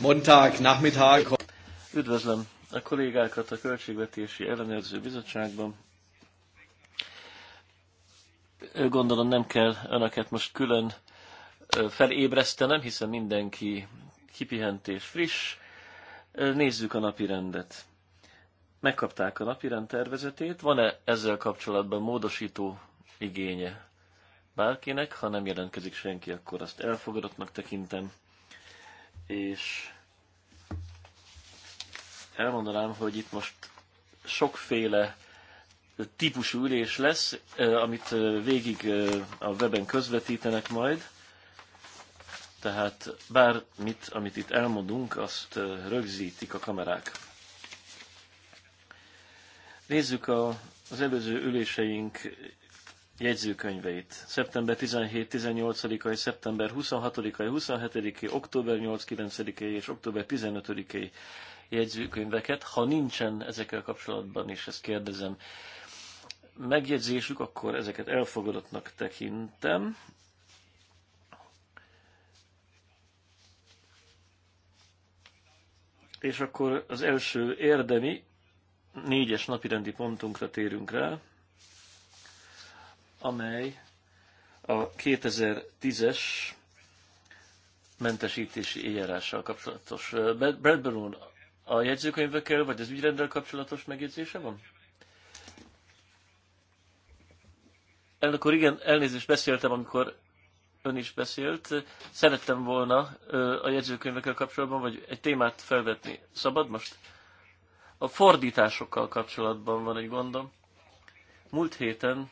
Montagnachmittag. Üdvözlöm a kollégákat a Költségvetési Ellenőrző Bizottságban. Gondolom nem kell önöket most külön felébresztenem, hiszen mindenki kipihent és friss. Nézzük a napi rendet. Megkapták a napirend tervezetét. Van-e ezzel kapcsolatban módosító igénye bárkinek? Ha nem jelentkezik senki, akkor azt elfogadottnak tekintem és elmondanám, hogy itt most sokféle típusú ülés lesz, amit végig a weben közvetítenek majd. Tehát bármit, amit itt elmondunk, azt rögzítik a kamerák. Nézzük a, az előző üléseink jegyzőkönyveit. Szeptember 17-18-ai, szeptember 26-ai, 27-i, október 8-9-i és október 15-i jegyzőkönyveket, ha nincsen ezekkel kapcsolatban, és ezt kérdezem, megjegyzésük, akkor ezeket elfogadottnak tekintem. És akkor az első érdemi négyes napirendi pontunkra térünk rá, amely a 2010-es mentesítési eljárással kapcsolatos. Brad úr, a jegyzőkönyvekkel vagy az ügyrenddel kapcsolatos megjegyzése van? Elnök úr, igen, elnézést beszéltem, amikor ön is beszélt. Szerettem volna a jegyzőkönyvekkel kapcsolatban, vagy egy témát felvetni. Szabad most? A fordításokkal kapcsolatban van egy gondom. Múlt héten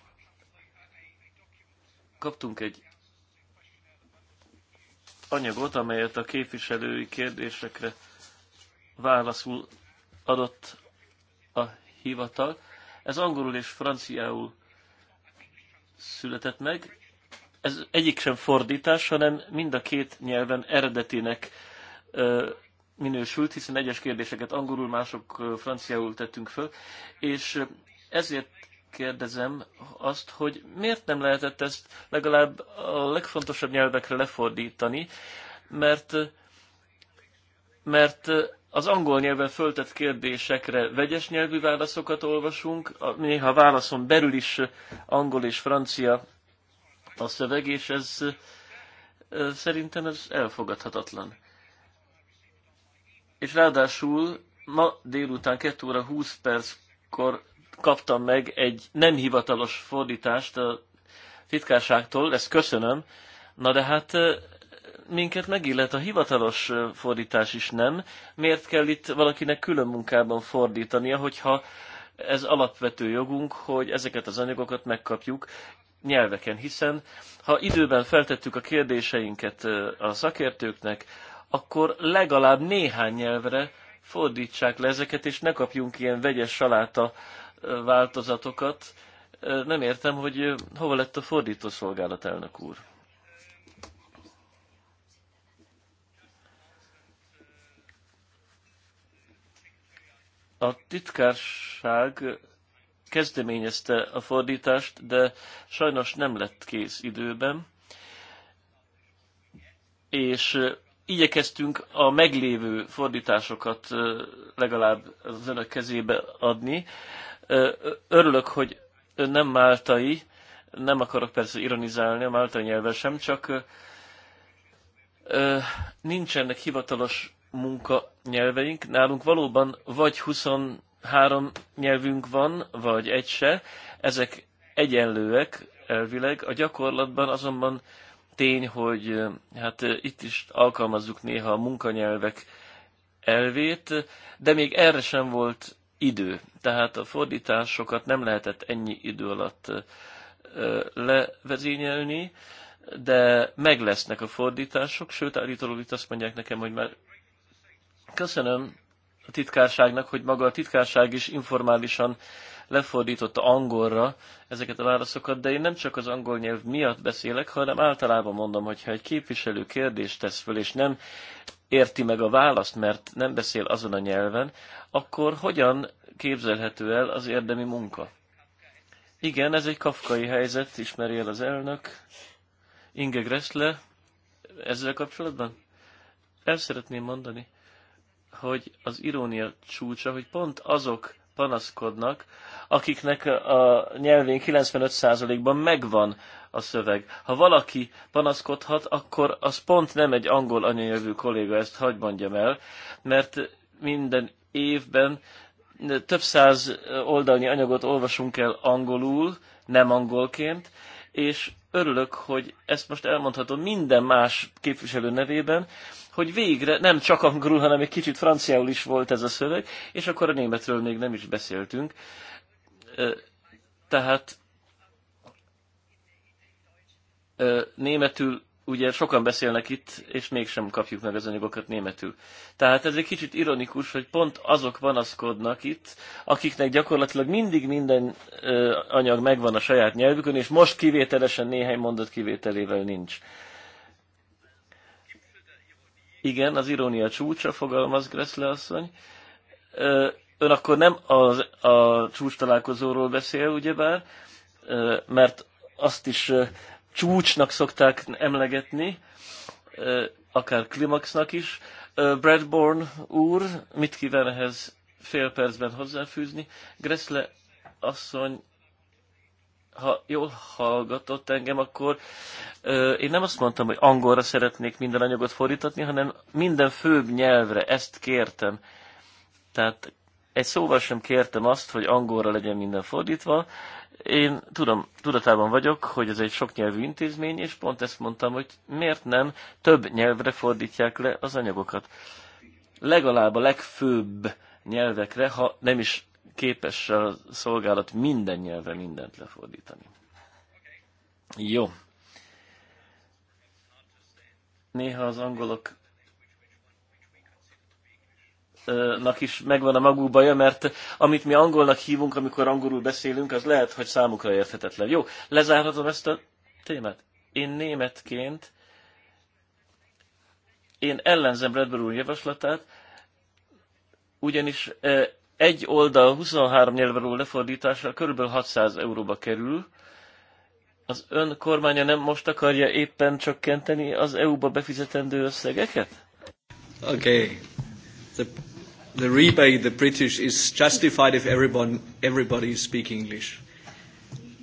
kaptunk egy anyagot, amelyet a képviselői kérdésekre válaszul adott a hivatal. Ez angolul és franciául született meg. Ez egyik sem fordítás, hanem mind a két nyelven eredetinek ö, minősült, hiszen egyes kérdéseket angolul, mások franciául tettünk föl, és ezért kérdezem azt, hogy miért nem lehetett ezt legalább a legfontosabb nyelvekre lefordítani, mert, mert az angol nyelven föltett kérdésekre vegyes nyelvű válaszokat olvasunk, néha válaszon belül is angol és francia a szöveg, és ez szerintem ez elfogadhatatlan. És ráadásul ma délután 2 óra 20 perckor kaptam meg egy nem hivatalos fordítást a titkárságtól, ezt köszönöm. Na de hát minket megillet a hivatalos fordítás is nem. Miért kell itt valakinek külön munkában fordítania, hogyha ez alapvető jogunk, hogy ezeket az anyagokat megkapjuk nyelveken, hiszen ha időben feltettük a kérdéseinket a szakértőknek, akkor legalább néhány nyelvre fordítsák le ezeket, és ne kapjunk ilyen vegyes saláta változatokat. Nem értem, hogy hova lett a fordító szolgálat elnök úr. A titkárság kezdeményezte a fordítást, de sajnos nem lett kész időben, és igyekeztünk a meglévő fordításokat legalább az önök kezébe adni. Örülök, hogy ön nem máltai, nem akarok persze ironizálni a máltai nyelvvel sem, csak nincsenek hivatalos munka nyelveink. Nálunk valóban vagy 23 nyelvünk van, vagy egy se. Ezek egyenlőek elvileg. A gyakorlatban azonban tény, hogy hát itt is alkalmazzuk néha a munkanyelvek elvét, de még erre sem volt idő. Tehát a fordításokat nem lehetett ennyi idő alatt levezényelni, de meg lesznek a fordítások, sőt állítólag itt azt mondják nekem, hogy már köszönöm a titkárságnak, hogy maga a titkárság is informálisan lefordította angolra ezeket a válaszokat, de én nem csak az angol nyelv miatt beszélek, hanem általában mondom, hogy ha egy képviselő kérdést tesz föl, és nem érti meg a választ, mert nem beszél azon a nyelven, akkor hogyan képzelhető el az érdemi munka? Igen, ez egy kafkai helyzet, ismeri el az elnök. Inge Gressle, ezzel kapcsolatban? El szeretném mondani, hogy az irónia csúcsa, hogy pont azok panaszkodnak, akiknek a nyelvén 95%-ban megvan a szöveg. Ha valaki panaszkodhat, akkor az pont nem egy angol anyanyelvű kolléga, ezt hagyd mondjam el, mert minden évben több száz oldalnyi anyagot olvasunk el angolul, nem angolként, és örülök, hogy ezt most elmondhatom minden más képviselő nevében, hogy végre nem csak angolul, hanem egy kicsit franciául is volt ez a szöveg, és akkor a németről még nem is beszéltünk. Tehát németül ugye sokan beszélnek itt, és mégsem kapjuk meg az anyagokat németül. Tehát ez egy kicsit ironikus, hogy pont azok panaszkodnak itt, akiknek gyakorlatilag mindig minden anyag megvan a saját nyelvükön, és most kivételesen néhány mondat kivételével nincs. Igen, az irónia csúcsa, fogalmaz Gressle asszony. Ön akkor nem a, a csúcs találkozóról beszél, ugyebár, mert azt is csúcsnak szokták emlegetni, akár klimaxnak is. Bradborn úr, mit kíván ehhez fél percben hozzáfűzni? Gressle asszony ha jól hallgatott engem, akkor ö, én nem azt mondtam, hogy angolra szeretnék minden anyagot fordítatni, hanem minden főbb nyelvre, ezt kértem. Tehát egy szóval sem kértem azt, hogy angolra legyen minden fordítva. Én tudom, tudatában vagyok, hogy ez egy soknyelvű intézmény, és pont ezt mondtam, hogy miért nem több nyelvre fordítják le az anyagokat. Legalább a legfőbb nyelvekre, ha nem is képes a szolgálat minden nyelvre mindent lefordítani. Jó. Néha az angolok nak is megvan a maguk baja, mert amit mi angolnak hívunk, amikor angolul beszélünk, az lehet, hogy számukra érthetetlen. Jó, lezárhatom ezt a témát. Én németként, én ellenzem Redbull javaslatát, ugyanis egy oldal 23 nyelven való lefordítása kb. 600 euróba kerül. Az ön kormánya nem most akarja éppen csökkenteni az EU-ba befizetendő összegeket? Okay. The, the rebate, the British is justified if everyone, everybody speak English.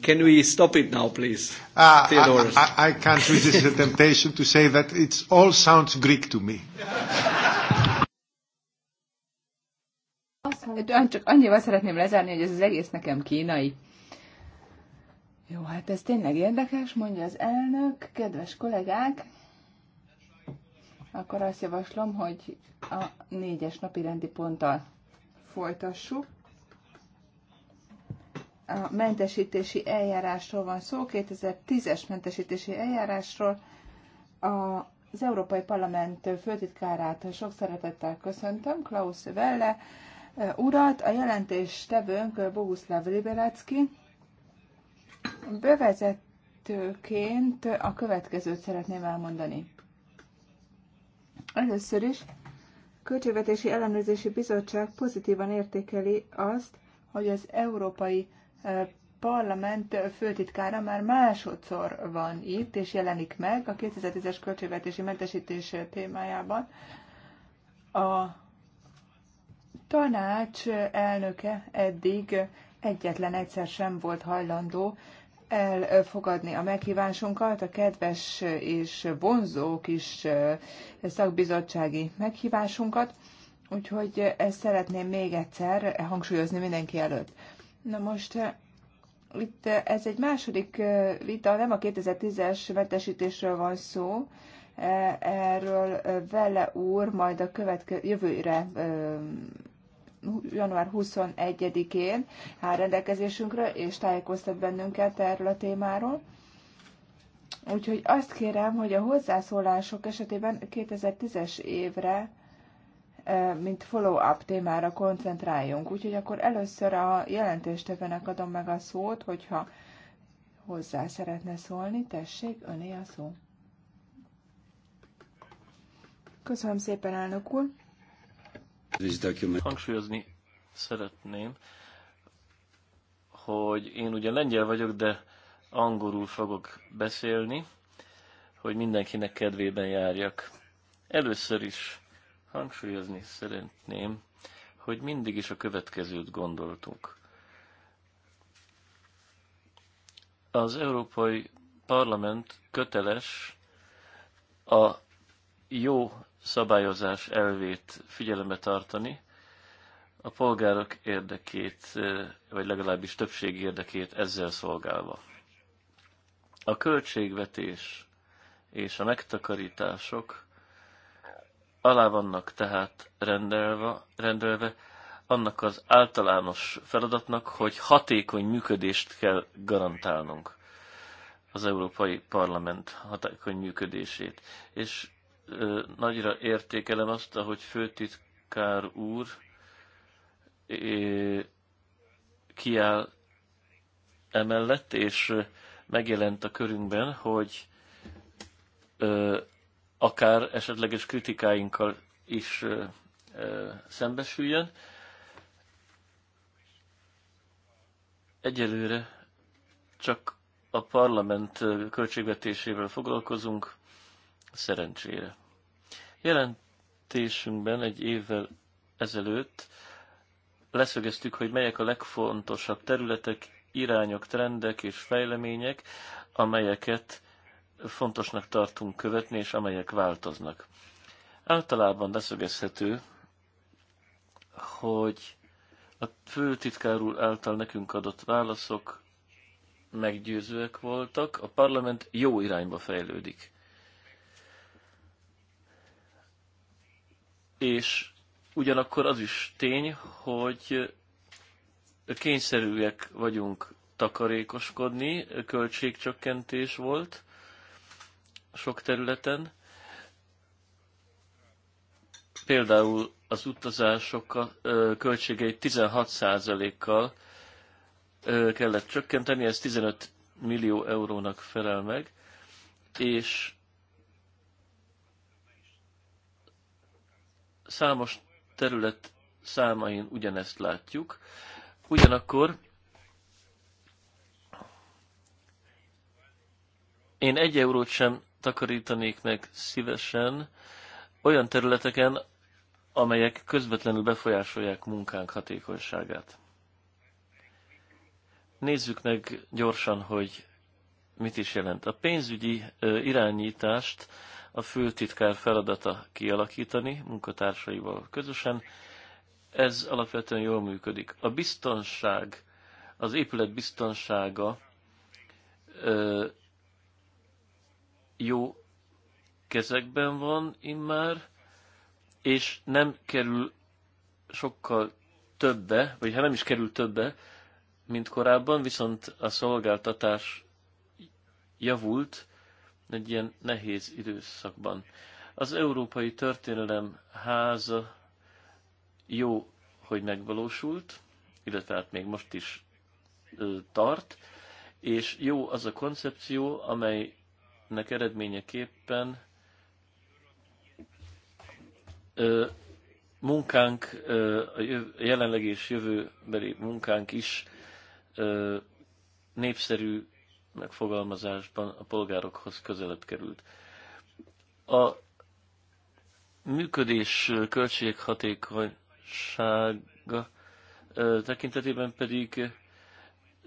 Can we stop it now, please? Uh, I, I, I can't resist the temptation to say that it all sounds Greek to me. csak annyival szeretném lezárni, hogy ez az egész nekem kínai. Jó, hát ez tényleg érdekes, mondja az elnök, kedves kollégák. Akkor azt javaslom, hogy a négyes napi rendi ponttal folytassuk. A mentesítési eljárásról van szó, 2010-es mentesítési eljárásról. A az Európai Parlament főtitkárát sok szeretettel köszöntöm, Klaus Velle urat, a jelentéstevőnk Boguszláv Liberácki. Bevezetőként a következőt szeretném elmondani. Először is Költségvetési Ellenőrzési Bizottság pozitívan értékeli azt, hogy az Európai Parlament főtitkára már másodszor van itt, és jelenik meg a 2010-es költségvetési mentesítés témájában. A tanács elnöke eddig egyetlen egyszer sem volt hajlandó elfogadni a meghívásunkat, a kedves és vonzó kis eh, szakbizottsági meghívásunkat, úgyhogy ezt szeretném még egyszer hangsúlyozni mindenki előtt. Na most eh, itt eh, ez egy második vita, nem a 2010-es vetesítésről van szó, erről vele úr majd a következő jövőre január 21-én áll rendelkezésünkre, és tájékoztat bennünket erről a témáról. Úgyhogy azt kérem, hogy a hozzászólások esetében 2010-es évre, mint follow-up témára koncentráljunk. Úgyhogy akkor először a jelentéstevőnek adom meg a szót, hogyha hozzá szeretne szólni, tessék, öné a szó. Köszönöm szépen, elnök úr! Hangsúlyozni szeretném, hogy én ugye lengyel vagyok, de angolul fogok beszélni, hogy mindenkinek kedvében járjak. Először is hangsúlyozni szeretném, hogy mindig is a következőt gondoltunk. Az Európai Parlament köteles a jó szabályozás elvét figyelembe tartani, a polgárok érdekét, vagy legalábbis többség érdekét ezzel szolgálva. A költségvetés és a megtakarítások alá vannak tehát rendelve, rendelve annak az általános feladatnak, hogy hatékony működést kell garantálnunk az Európai Parlament hatékony működését. És nagyra értékelem azt, ahogy főtitkár úr kiáll emellett, és megjelent a körünkben, hogy akár esetleges kritikáinkkal is szembesüljön. Egyelőre csak a parlament költségvetésével foglalkozunk, Szerencsére. Jelentésünkben egy évvel ezelőtt leszögeztük, hogy melyek a legfontosabb területek, irányok, trendek és fejlemények, amelyeket fontosnak tartunk követni, és amelyek változnak. Általában leszögezhető, hogy a főtitkár úr által nekünk adott válaszok meggyőzőek voltak, a parlament jó irányba fejlődik. és ugyanakkor az is tény, hogy kényszerűek vagyunk takarékoskodni, költségcsökkentés volt sok területen. Például az utazások költségeit 16%-kal kellett csökkenteni, ez 15 millió eurónak felel meg, és számos terület számain ugyanezt látjuk. Ugyanakkor én egy eurót sem takarítanék meg szívesen olyan területeken, amelyek közvetlenül befolyásolják munkánk hatékonyságát. Nézzük meg gyorsan, hogy mit is jelent. A pénzügyi irányítást a főtitkár feladata kialakítani munkatársaival közösen. Ez alapvetően jól működik. A biztonság, az épület biztonsága ö, jó kezekben van immár, és nem kerül sokkal többe, vagy ha nem is kerül többe, mint korábban, viszont a szolgáltatás javult, egy ilyen nehéz időszakban. Az Európai Történelem háza jó, hogy megvalósult, illetve hát még most is ö, tart, és jó az a koncepció, amelynek eredményeképpen ö, munkánk, ö, a jöv, jelenleg és jövőbeli munkánk is ö, népszerű megfogalmazásban a polgárokhoz közelebb került. A működés költséghatékonysága tekintetében pedig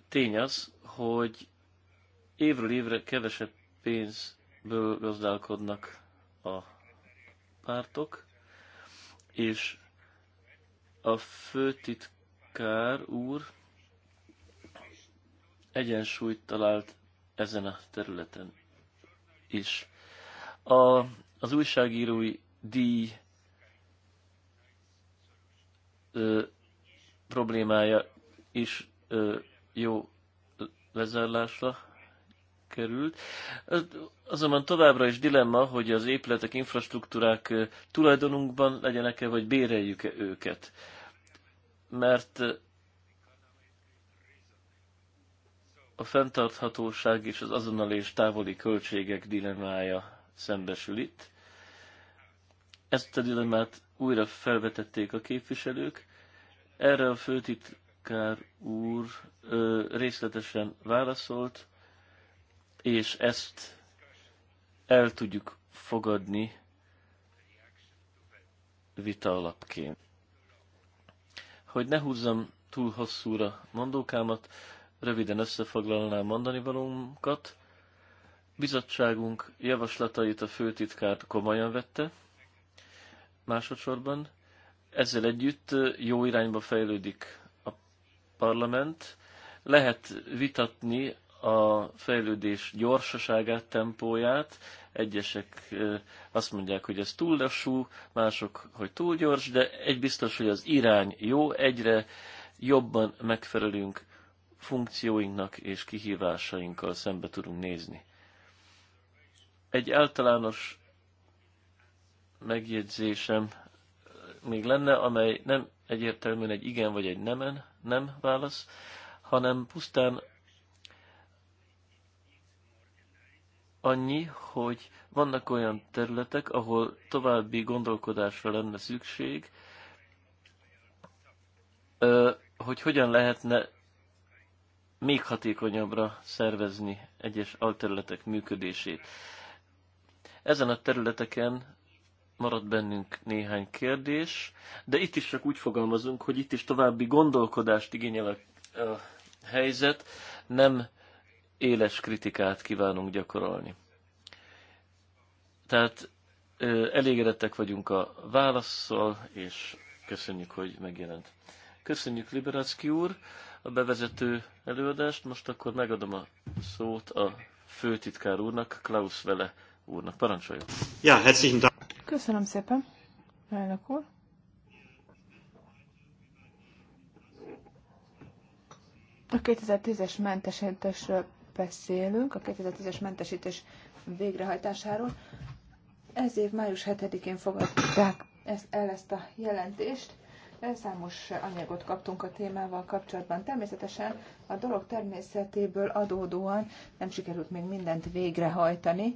tény az, hogy évről évre kevesebb pénzből gazdálkodnak a pártok, és a főtitkár úr egyensúlyt talált ezen a területen is. A, az újságírói díj ö, problémája is ö, jó lezárlásra került. Azonban továbbra is dilemma, hogy az épületek, infrastruktúrák tulajdonunkban legyenek-e, vagy béreljük-e őket. Mert a fenntarthatóság és az azonnal és távoli költségek dilemmája szembesül itt. Ezt a dilemmát újra felvetették a képviselők. Erre a főtitkár úr ö, részletesen válaszolt, és ezt el tudjuk fogadni vita alapként. Hogy ne húzzam túl hosszúra mondókámat, röviden összefoglalnám mondani valónkat. Bizottságunk javaslatait a főtitkár komolyan vette, másodszorban. Ezzel együtt jó irányba fejlődik a parlament. Lehet vitatni a fejlődés gyorsaságát, tempóját. Egyesek azt mondják, hogy ez túl lassú, mások, hogy túl gyors, de egy biztos, hogy az irány jó, egyre jobban megfelelünk funkcióinknak és kihívásainkkal szembe tudunk nézni. Egy általános megjegyzésem még lenne, amely nem egyértelműen egy igen vagy egy nemen, nem válasz, hanem pusztán annyi, hogy vannak olyan területek, ahol további gondolkodásra lenne szükség, hogy hogyan lehetne még hatékonyabbra szervezni egyes alterületek működését. Ezen a területeken maradt bennünk néhány kérdés, de itt is csak úgy fogalmazunk, hogy itt is további gondolkodást igényel a, a helyzet, nem éles kritikát kívánunk gyakorolni. Tehát elégedettek vagyunk a válaszszal, és köszönjük, hogy megjelent. Köszönjük, Liberacki úr! a bevezető előadást, most akkor megadom a szót a főtitkár úrnak, Klaus Vele úrnak. Parancsoljon! Ja, herzlichen Dank! Köszönöm szépen, elnök úr! A 2010-es mentesítésről beszélünk, a 2010-es mentesítés végrehajtásáról. Ez év május 7-én fogadták ezt, el ezt a jelentést. Számos anyagot kaptunk a témával kapcsolatban. Természetesen a dolog természetéből adódóan nem sikerült még mindent végrehajtani.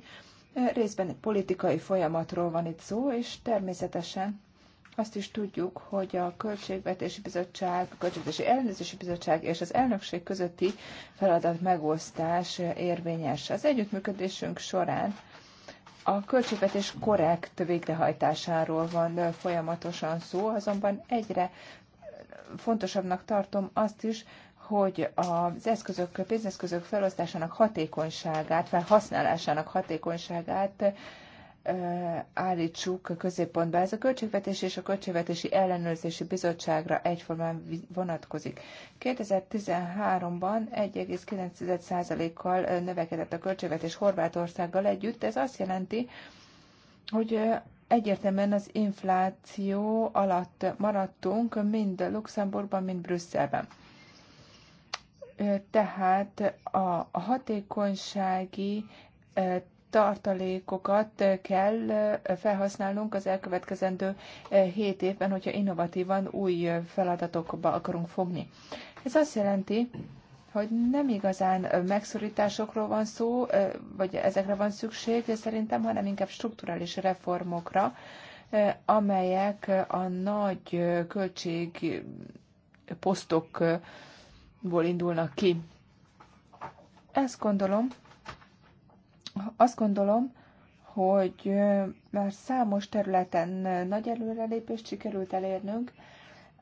Részben politikai folyamatról van itt szó, és természetesen azt is tudjuk, hogy a Költségvetési Bizottság, a Költségvetési Ellenőrzési Bizottság és az elnökség közötti feladat megosztás érvényes. Az együttműködésünk során a költségvetés korrekt végrehajtásáról van folyamatosan szó, azonban egyre fontosabbnak tartom azt is, hogy az eszközök, pénzeszközök felosztásának hatékonyságát, felhasználásának hatékonyságát állítsuk a középpontba. Ez a Költségvetési és a Költségvetési Ellenőrzési Bizottságra egyformán vonatkozik. 2013-ban 1,9%-kal növekedett a költségvetés Horvátországgal együtt. Ez azt jelenti, hogy egyértelműen az infláció alatt maradtunk mind Luxemburgban, mind Brüsszelben. Tehát a hatékonysági tartalékokat kell felhasználnunk az elkövetkezendő 7 eh, évben, hogyha innovatívan új eh, feladatokba akarunk fogni. Ez azt jelenti, hogy nem igazán eh, megszorításokról van szó, vagy ezekre van szükség, de szerintem, hanem inkább strukturális reformokra, amelyek a nagy posztokból indulnak ki. Ezt gondolom, azt gondolom, hogy már számos területen nagy előrelépést sikerült elérnünk.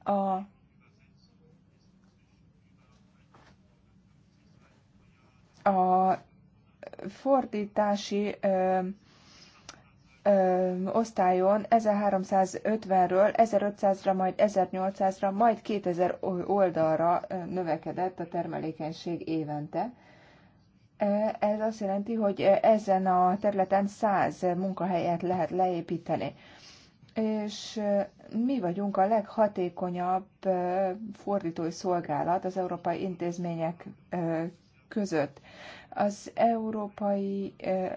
A a fordítási ö, ö, osztályon 1350-ről 1500-ra, majd 1800-ra, majd 2000 oldalra növekedett a termelékenység évente. Ez azt jelenti, hogy ezen a területen 100 munkahelyet lehet leépíteni. És mi vagyunk a leghatékonyabb fordítói szolgálat az európai intézmények között. Az európai,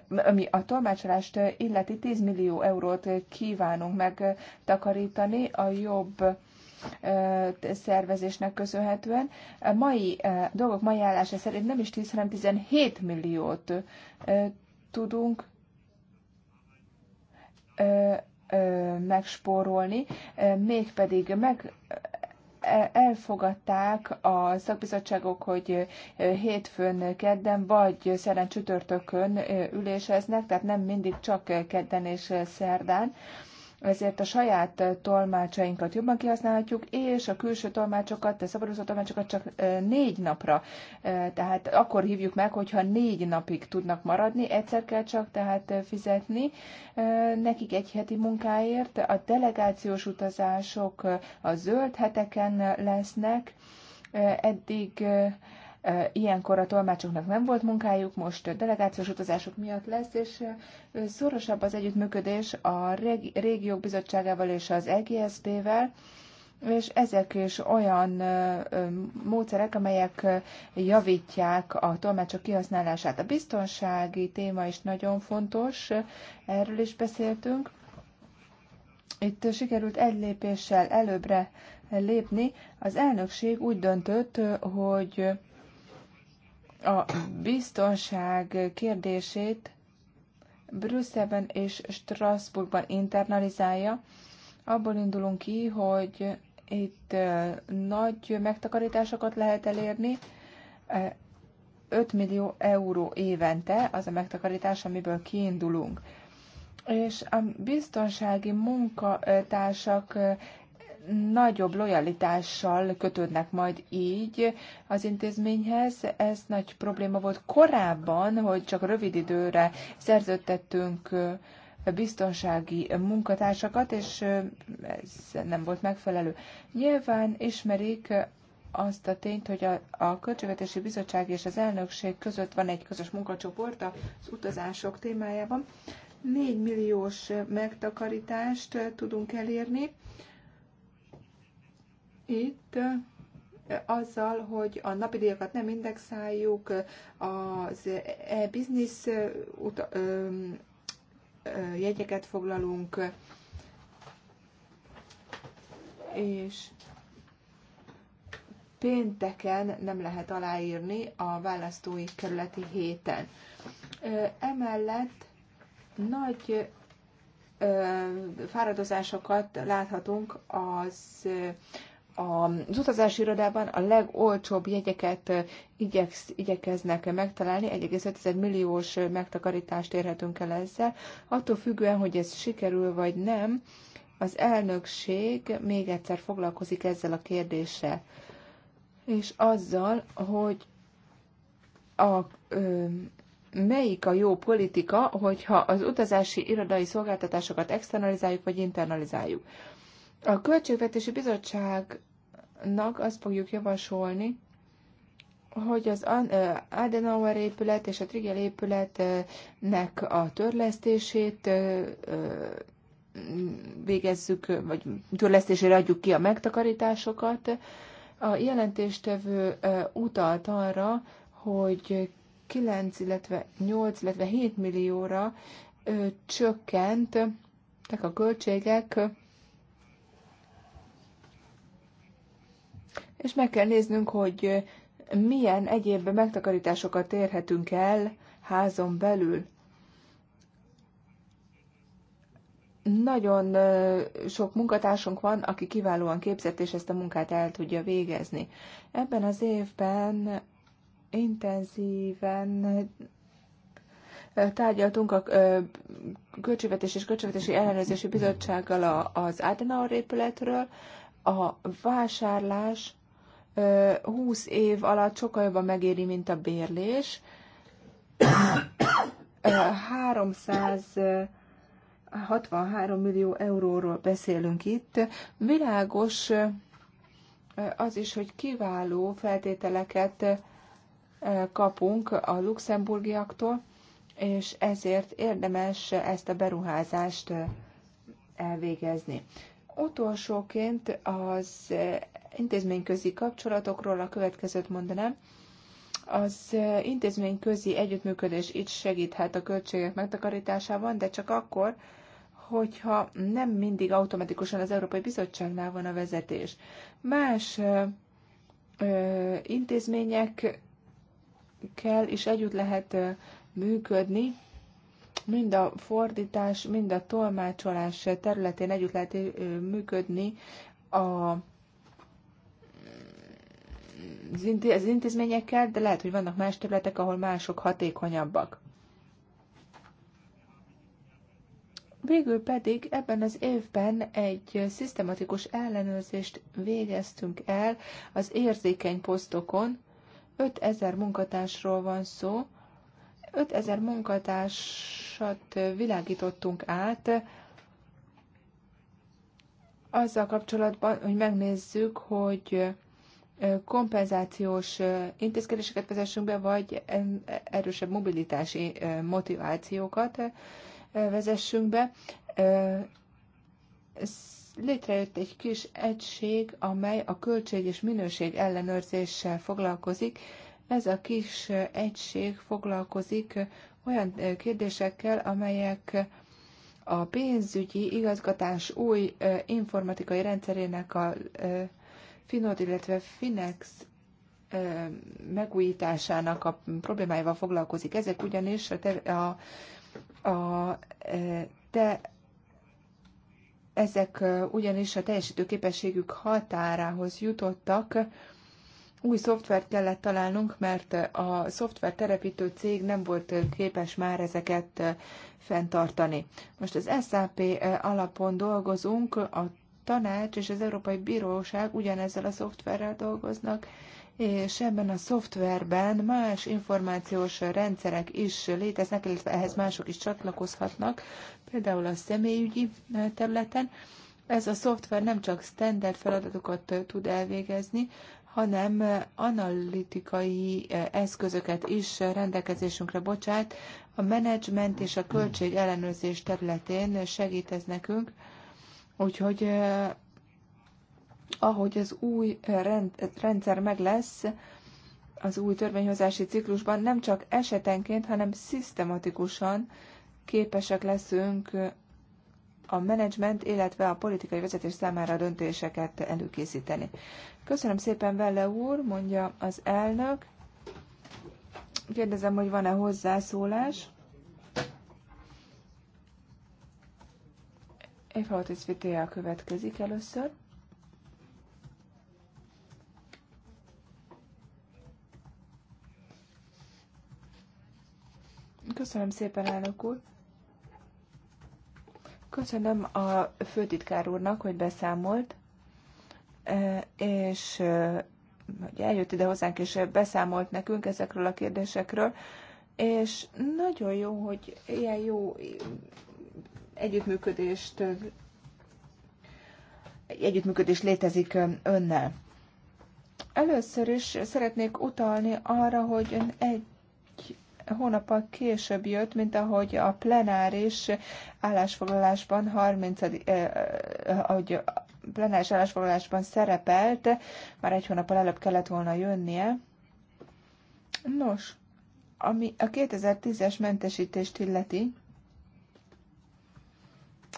ami a tolmácsolást illeti 10 millió eurót kívánunk megtakarítani a jobb szervezésnek köszönhetően. A mai a dolgok mai állása szerint nem is 10, hanem 17 milliót tudunk megspórolni, mégpedig meg e, elfogadták a szakbizottságok, hogy hétfőn, kedden, vagy szeren csütörtökön üléseznek, tehát nem mindig csak kedden és szerdán ezért a saját tolmácsainkat jobban kihasználhatjuk, és a külső tolmácsokat, a szabadúszó tolmácsokat csak négy napra, tehát akkor hívjuk meg, hogyha négy napig tudnak maradni, egyszer kell csak tehát fizetni nekik egy heti munkáért, a delegációs utazások a zöld heteken lesznek, eddig Ilyenkor a tolmácsoknak nem volt munkájuk, most delegációs utazások miatt lesz, és szorosabb az együttműködés a régiók bizottságával és az EGSB-vel, és ezek is olyan módszerek, amelyek javítják a tolmácsok kihasználását. A biztonsági téma is nagyon fontos, erről is beszéltünk. Itt sikerült egy lépéssel előbbre lépni. Az elnökség úgy döntött, hogy a biztonság kérdését Brüsszelben és Strasbourgban internalizálja. Abból indulunk ki, hogy itt nagy megtakarításokat lehet elérni. 5 millió euró évente az a megtakarítás, amiből kiindulunk. És a biztonsági munkatársak nagyobb lojalitással kötődnek majd így az intézményhez. Ez nagy probléma volt korábban, hogy csak rövid időre szerződtettünk biztonsági munkatársakat, és ez nem volt megfelelő. Nyilván ismerik azt a tényt, hogy a, a Költségvetési Bizottság és az elnökség között van egy közös munkacsoport az utazások témájában. 4 milliós megtakarítást tudunk elérni itt eh, azzal, hogy a napi díjakat nem indexáljuk, az e-business eh, jegyeket foglalunk, és pénteken nem lehet aláírni a választói kerületi héten. Emellett nagy fáradozásokat láthatunk az az utazási irodában a legolcsóbb jegyeket igyeksz, igyekeznek megtalálni, 1,5 milliós megtakarítást érhetünk el ezzel. Attól függően, hogy ez sikerül vagy nem, az elnökség még egyszer foglalkozik ezzel a kérdéssel, és azzal, hogy a, ö, melyik a jó politika, hogyha az utazási irodai szolgáltatásokat externalizáljuk vagy internalizáljuk. A Költségvetési Bizottságnak azt fogjuk javasolni, hogy az Adenauer épület és a Trigel épületnek a törlesztését végezzük, vagy törlesztésére adjuk ki a megtakarításokat. A jelentéstevő utalt arra, hogy 9, illetve 8, illetve 7 millióra csökkentek a költségek és meg kell néznünk, hogy milyen egyéb megtakarításokat érhetünk el házon belül. Nagyon sok munkatársunk van, aki kiválóan képzett, és ezt a munkát el tudja végezni. Ebben az évben intenzíven tárgyaltunk a Költségvetés és Költségvetési Ellenőrzési Bizottsággal az Adenauer épületről. A vásárlás 20 év alatt sokkal jobban megéri, mint a bérlés. 363 millió euróról beszélünk itt. Világos az is, hogy kiváló feltételeket kapunk a luxemburgiaktól, és ezért érdemes ezt a beruházást elvégezni. Utolsóként az intézményközi kapcsolatokról a következőt mondanám. Az intézményközi együttműködés itt segíthet a költségek megtakarításában, de csak akkor, hogyha nem mindig automatikusan az Európai Bizottságnál van a vezetés. Más ö, intézményekkel is együtt lehet működni, mind a fordítás, mind a tolmácsolás területén együtt lehet működni a az intézményekkel, de lehet, hogy vannak más területek, ahol mások hatékonyabbak. Végül pedig ebben az évben egy szisztematikus ellenőrzést végeztünk el az érzékeny posztokon. 5000 munkatársról van szó, 5000 munkatársat világítottunk át, azzal kapcsolatban, hogy megnézzük, hogy kompenzációs intézkedéseket vezessünk be, vagy erősebb mobilitási motivációkat vezessünk be. Létrejött egy kis egység, amely a költség és minőség ellenőrzéssel foglalkozik, ez a kis egység foglalkozik olyan kérdésekkel, amelyek a pénzügyi igazgatás új informatikai rendszerének a Finod, illetve Finex megújításának a problémáival foglalkozik. Ezek ugyanis a, a, a te, ezek ugyanis a teljesítő képességük határához jutottak, új szoftvert kellett találnunk, mert a szoftver terepítő cég nem volt képes már ezeket eh, fenntartani. Most az SAP eh, alapon dolgozunk, a tanács és az Európai Bíróság ugyanezzel a szoftverrel dolgoznak, és ebben a szoftverben más információs rendszerek is léteznek, illetve ehhez mások is csatlakozhatnak, például a személyügyi eh, területen. Ez a szoftver nem csak standard feladatokat tud elvégezni, hanem eh, analitikai eh, eszközöket is rendelkezésünkre bocsát. A menedzsment és a költség ellenőrzés területén segít ez nekünk, úgyhogy eh, ahogy az új rendszer meg lesz, az új törvényhozási ciklusban nem csak esetenként, hanem szisztematikusan képesek leszünk a menedzsment, illetve a politikai vezetés számára döntéseket előkészíteni. Köszönöm szépen, Velle úr, mondja az elnök. Kérdezem, hogy van-e hozzászólás. Éfaltis Vitéa következik először. Köszönöm szépen, elnök úr. Köszönöm a főtitkár úrnak, hogy beszámolt, e, és e, hogy eljött ide hozzánk, és beszámolt nekünk ezekről a kérdésekről, és nagyon jó, hogy ilyen jó együttműködést együttműködés létezik önnel. Először is szeretnék utalni arra, hogy ön egy hónappal később jött, mint ahogy a plenáris állásfoglalásban 30 eh, eh, ahogy a plenáris állásfoglalásban szerepelt, már egy hónappal előbb kellett volna jönnie. Nos, ami a 2010-es mentesítést illeti,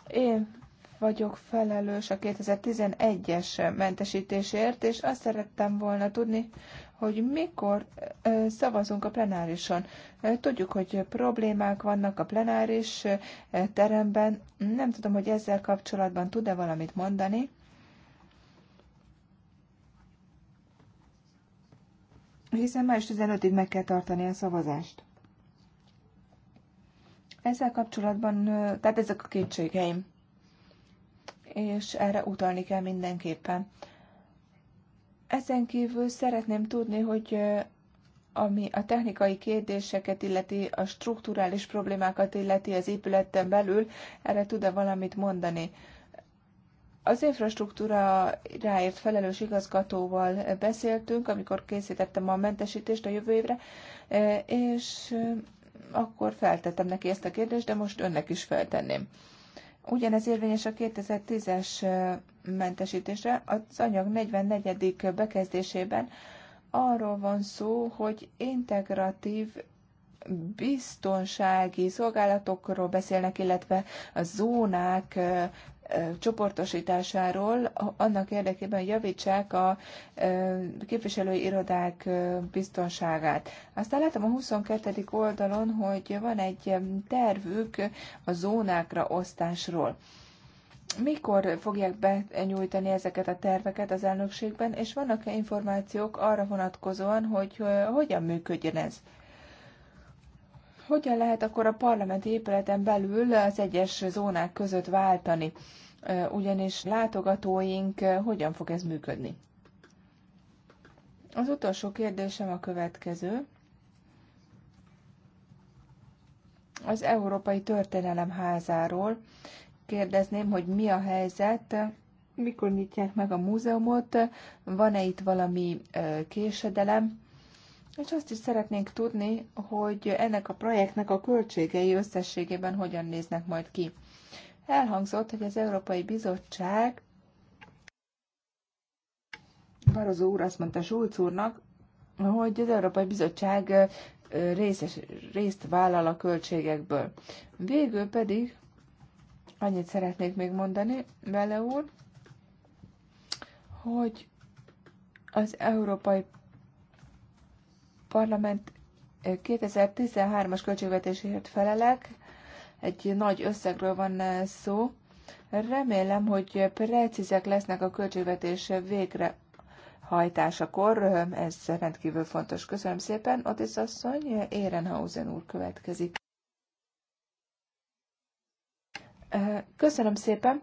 én vagyok felelős a 2011-es mentesítésért, és azt szerettem volna tudni, hogy mikor szavazunk a plenárison. Tudjuk, hogy problémák vannak a plenáris teremben. Nem tudom, hogy ezzel kapcsolatban tud-e valamit mondani. Hiszen május 15-ig meg kell tartani a szavazást. Ezzel kapcsolatban, tehát ezek a kétségeim. És erre utalni kell mindenképpen. Ezen kívül szeretném tudni, hogy ami a technikai kérdéseket illeti, a strukturális problémákat illeti az épületen belül, erre tud-e valamit mondani? Az infrastruktúra ráért felelős igazgatóval beszéltünk, amikor készítettem a mentesítést a jövő évre, és akkor feltettem neki ezt a kérdést, de most önnek is feltenném. Ugyanez érvényes a 2010-es mentesítésre. Az anyag 44. bekezdésében arról van szó, hogy integratív biztonsági szolgálatokról beszélnek, illetve a zónák csoportosításáról annak érdekében, javítsák a képviselői irodák biztonságát. Aztán látom a 22. oldalon, hogy van egy tervük a zónákra osztásról. Mikor fogják benyújtani ezeket a terveket az elnökségben, és vannak-e információk arra vonatkozóan, hogy hogyan működjön ez? hogyan lehet akkor a parlamenti épületen belül az egyes zónák között váltani? Ugyanis látogatóink, hogyan fog ez működni? Az utolsó kérdésem a következő. Az Európai Történelem házáról kérdezném, hogy mi a helyzet, mikor nyitják meg a múzeumot, van-e itt valami késedelem, és azt is szeretnénk tudni, hogy ennek a projektnek a költségei összességében hogyan néznek majd ki. Elhangzott, hogy az Európai Bizottság Barozó úr azt mondta Sulc úrnak, hogy az Európai Bizottság részes, részt vállal a költségekből. Végül pedig annyit szeretnék még mondani, vele úr, hogy az Európai Parlament 2013-as költségvetésért felelek, egy nagy összegről van szó. Remélem, hogy precízek lesznek a költségvetés hajtásakor. Ez rendkívül fontos. Köszönöm szépen. Otis asszony, Ehrenhausen úr következik. Köszönöm szépen.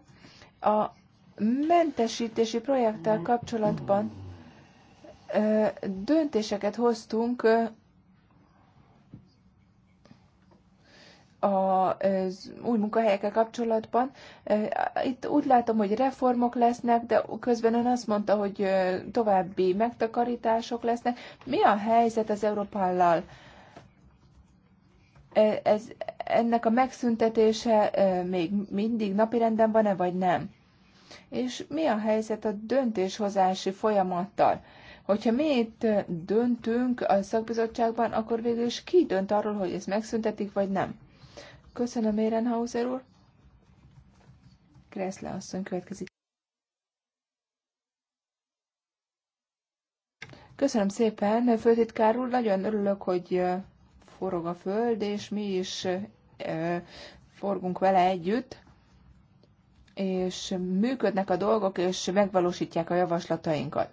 A mentesítési projekttel kapcsolatban döntéseket hoztunk az új munkahelyekkel kapcsolatban. Itt úgy látom, hogy reformok lesznek, de közben ön azt mondta, hogy további megtakarítások lesznek. Mi a helyzet az Európállal? Ez, ennek a megszüntetése még mindig napirenden van-e, vagy nem? És mi a helyzet a döntéshozási folyamattal? Hogyha mi itt döntünk a szakbizottságban, akkor végül is ki dönt arról, hogy ezt megszüntetik, vagy nem? Köszönöm, Ehrenhauser úr. Kreszle asszony következik. Köszönöm szépen, főtitkár úr, nagyon örülök, hogy forog a föld, és mi is forgunk vele együtt, és működnek a dolgok, és megvalósítják a javaslatainkat.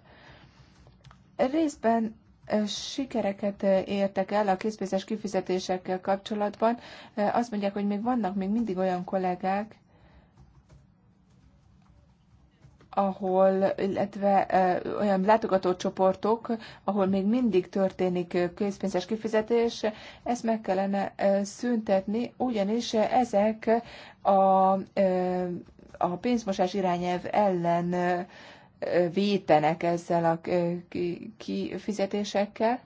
Részben sikereket értek el a készpénzes kifizetésekkel kapcsolatban. Azt mondják, hogy még vannak még mindig olyan kollégák, ahol, illetve olyan látogatócsoportok, ahol még mindig történik készpénzes kifizetés, ezt meg kellene szüntetni, ugyanis ezek a, a pénzmosás irányelv ellen vétenek ezzel a kifizetésekkel.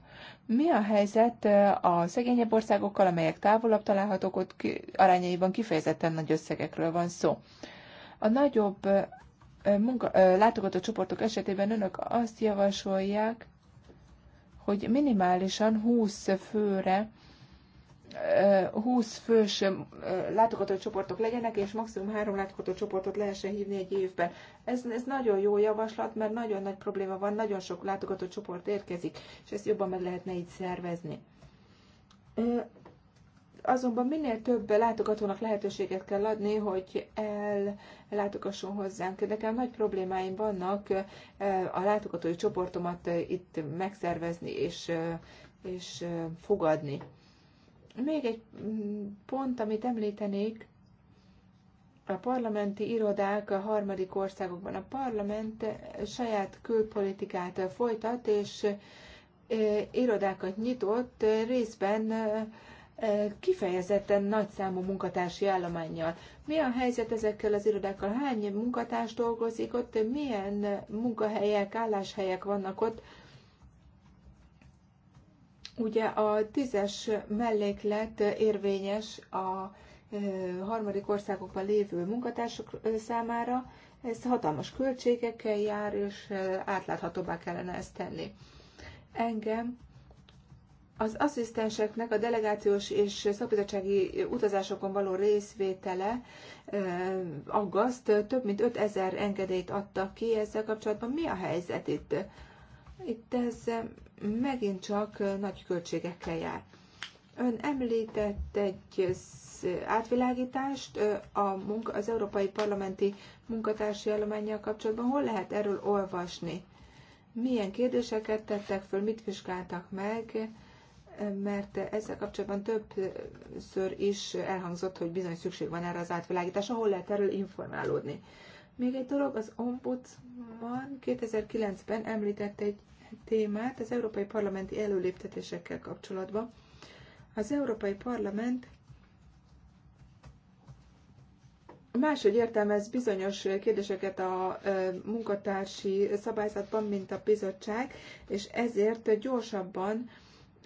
Mi a helyzet a szegényebb országokkal, amelyek távolabb találhatók, ott arányaiban kifejezetten nagy összegekről van szó. A nagyobb munka, látogató csoportok esetében önök azt javasolják, hogy minimálisan 20 főre 20 fős látogató csoportok legyenek, és maximum három csoportot lehessen hívni egy évben. Ez, ez nagyon jó javaslat, mert nagyon nagy probléma van, nagyon sok látogató csoport érkezik, és ezt jobban meg lehetne így szervezni. Azonban minél több látogatónak lehetőséget kell adni, hogy ellátogasson hozzánk. Nekem nagy problémáim vannak a látogatói csoportomat itt megszervezni és, és fogadni még egy mm, pont, amit említenék, a parlamenti irodák a harmadik országokban. A parlament saját külpolitikát folytat, és e, irodákat nyitott e, részben e, kifejezetten nagyszámú munkatársi állományjal. Mi a helyzet ezekkel az irodákkal? Hány munkatárs dolgozik ott? Milyen munkahelyek, álláshelyek vannak ott? Ugye a tízes melléklet érvényes a e, harmadik országokban lévő munkatársak e, számára, ez hatalmas költségekkel jár, és e, átláthatóbbá kellene ezt tenni. Engem az asszisztenseknek a delegációs és szakbizottsági utazásokon való részvétele aggaszt, több mint 5000 engedélyt adtak ki ezzel kapcsolatban. Mi a helyzet itt? Itt ez eh, megint csak eh, nagy költségekkel jár. Ön említett egy eh, átvilágítást a munka, az Európai Parlamenti munkatársi állományjal kapcsolatban. Hol lehet erről olvasni? Milyen kérdéseket tettek föl, mit vizsgáltak meg? Mert ezzel kapcsolatban többször is elhangzott, hogy bizony szükség van erre az átvilágításra. Hol lehet erről informálódni? Még egy dolog, az ombudsman 2009-ben említett egy témát az európai parlamenti előléptetésekkel kapcsolatban. Az európai parlament máshogy értelmez bizonyos kérdéseket a munkatársi szabályzatban, mint a bizottság, és ezért gyorsabban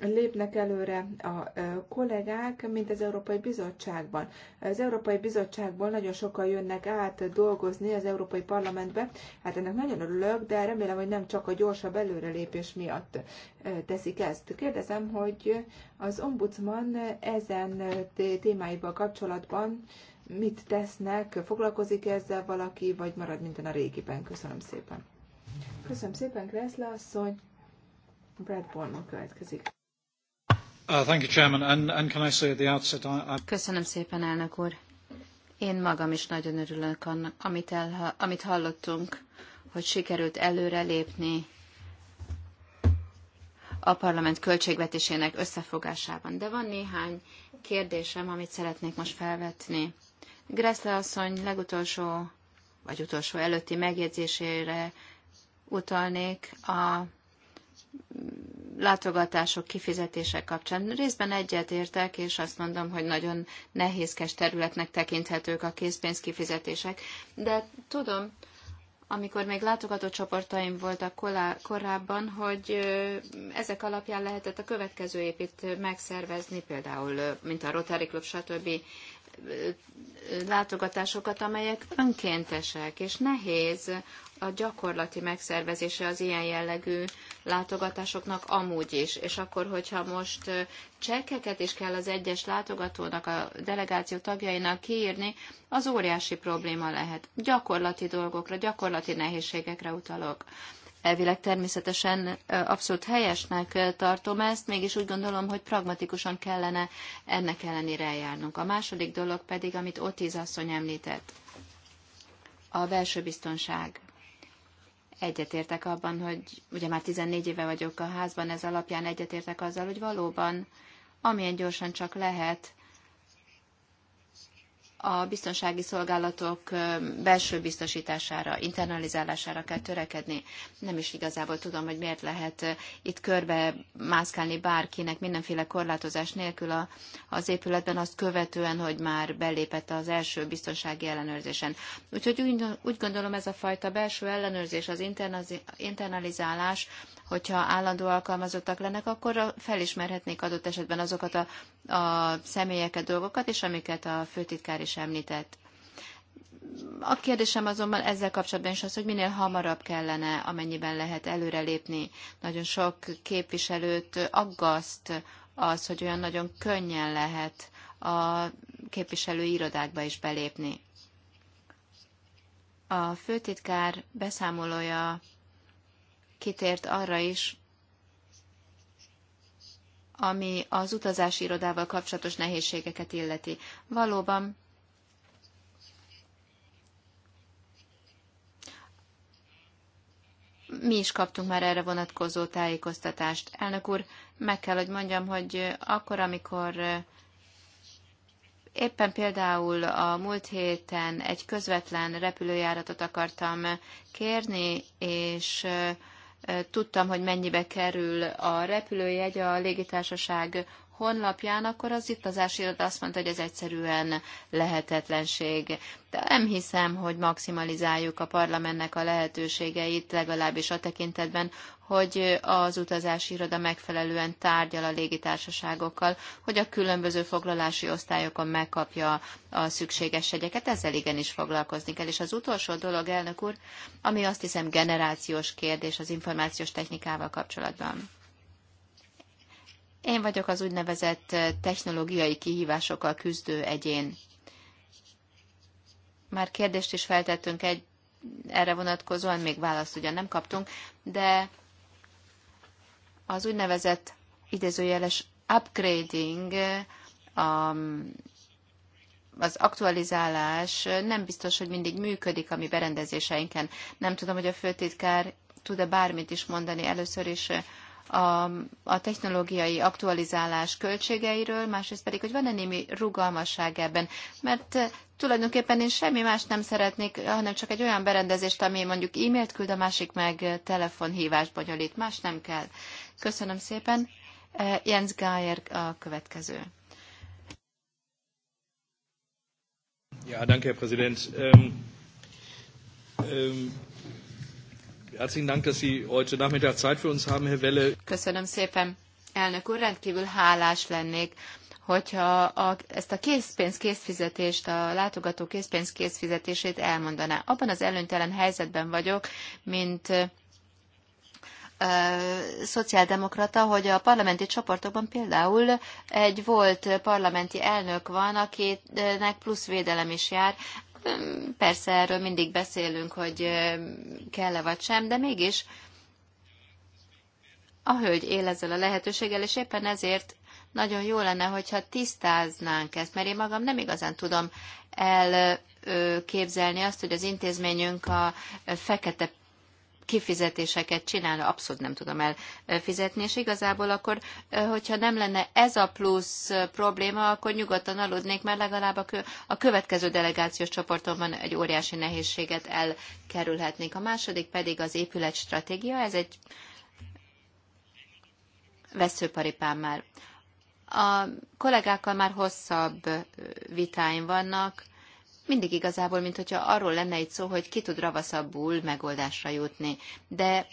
lépnek előre a kollégák, mint az Európai Bizottságban. Az Európai Bizottságból nagyon sokan jönnek át dolgozni az Európai Parlamentbe. Hát ennek nagyon örülök, de remélem, hogy nem csak a gyorsabb előrelépés miatt teszik ezt. Kérdezem, hogy az ombudsman ezen témáival kapcsolatban mit tesznek, foglalkozik -e ezzel valaki, vagy marad minden a régiben. Köszönöm szépen. Köszönöm szépen, Kreszle asszony. Brad Bourne következik. Köszönöm szépen, elnök úr. Én magam is nagyon örülök annak, amit, el, amit hallottunk, hogy sikerült előrelépni a parlament költségvetésének összefogásában. De van néhány kérdésem, amit szeretnék most felvetni. Gressle asszony legutolsó, vagy utolsó előtti megjegyzésére utalnék a látogatások kifizetése kapcsán részben egyetértek, és azt mondom, hogy nagyon nehézkes területnek tekinthetők a készpénz kifizetések, de tudom, amikor még látogató csoportaim voltak korábban, hogy ezek alapján lehetett a következő épít megszervezni, például mint a Rotary Club, stb. látogatásokat, amelyek önkéntesek, és nehéz a gyakorlati megszervezése az ilyen jellegű látogatásoknak amúgy is. És akkor, hogyha most csekkeket is kell az egyes látogatónak, a delegáció tagjainak kiírni, az óriási probléma lehet. Gyakorlati dolgokra, gyakorlati nehézségekre utalok. Elvileg természetesen abszolút helyesnek tartom ezt, mégis úgy gondolom, hogy pragmatikusan kellene ennek ellenére eljárnunk. A második dolog pedig, amit Otiz asszony említett, a belső biztonság egyetértek abban, hogy ugye már 14 éve vagyok a házban, ez alapján egyetértek azzal, hogy valóban amilyen gyorsan csak lehet, a biztonsági szolgálatok belső biztosítására, internalizálására kell törekedni. Nem is igazából tudom, hogy miért lehet itt körbe mászkálni bárkinek mindenféle korlátozás nélkül a, az épületben, azt követően, hogy már belépett az első biztonsági ellenőrzésen. Úgyhogy úgy, úgy gondolom ez a fajta belső ellenőrzés, az internalizálás, hogyha állandó alkalmazottak lennek, akkor felismerhetnék adott esetben azokat a, a személyeket, dolgokat, és amiket a főtitkár is is említett. A kérdésem azonban ezzel kapcsolatban is az, hogy minél hamarabb kellene, amennyiben lehet előrelépni. Nagyon sok képviselőt aggaszt az, hogy olyan nagyon könnyen lehet a képviselői irodákba is belépni. A főtitkár beszámolója kitért arra is, ami az utazási irodával kapcsolatos nehézségeket illeti. Valóban mi is kaptunk már erre vonatkozó tájékoztatást. Elnök úr, meg kell, hogy mondjam, hogy akkor, amikor éppen például a múlt héten egy közvetlen repülőjáratot akartam kérni, és tudtam, hogy mennyibe kerül a repülőjegy, a légitársaság honlapján, akkor az itt az iroda azt mondta, hogy ez egyszerűen lehetetlenség. De nem hiszem, hogy maximalizáljuk a parlamentnek a lehetőségeit, legalábbis a tekintetben, hogy az utazási iroda megfelelően tárgyal a légitársaságokkal, hogy a különböző foglalási osztályokon megkapja a szükséges egyeket. Ezzel igenis foglalkozni kell. És az utolsó dolog, elnök úr, ami azt hiszem generációs kérdés az információs technikával kapcsolatban. Én vagyok az úgynevezett eh, technológiai kihívásokkal küzdő egyén. Már kérdést is feltettünk egy erre vonatkozóan, még választ ugyan nem kaptunk, de az úgynevezett idézőjeles upgrading, eh, a, az aktualizálás nem biztos, hogy mindig működik a mi berendezéseinken. Nem tudom, hogy a főtitkár tud-e bármit is mondani. Először is eh, a, a technológiai aktualizálás költségeiről, másrészt pedig, hogy van-e némi rugalmasság ebben. Mert eh, tulajdonképpen én semmi más nem szeretnék, hanem csak egy olyan berendezést, ami mondjuk e-mailt küld, a másik meg eh, telefonhívást bonyolít. Más nem kell. Köszönöm szépen. Eh, Jens Geier a következő. Ja, danke, Herr Präsident. Ähm, ähm, Herzlichen Dank, dass Sie heute Nachmittag Zeit für uns haben, Herr Welle. Köszönöm szépen, elnök úr, rendkívül hálás lennék, hogyha a, ezt a készpénz készfizetést, a látogató készpénz készfizetését elmondaná. Abban az előnytelen helyzetben vagyok, mint szociáldemokrata, hogy a parlamenti csoportokban például egy volt parlamenti elnök van, akinek plusz védelem is jár, Persze erről mindig beszélünk, hogy kell-e vagy sem, de mégis a hölgy él ezzel a lehetőséggel, és éppen ezért nagyon jó lenne, hogyha tisztáznánk ezt, mert én magam nem igazán tudom elképzelni azt, hogy az intézményünk a fekete kifizetéseket csinálna, abszolút nem tudom elfizetni, és igazából akkor, hogyha nem lenne ez a plusz probléma, akkor nyugodtan aludnék, mert legalább a, kö- a következő delegációs csoportomban egy óriási nehézséget elkerülhetnék. A második pedig az épületstratégia, ez egy veszőparipám már. A kollégákkal már hosszabb vitáim vannak, mindig igazából, mint hogyha arról lenne itt szó, hogy ki tud ravaszabbul megoldásra jutni. De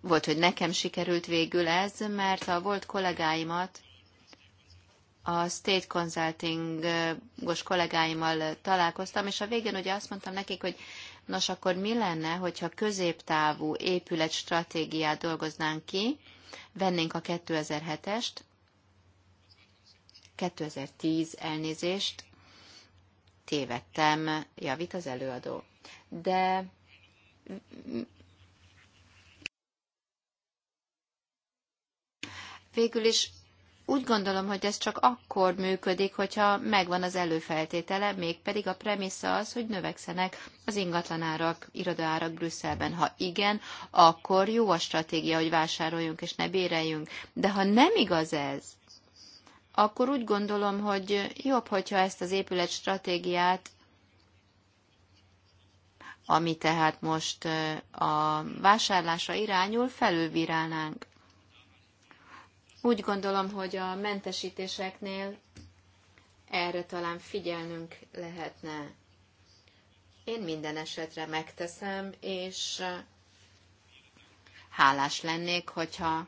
volt, hogy nekem sikerült végül ez, mert a volt kollégáimat, a State Consulting-os kollégáimmal találkoztam, és a végén ugye azt mondtam nekik, hogy nos, akkor mi lenne, hogyha középtávú épületstratégiát dolgoznánk ki, vennénk a 2007-est, 2010 elnézést, tévedtem, javít az előadó. De végül is úgy gondolom, hogy ez csak akkor működik, hogyha megvan az előfeltétele, mégpedig a premissza az, hogy növekszenek az ingatlanárak, irodaárak Brüsszelben. Ha igen, akkor jó a stratégia, hogy vásároljunk és ne béreljünk. De ha nem igaz ez, akkor úgy gondolom, hogy jobb, hogyha ezt az épület stratégiát, ami tehát most a vásárlásra irányul, felülvirálnánk. Úgy gondolom, hogy a mentesítéseknél erre talán figyelnünk lehetne. Én minden esetre megteszem, és hálás lennék, hogyha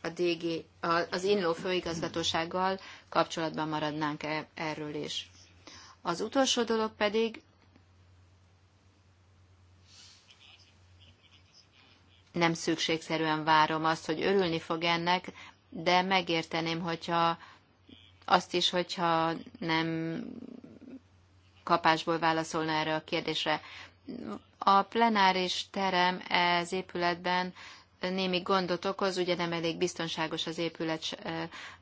a DG, az INLO főigazgatósággal kapcsolatban maradnánk e, erről is. Az utolsó dolog pedig, nem szükségszerűen várom azt, hogy örülni fog ennek, de megérteném, hogyha azt is, hogyha nem kapásból válaszolna erre a kérdésre. A plenáris terem ez épületben némi gondot okoz, ugye nem elég biztonságos az épület.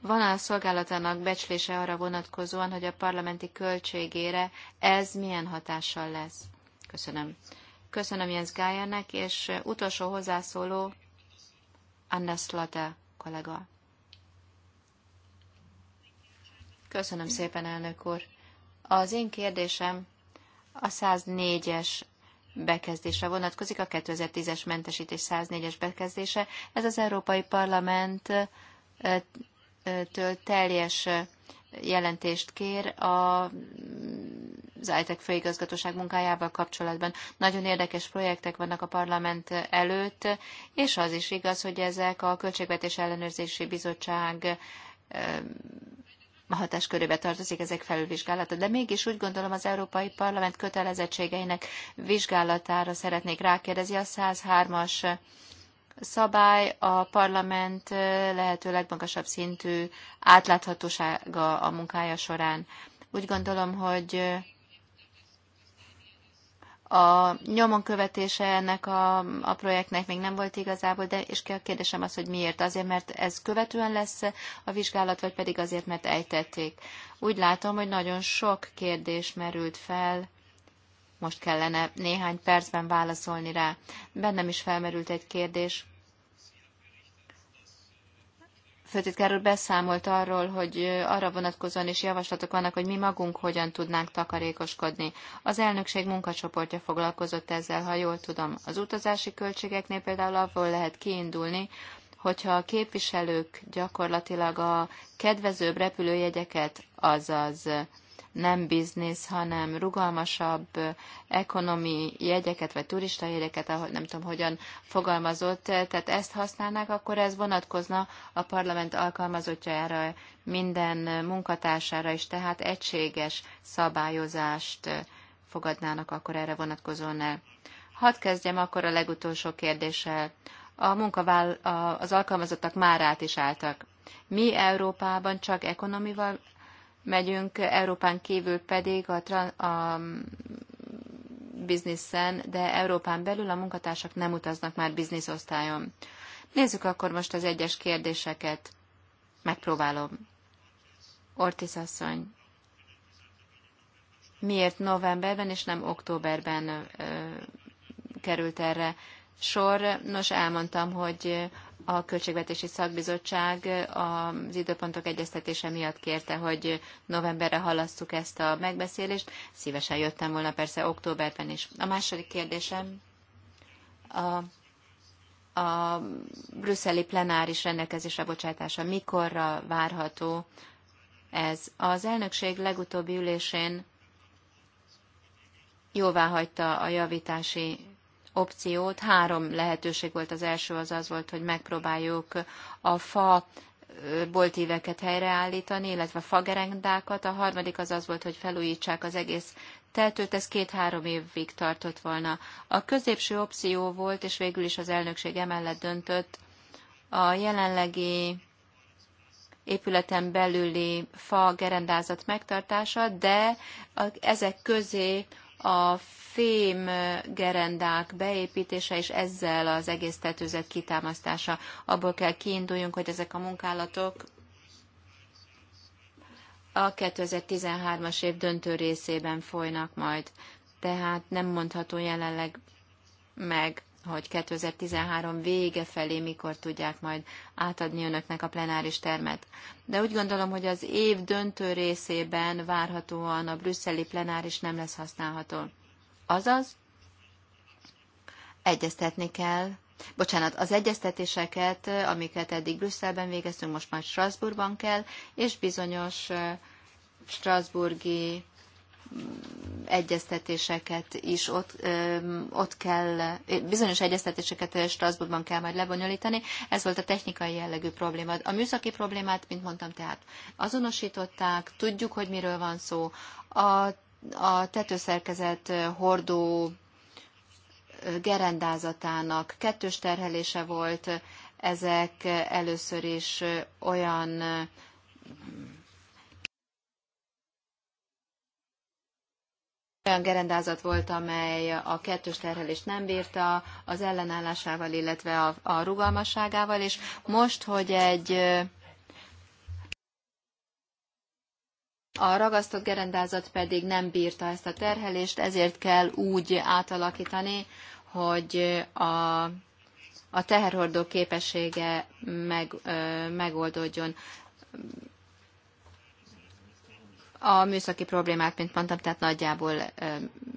Van a szolgálatának becslése arra vonatkozóan, hogy a parlamenti költségére ez milyen hatással lesz? Köszönöm. Köszönöm Jens Gájernek, és utolsó hozzászóló Anna Slata kollega. Köszönöm szépen, elnök úr. Az én kérdésem a 104-es bekezdésre vonatkozik, a 2010-es mentesítés 104-es bekezdése. Ez az Európai Parlament től teljes jelentést kér a az ITEC főigazgatóság munkájával kapcsolatban. Nagyon érdekes projektek vannak a parlament előtt, és az is igaz, hogy ezek a Költségvetés Ellenőrzési Bizottság a hatáskörébe tartozik ezek felülvizsgálata, de mégis úgy gondolom az Európai Parlament kötelezettségeinek vizsgálatára szeretnék rákérdezni a 103-as szabály a parlament lehető legmagasabb szintű átláthatósága a munkája során. Úgy gondolom, hogy a nyomon követése ennek a, a projektnek még nem volt igazából, de és kérdésem az, hogy miért. Azért, mert ez követően lesz a vizsgálat, vagy pedig azért, mert ejtették. Úgy látom, hogy nagyon sok kérdés merült fel, most kellene néhány percben válaszolni rá. Bennem is felmerült egy kérdés, főtitkár beszámolt arról, hogy arra vonatkozóan is javaslatok vannak, hogy mi magunk hogyan tudnánk takarékoskodni. Az elnökség munkacsoportja foglalkozott ezzel, ha jól tudom. Az utazási költségeknél például abból lehet kiindulni, hogyha a képviselők gyakorlatilag a kedvezőbb repülőjegyeket, azaz nem biznisz, hanem rugalmasabb ekonomi jegyeket, vagy turista jegyeket, ahogy nem tudom, hogyan fogalmazott, tehát ezt használnák, akkor ez vonatkozna a parlament alkalmazottjára, minden munkatársára is, tehát egységes szabályozást fogadnának akkor erre vonatkozóan el. Hadd kezdjem akkor a legutolsó kérdéssel. A munkavál, az alkalmazottak már át is álltak. Mi Európában csak megyünk, Európán kívül pedig a, tra- a bizniszen, de Európán belül a munkatársak nem utaznak már bizniszosztályon. Nézzük akkor most az egyes kérdéseket. Megpróbálom. Ortiz asszony. Miért novemberben és nem októberben ö, került erre sor? Nos, elmondtam, hogy a Költségvetési Szakbizottság az időpontok egyeztetése miatt kérte, hogy novemberre halasszuk ezt a megbeszélést. Szívesen jöttem volna persze októberben is. A második kérdésem a, a brüsszeli plenáris rendelkezésre bocsátása mikorra várható ez? Az elnökség legutóbbi ülésén jóvá hagyta a javítási opciót. Három lehetőség volt. Az első az az volt, hogy megpróbáljuk a fa boltíveket helyreállítani, illetve fagerendákat. A harmadik az az volt, hogy felújítsák az egész tehetőt, ez két-három évig tartott volna. A középső opció volt, és végül is az elnökség emellett döntött, a jelenlegi épületen belüli fa gerendázat megtartása, de ezek közé a fém gerendák beépítése és ezzel az egész tetőzet kitámasztása. Abból kell kiinduljunk, hogy ezek a munkálatok a 2013-as év döntő részében folynak majd. Tehát nem mondható jelenleg meg, hogy 2013 vége felé mikor tudják majd átadni önöknek a plenáris termet. De úgy gondolom, hogy az év döntő részében várhatóan a brüsszeli plenáris nem lesz használható. Azaz, egyeztetni kell, bocsánat, az egyeztetéseket, amiket eddig Brüsszelben végeztünk, most majd Strasbourgban kell, és bizonyos Strasburgi egyeztetéseket is ott, ott kell, bizonyos egyeztetéseket Strasbourgban kell majd lebonyolítani. Ez volt a technikai jellegű probléma. A műszaki problémát, mint mondtam, tehát azonosították, tudjuk, hogy miről van szó. A, a tetőszerkezet hordó gerendázatának kettős terhelése volt, ezek először is olyan olyan gerendázat volt, amely a kettős terhelést nem bírta az ellenállásával, illetve a, a rugalmasságával, és most, hogy egy a ragasztott gerendázat pedig nem bírta ezt a terhelést, ezért kell úgy átalakítani, hogy a, a teherhordó képessége meg, ö, megoldódjon a műszaki problémát, mint mondtam, tehát nagyjából,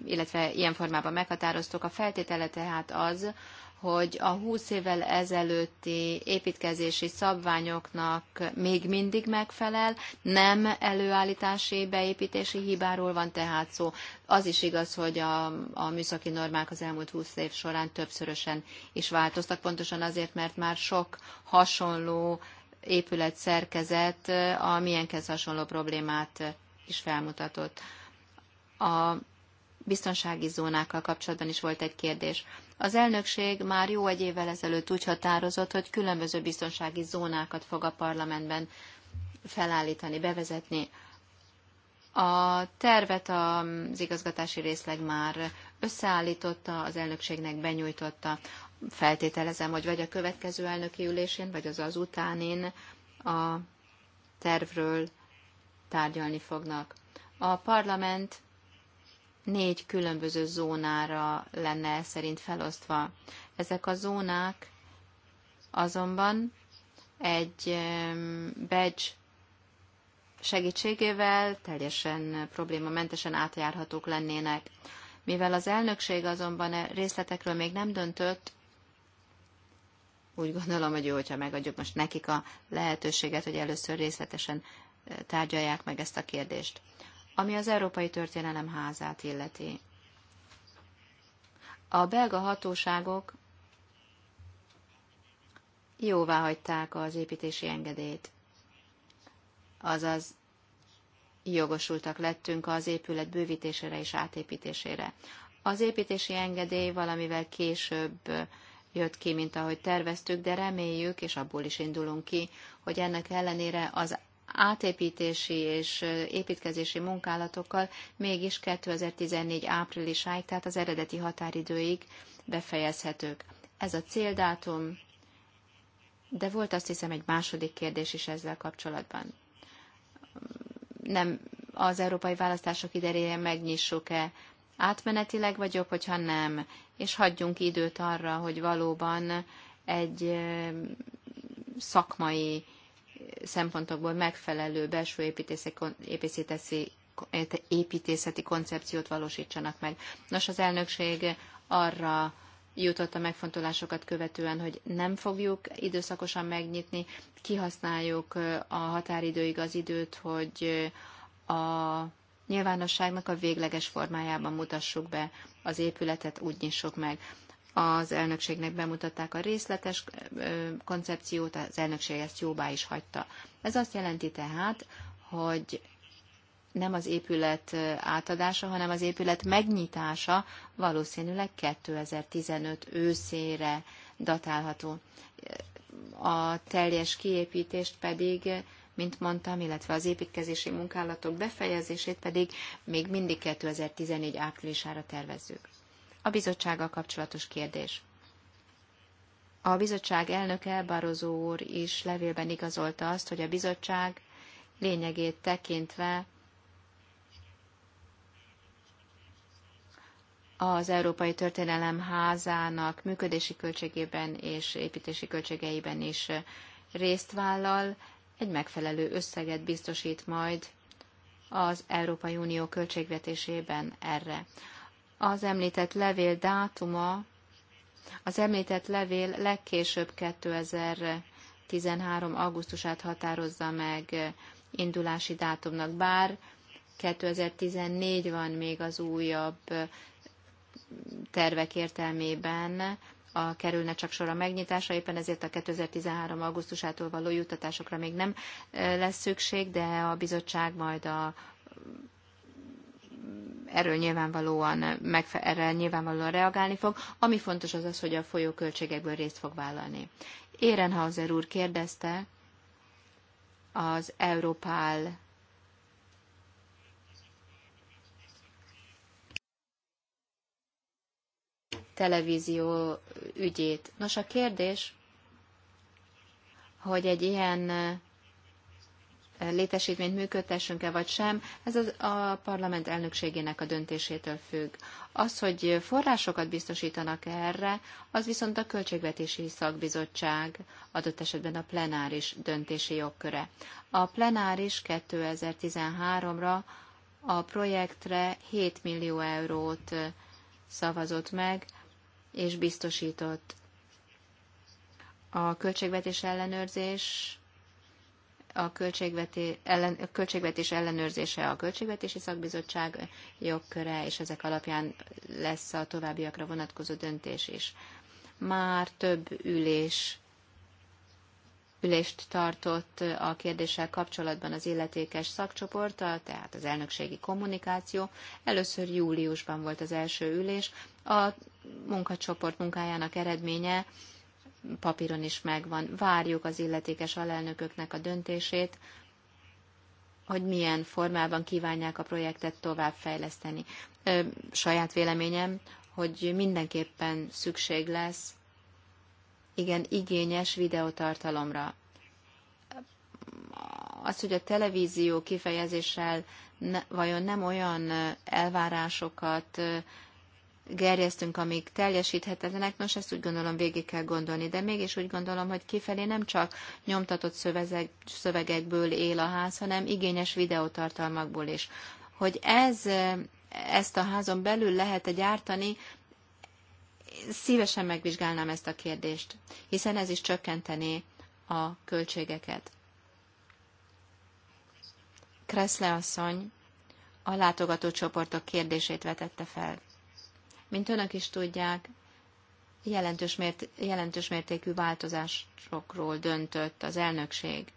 illetve ilyen formában meghatároztuk. A feltétele tehát az, hogy a 20 évvel ezelőtti építkezési szabványoknak még mindig megfelel, nem előállítási, beépítési hibáról van tehát szó. Az is igaz, hogy a, a műszaki normák az elmúlt 20 év során többszörösen is változtak, pontosan azért, mert már sok hasonló épület szerkezet a milyenkhez hasonló problémát is felmutatott. A biztonsági zónákkal kapcsolatban is volt egy kérdés. Az elnökség már jó egy évvel ezelőtt úgy határozott, hogy különböző biztonsági zónákat fog a parlamentben felállítani, bevezetni. A tervet az igazgatási részleg már összeállította, az elnökségnek benyújtotta. Feltételezem, hogy vagy a következő elnöki ülésén, vagy az az utánén a tervről tárgyalni fognak. A parlament négy különböző zónára lenne szerint felosztva. Ezek a zónák azonban egy badge segítségével teljesen problémamentesen átjárhatók lennének. Mivel az elnökség azonban e részletekről még nem döntött, úgy gondolom, hogy jó, hogyha megadjuk most nekik a lehetőséget, hogy először részletesen tárgyalják meg ezt a kérdést. Ami az Európai Történelem házát illeti. A belga hatóságok jóvá hagyták az építési engedélyt. Azaz jogosultak lettünk az épület bővítésére és átépítésére. Az építési engedély valamivel később jött ki, mint ahogy terveztük, de reméljük, és abból is indulunk ki, hogy ennek ellenére az átépítési és építkezési munkálatokkal mégis 2014 áprilisáig, tehát az eredeti határidőig befejezhetők. Ez a céldátum, de volt azt hiszem egy második kérdés is ezzel kapcsolatban. Nem az európai választások idejére megnyissuk-e átmenetileg vagyok, hogyha nem, és hagyjunk időt arra, hogy valóban egy szakmai szempontokból megfelelő belső építészeti koncepciót valósítsanak meg. Nos, az elnökség arra jutott a megfontolásokat követően, hogy nem fogjuk időszakosan megnyitni, kihasználjuk a határidőig az időt, hogy a nyilvánosságnak a végleges formájában mutassuk be az épületet, úgy nyissuk meg az elnökségnek bemutatták a részletes koncepciót, az elnökség ezt jóvá is hagyta. Ez azt jelenti tehát, hogy nem az épület átadása, hanem az épület megnyitása valószínűleg 2015 őszére datálható. A teljes kiépítést pedig, mint mondtam, illetve az építkezési munkálatok befejezését pedig még mindig 2014 áprilisára tervezzük. A bizottsággal kapcsolatos kérdés. A bizottság elnöke Barozó úr is levélben igazolta azt, hogy a bizottság lényegét tekintve az Európai Történelem házának működési költségében és építési költségeiben is részt vállal, egy megfelelő összeget biztosít majd az Európai Unió költségvetésében erre. Az említett levél dátuma, az említett levél legkésőbb 2013. augusztusát határozza meg indulási dátumnak, bár 2014 van még az újabb tervek értelmében, a kerülne csak sor a megnyitása, éppen ezért a 2013. augusztusától való juttatásokra még nem lesz szükség, de a bizottság majd a erről nyilvánvalóan, megfe- erre nyilvánvalóan reagálni fog. Ami fontos az az, hogy a folyóköltségekből részt fog vállalni. Érenhauser úr kérdezte az Európál televízió ügyét. Nos, a kérdés, hogy egy ilyen létesítményt működtessünk-e vagy sem, ez az a parlament elnökségének a döntésétől függ. Az, hogy forrásokat biztosítanak erre, az viszont a Költségvetési Szakbizottság, adott esetben a plenáris döntési jogköre. A plenáris 2013-ra a projektre 7 millió eurót szavazott meg, és biztosított. A költségvetés ellenőrzés a költségvetés, ellen, a költségvetés ellenőrzése a Költségvetési Szakbizottság jogköre, és ezek alapján lesz a továbbiakra vonatkozó döntés is. Már több ülés ülést tartott a kérdéssel kapcsolatban az illetékes szakcsoporta, tehát az elnökségi kommunikáció. Először júliusban volt az első ülés. A munkacsoport munkájának eredménye papíron is megvan. Várjuk az illetékes alelnököknek a döntését, hogy milyen formában kívánják a projektet továbbfejleszteni. saját véleményem, hogy mindenképpen szükség lesz igen igényes videótartalomra. Az, hogy a televízió kifejezéssel ne, vajon nem olyan elvárásokat gerjesztünk, amik teljesíthetetlenek, nos, ezt úgy gondolom végig kell gondolni, de mégis úgy gondolom, hogy kifelé nem csak nyomtatott szövezek, szövegekből él a ház, hanem igényes videótartalmakból is. Hogy ez, ezt a házon belül lehet-e gyártani, szívesen megvizsgálnám ezt a kérdést, hiszen ez is csökkentené a költségeket. Kreszle asszony a csoportok kérdését vetette fel. Mint önök is tudják, jelentős, mért, jelentős mértékű változásokról döntött az elnökség.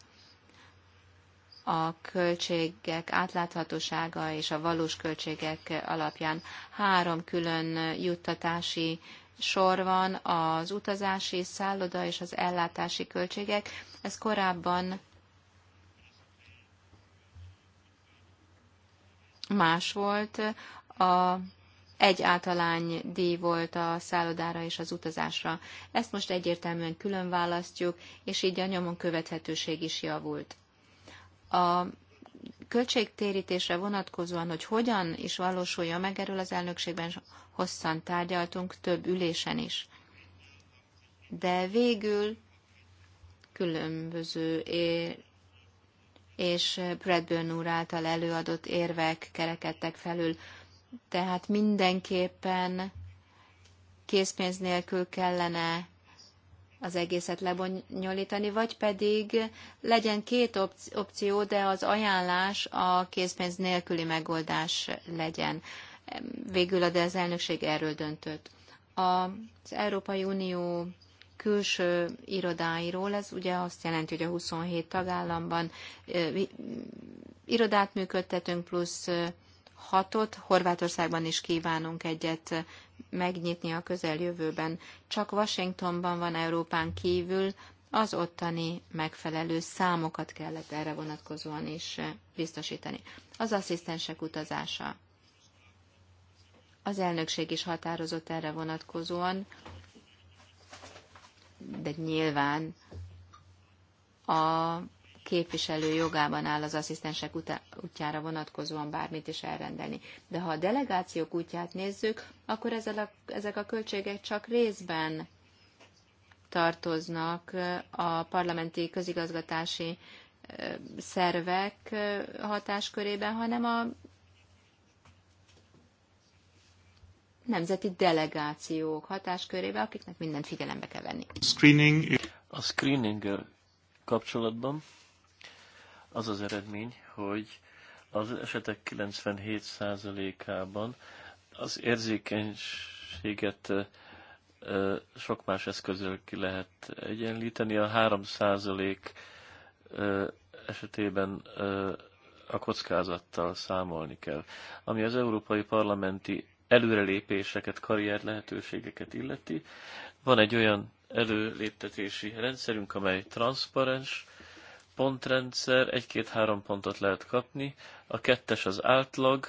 A költségek átláthatósága és a valós költségek alapján három külön juttatási sor van az utazási, szálloda és az ellátási költségek. Ez korábban más volt. A egy általány díj volt a szállodára és az utazásra. Ezt most egyértelműen külön választjuk, és így a nyomon követhetőség is javult. A költségtérítésre vonatkozóan, hogy hogyan is valósulja meg, erről az elnökségben hosszan tárgyaltunk, több ülésen is. De végül különböző ér és Bradburn úr által előadott érvek kerekedtek felül tehát mindenképpen készpénz nélkül kellene az egészet lebonyolítani, vagy pedig legyen két opció, de az ajánlás a készpénz nélküli megoldás legyen. Végül de az elnökség erről döntött. Az Európai Unió külső irodáiról, ez ugye azt jelenti, hogy a 27 tagállamban irodát működtetünk, plusz hatot, Horvátországban is kívánunk egyet megnyitni a közeljövőben. Csak Washingtonban van Európán kívül, az ottani megfelelő számokat kellett erre vonatkozóan is biztosítani. Az asszisztensek utazása. Az elnökség is határozott erre vonatkozóan, de nyilván a képviselő jogában áll az asszisztensek útjára vonatkozóan bármit is elrendelni. De ha a delegációk útját nézzük, akkor ezzel a, ezek a költségek csak részben tartoznak a parlamenti közigazgatási szervek hatáskörében, hanem a nemzeti delegációk hatáskörébe, akiknek mindent figyelembe kell venni. Screening. A screening kapcsolatban az az eredmény, hogy az esetek 97%-ában az érzékenységet sok más eszközzel ki lehet egyenlíteni. A 3% esetében a kockázattal számolni kell. Ami az európai parlamenti előrelépéseket, karrier lehetőségeket illeti, van egy olyan előléptetési rendszerünk, amely transzparens, pontrendszer, egy-két-három pontot lehet kapni, a kettes az átlag,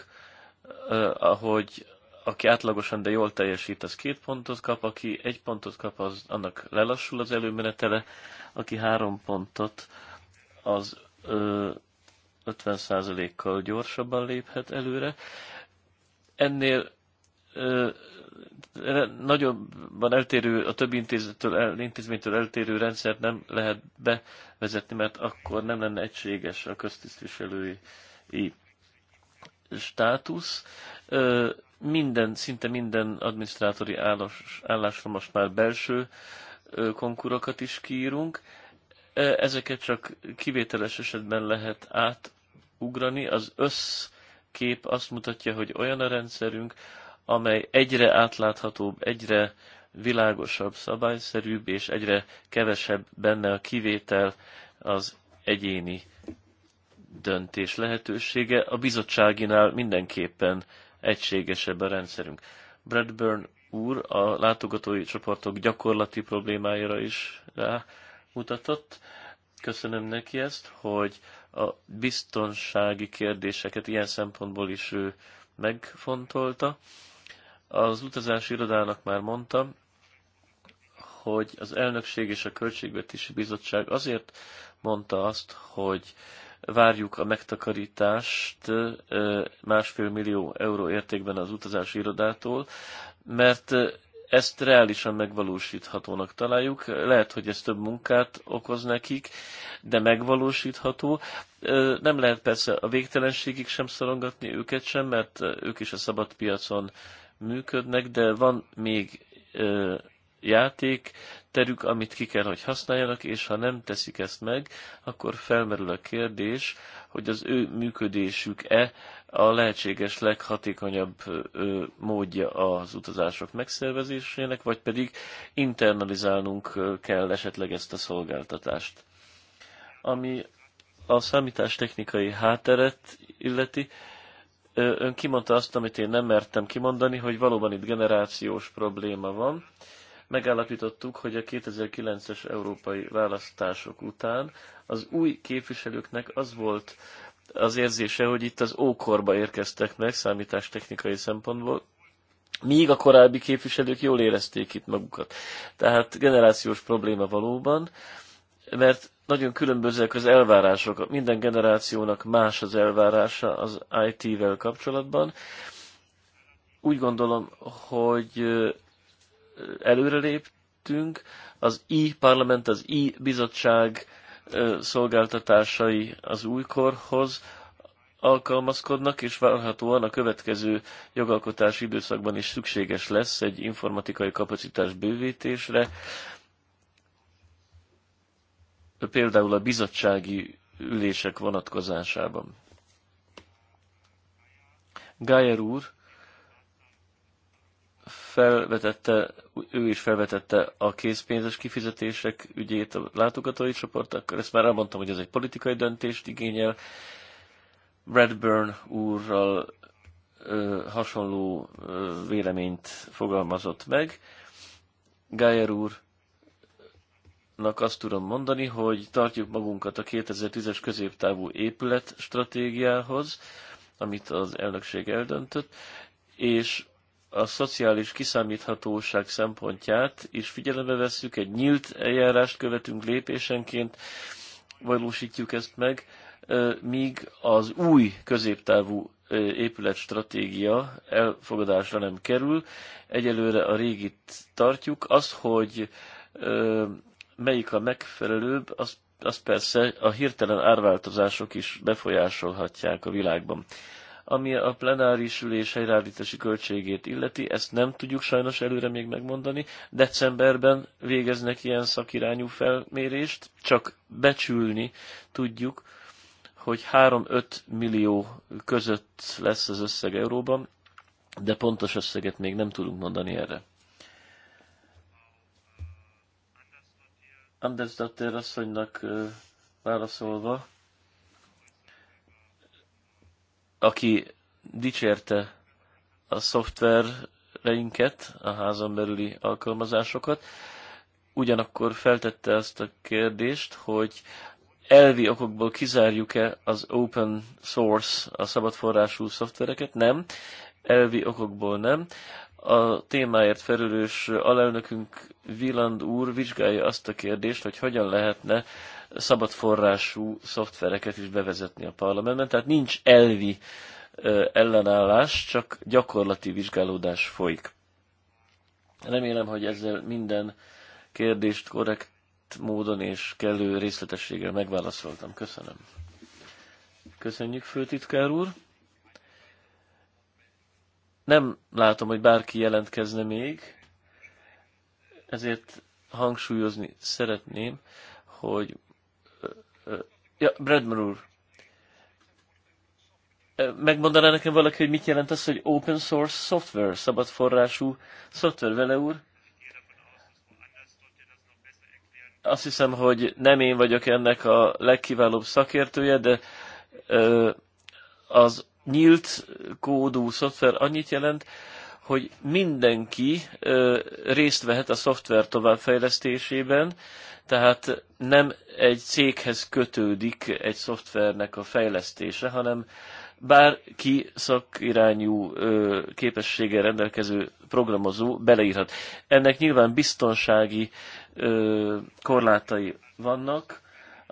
ahogy aki átlagosan, de jól teljesít, az két pontot kap, aki egy pontot kap, az annak lelassul az előmenetele, aki három pontot, az 50%-kal gyorsabban léphet előre. Ennél nagyobban eltérő, a többi el, intézménytől eltérő rendszert nem lehet bevezetni, mert akkor nem lenne egységes a köztisztviselői státusz. Minden, szinte minden adminisztrátori állás, állásra most már belső konkurokat is kiírunk. Ezeket csak kivételes esetben lehet átugrani. Az összkép azt mutatja, hogy olyan a rendszerünk, amely egyre átláthatóbb, egyre világosabb, szabályszerűbb, és egyre kevesebb benne a kivétel az egyéni döntés lehetősége. A bizottságinál mindenképpen egységesebb a rendszerünk. Bradburn úr a látogatói csoportok gyakorlati problémáira is rámutatott. Köszönöm neki ezt, hogy a biztonsági kérdéseket ilyen szempontból is ő megfontolta. Az utazási irodának már mondtam, hogy az elnökség és a Költségvetési Bizottság azért mondta azt, hogy várjuk a megtakarítást másfél millió euró értékben az utazási irodától, mert ezt reálisan megvalósíthatónak találjuk. Lehet, hogy ez több munkát okoz nekik, de megvalósítható. Nem lehet persze a végtelenségig sem szorongatni őket sem, mert ők is a szabad piacon működnek, de van még ö, játék terük, amit ki kell, hogy használjanak, és ha nem teszik ezt meg, akkor felmerül a kérdés, hogy az ő működésük-e a lehetséges leghatékonyabb ö, módja az utazások megszervezésének, vagy pedig internalizálnunk kell esetleg ezt a szolgáltatást. Ami a számítástechnikai hátteret illeti, ön kimondta azt, amit én nem mertem kimondani, hogy valóban itt generációs probléma van. Megállapítottuk, hogy a 2009-es európai választások után az új képviselőknek az volt az érzése, hogy itt az ókorba érkeztek meg számítástechnikai szempontból, míg a korábbi képviselők jól érezték itt magukat. Tehát generációs probléma valóban mert nagyon különbözőek az elvárások. Minden generációnak más az elvárása az IT-vel kapcsolatban. Úgy gondolom, hogy előreléptünk. Az i-parlament, az i-bizottság szolgáltatásai az újkorhoz alkalmazkodnak, és várhatóan a következő jogalkotási időszakban is szükséges lesz egy informatikai kapacitás bővítésre például a bizottsági ülések vonatkozásában. Gájer úr felvetette, ő is felvetette a készpénzes kifizetések ügyét a látogatói csoportokkal. Ezt már elmondtam, hogy ez egy politikai döntést igényel. Redburn úrral ö, hasonló ö, véleményt fogalmazott meg. Gájer úr nak azt tudom mondani, hogy tartjuk magunkat a 2010-es középtávú épület stratégiához, amit az elnökség eldöntött, és a szociális kiszámíthatóság szempontját is figyelembe vesszük, egy nyílt eljárást követünk lépésenként, valósítjuk ezt meg, míg az új középtávú épületstratégia elfogadásra nem kerül. Egyelőre a régit tartjuk. Az, hogy melyik a megfelelőbb, az, az persze a hirtelen árváltozások is befolyásolhatják a világban. Ami a plenáris ülés helyreállítási költségét illeti, ezt nem tudjuk sajnos előre még megmondani. Decemberben végeznek ilyen szakirányú felmérést, csak becsülni tudjuk, hogy 3-5 millió között lesz az összeg euróban, de pontos összeget még nem tudunk mondani erre. Anders Datter asszonynak válaszolva, aki dicsérte a szoftvereinket, a házon belüli alkalmazásokat, ugyanakkor feltette azt a kérdést, hogy elvi okokból kizárjuk-e az open source, a szabadforrású szoftvereket? Nem, elvi okokból nem a témáért felülős alelnökünk Viland úr vizsgálja azt a kérdést, hogy hogyan lehetne szabad forrású szoftvereket is bevezetni a parlamentben. Tehát nincs elvi ellenállás, csak gyakorlati vizsgálódás folyik. Remélem, hogy ezzel minden kérdést korrekt módon és kellő részletességgel megválaszoltam. Köszönöm. Köszönjük, főtitkár úr! Nem látom, hogy bárki jelentkezne még, ezért hangsúlyozni szeretném, hogy... Ja, Bradman úr, megmondaná nekem valaki, hogy mit jelent az, hogy open source software, szabad forrású szoftver, vele úr? Azt hiszem, hogy nem én vagyok ennek a legkiválóbb szakértője, de az nyílt kódú szoftver annyit jelent, hogy mindenki ö, részt vehet a szoftver továbbfejlesztésében, tehát nem egy céghez kötődik egy szoftvernek a fejlesztése, hanem bárki szakirányú ö, képessége rendelkező programozó beleírhat. Ennek nyilván biztonsági ö, korlátai vannak,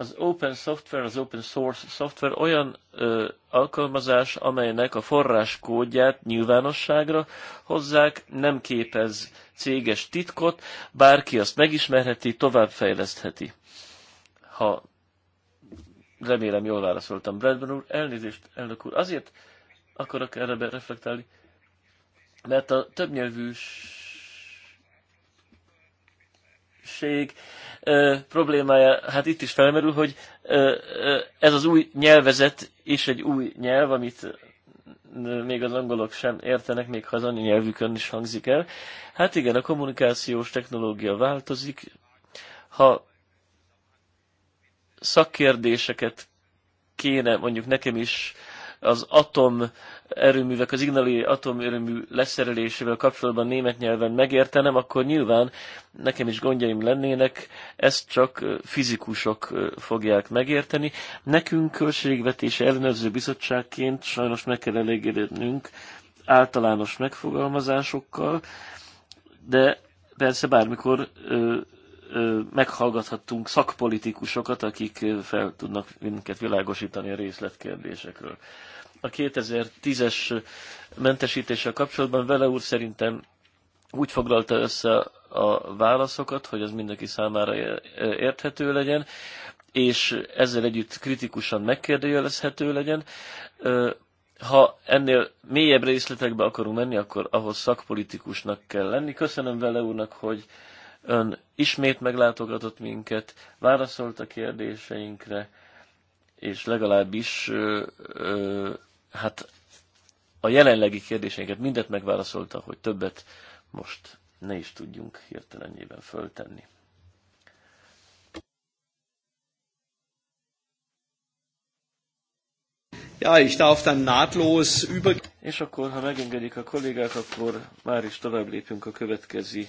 az open software, az open source software olyan ö, alkalmazás, amelynek a forráskódját nyilvánosságra hozzák, nem képez céges titkot, bárki azt megismerheti, továbbfejlesztheti. Ha remélem jól válaszoltam, Bradburn úr, elnézést, elnök úr, azért akarok erre reflektálni, mert a többnyelvűs nyelvesség ö, problémája, hát itt is felmerül, hogy ö, ö, ez az új nyelvezet is egy új nyelv, amit még az angolok sem értenek, még ha az nyelvükön is hangzik el. Hát igen, a kommunikációs technológia változik. Ha szakkérdéseket kéne mondjuk nekem is az atom erőművek, az ignali atomerőmű leszerelésével kapcsolatban német nyelven megértenem, akkor nyilván nekem is gondjaim lennének, ezt csak fizikusok fogják megérteni. Nekünk költségvetési ellenőrző bizottságként sajnos meg kell elégedetnünk általános megfogalmazásokkal, de persze bármikor meghallgathattunk szakpolitikusokat, akik fel tudnak minket világosítani a részletkérdésekről. A 2010-es mentesítéssel kapcsolatban vele úr szerintem úgy foglalta össze a válaszokat, hogy az mindenki számára érthető legyen, és ezzel együtt kritikusan megkérdőjelezhető legyen. Ha ennél mélyebb részletekbe akarunk menni, akkor ahhoz szakpolitikusnak kell lenni. Köszönöm vele úrnak, hogy Ön ismét meglátogatott minket, válaszolt a kérdéseinkre, és legalábbis ö, ö, hát a jelenlegi kérdéseinket mindet megválaszolta, hogy többet most ne is tudjunk hirtelennyében föltenni. Ja, ich darf dann nahtlos über... És akkor, ha megengedik a kollégák, akkor már is tovább lépünk a következő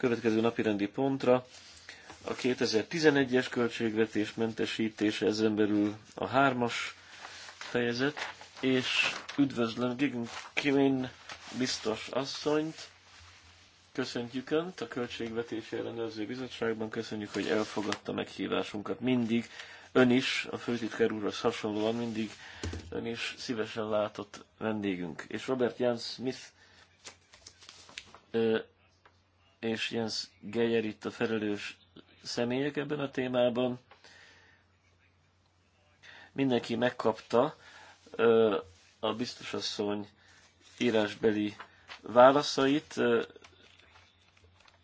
következő napirendi pontra a 2011-es költségvetés mentesítése, ezen belül a hármas fejezet, és üdvözlöm Gigan Kimin biztos asszonyt, köszöntjük Önt a Költségvetési Ellenőrző Bizottságban, köszönjük, hogy elfogadta meghívásunkat mindig, Ön is, a főtitkár úrhoz hasonlóan mindig Ön is szívesen látott vendégünk, és Robert Jan Smith és Jens Geyer itt a felelős személyek ebben a témában. Mindenki megkapta a biztosasszony írásbeli válaszait,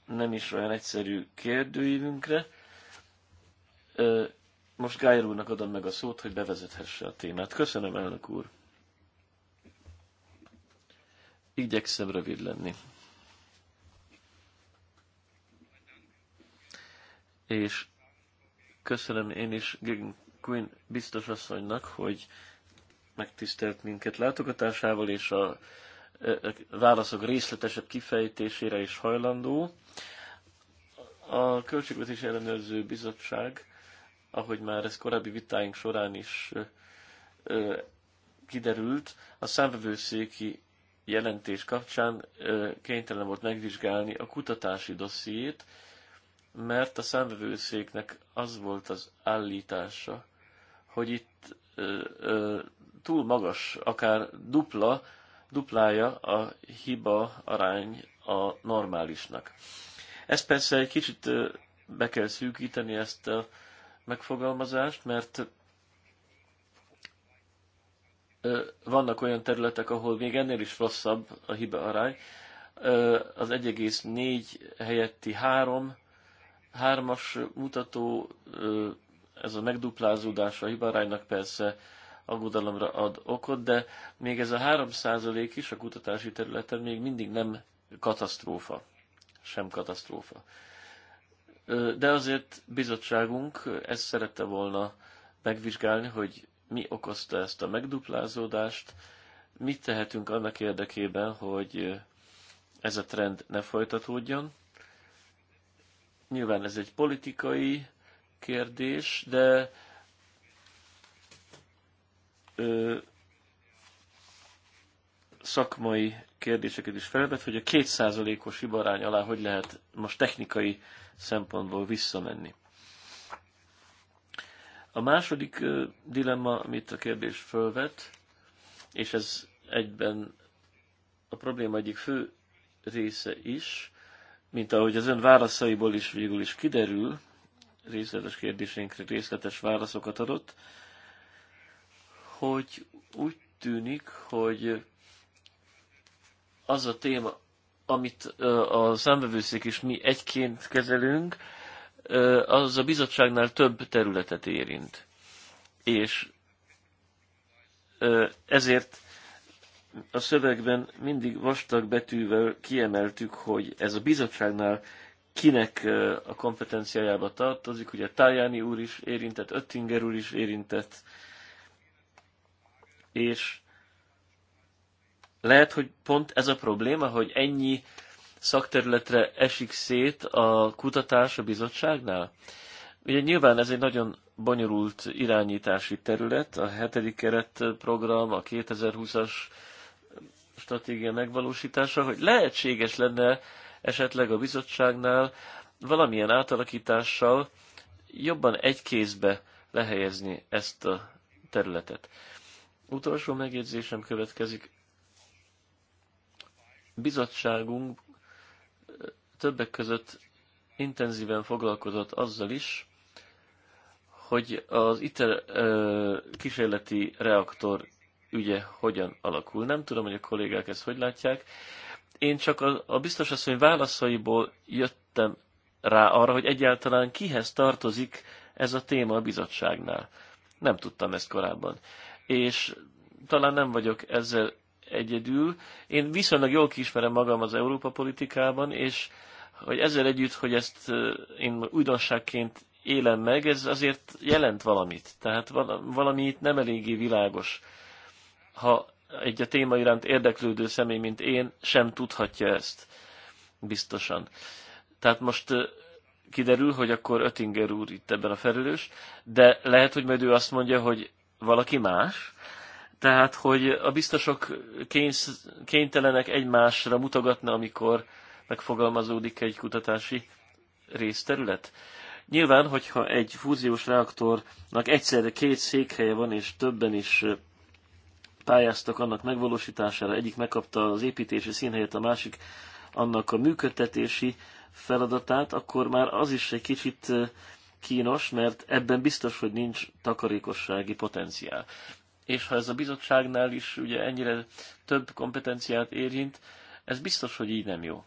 nem is olyan egyszerű kérdőívünkre. Most Gájer úrnak adom meg a szót, hogy bevezethesse a témát. Köszönöm, elnök úr! Igyekszem rövid lenni. és köszönöm én is Gegen Quinn biztos asszonynak, hogy megtisztelt minket látogatásával, és a e, e, válaszok részletesebb kifejtésére is hajlandó. A Költségvetés Ellenőrző Bizottság, ahogy már ez korábbi vitáink során is e, kiderült, a számvevőszéki jelentés kapcsán kénytelen volt megvizsgálni a kutatási dossziét, mert a számvevőszéknek az volt az állítása, hogy itt ö, ö, túl magas, akár dupla, duplája a hiba arány a normálisnak. Ezt persze egy kicsit be kell szűkíteni ezt a megfogalmazást, mert vannak olyan területek, ahol még ennél is rosszabb a hiba arány. Az 1,4 helyetti 3 hármas mutató, ez a megduplázódás a hibaránynak persze aggodalomra ad okot, de még ez a 3% is a kutatási területen még mindig nem katasztrófa. Sem katasztrófa. De azért bizottságunk ezt szerette volna megvizsgálni, hogy mi okozta ezt a megduplázódást, mit tehetünk annak érdekében, hogy ez a trend ne folytatódjon. Nyilván ez egy politikai kérdés, de ö, szakmai kérdéseket is felvet, hogy a kétszázalékos hibarány alá hogy lehet most technikai szempontból visszamenni. A második dilemma, amit a kérdés felvet, és ez egyben a probléma egyik fő része is, mint ahogy az ön válaszaiból is végül is kiderül, részletes kérdésénkre részletes válaszokat adott, hogy úgy tűnik, hogy az a téma, amit a számvevőszék is mi egyként kezelünk, az a bizottságnál több területet érint. És ezért a szövegben mindig vastag betűvel kiemeltük, hogy ez a bizottságnál kinek a kompetenciájába tartozik, ugye Tajani úr is érintett, Öttinger úr is érintett, és lehet, hogy pont ez a probléma, hogy ennyi szakterületre esik szét a kutatás a bizottságnál? Ugye nyilván ez egy nagyon bonyolult irányítási terület, a hetedik keretprogram, a 2020-as stratégia megvalósítása, hogy lehetséges lenne esetleg a bizottságnál valamilyen átalakítással jobban egy kézbe lehelyezni ezt a területet. Utolsó megjegyzésem következik. Bizottságunk eh, többek között intenzíven foglalkozott azzal is, hogy az ITER eh, kísérleti reaktor ügye hogyan alakul. Nem tudom, hogy a kollégák ezt hogy látják. Én csak a, a biztos asszony válaszaiból jöttem rá arra, hogy egyáltalán kihez tartozik ez a téma a bizottságnál. Nem tudtam ezt korábban. És talán nem vagyok ezzel egyedül. Én viszonylag jól kiismerem magam az Európa politikában, és hogy ezzel együtt, hogy ezt én újdonságként élem meg, ez azért jelent valamit. Tehát valami itt nem eléggé világos ha egy a téma iránt érdeklődő személy, mint én, sem tudhatja ezt biztosan. Tehát most kiderül, hogy akkor Ötinger úr itt ebben a felelős, de lehet, hogy majd ő azt mondja, hogy valaki más, tehát, hogy a biztosok kénysz, kénytelenek egymásra mutogatni, amikor megfogalmazódik egy kutatási részterület. Nyilván, hogyha egy fúziós reaktornak egyszerre két székhelye van, és többen is pályáztak annak megvalósítására, egyik megkapta az építési színhelyet, a másik annak a működtetési feladatát, akkor már az is egy kicsit kínos, mert ebben biztos, hogy nincs takarékossági potenciál. És ha ez a bizottságnál is ugye ennyire több kompetenciát érint, ez biztos, hogy így nem jó.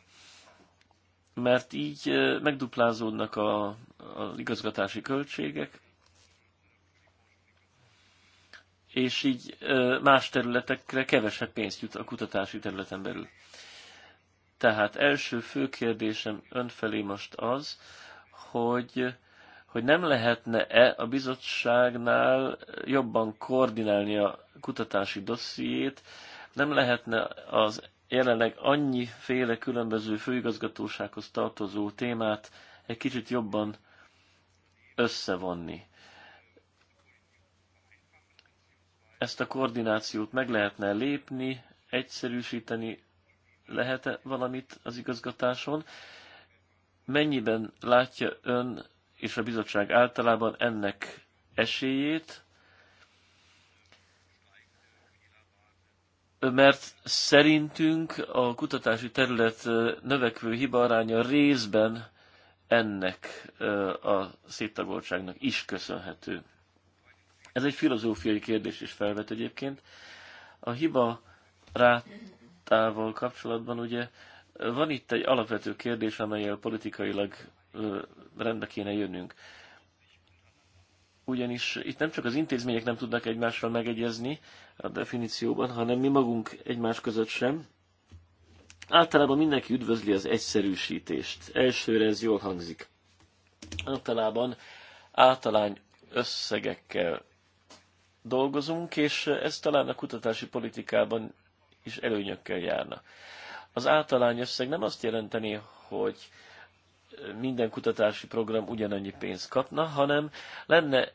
Mert így megduplázódnak a, a igazgatási költségek, és így más területekre kevesebb pénzt jut a kutatási területen belül. Tehát első fő kérdésem önfelé most az, hogy, hogy nem lehetne-e a bizottságnál jobban koordinálni a kutatási dossziét, nem lehetne az jelenleg annyi féle különböző főigazgatósághoz tartozó témát egy kicsit jobban összevonni. ezt a koordinációt meg lehetne lépni, egyszerűsíteni lehet -e valamit az igazgatáson. Mennyiben látja ön és a bizottság általában ennek esélyét, mert szerintünk a kutatási terület növekvő hibaránya részben ennek a széttagoltságnak is köszönhető. Ez egy filozófiai kérdés is felvet egyébként. A hiba rátával kapcsolatban ugye van itt egy alapvető kérdés, amelyel politikailag rendbe kéne jönnünk. Ugyanis itt nem csak az intézmények nem tudnak egymással megegyezni a definícióban, hanem mi magunk egymás között sem. Általában mindenki üdvözli az egyszerűsítést. Elsőre ez jól hangzik. Általában általány összegekkel dolgozunk, és ez talán a kutatási politikában is előnyökkel járna. Az általány összeg nem azt jelenteni, hogy minden kutatási program ugyanannyi pénzt kapna, hanem lenne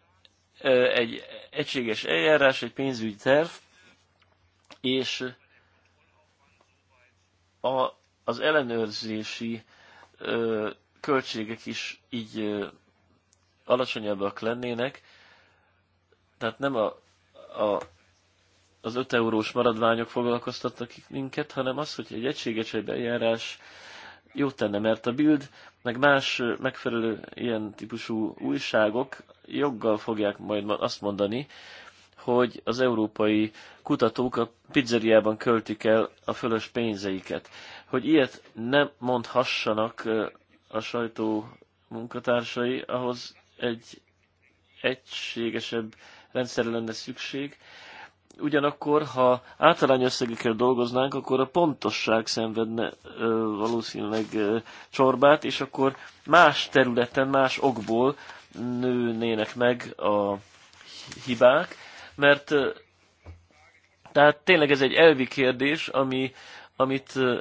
egy egységes eljárás, egy pénzügyi terv, és a, az ellenőrzési ö, költségek is így ö, alacsonyabbak lennének, tehát nem a, a, az 5 eurós maradványok foglalkoztattak minket, hanem az, hogy egy egységes egy eljárás jót tenne, mert a Bild, meg más megfelelő ilyen típusú újságok joggal fogják majd azt mondani, hogy az európai kutatók a pizzeriában költik el a fölös pénzeiket. Hogy ilyet nem mondhassanak a sajtó munkatársai, ahhoz egy egységesebb rendszerre lenne szükség. Ugyanakkor, ha általány összegekkel dolgoznánk, akkor a pontosság szenvedne ö, valószínűleg ö, csorbát, és akkor más területen, más okból nőnének meg a hibák, mert ö, tehát tényleg ez egy elvi kérdés, ami, amit ö,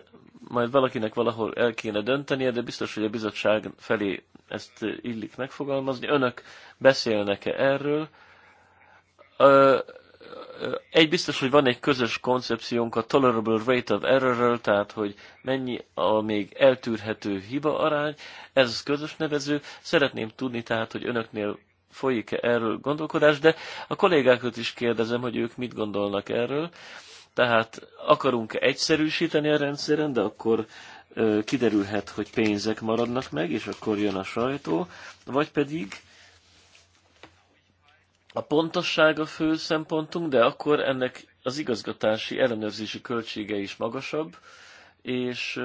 majd valakinek valahol el kéne döntenie, de biztos, hogy a bizottság felé ezt illik megfogalmazni. Önök beszélnek-e erről? egy biztos, hogy van egy közös koncepciónk a tolerable rate of error tehát hogy mennyi a még eltűrhető hiba arány, ez az közös nevező. Szeretném tudni tehát, hogy önöknél folyik-e erről gondolkodás, de a kollégákat is kérdezem, hogy ők mit gondolnak erről. Tehát akarunk egyszerűsíteni a rendszeren, de akkor kiderülhet, hogy pénzek maradnak meg, és akkor jön a sajtó, vagy pedig a pontosság a fő szempontunk, de akkor ennek az igazgatási ellenőrzési költsége is magasabb, és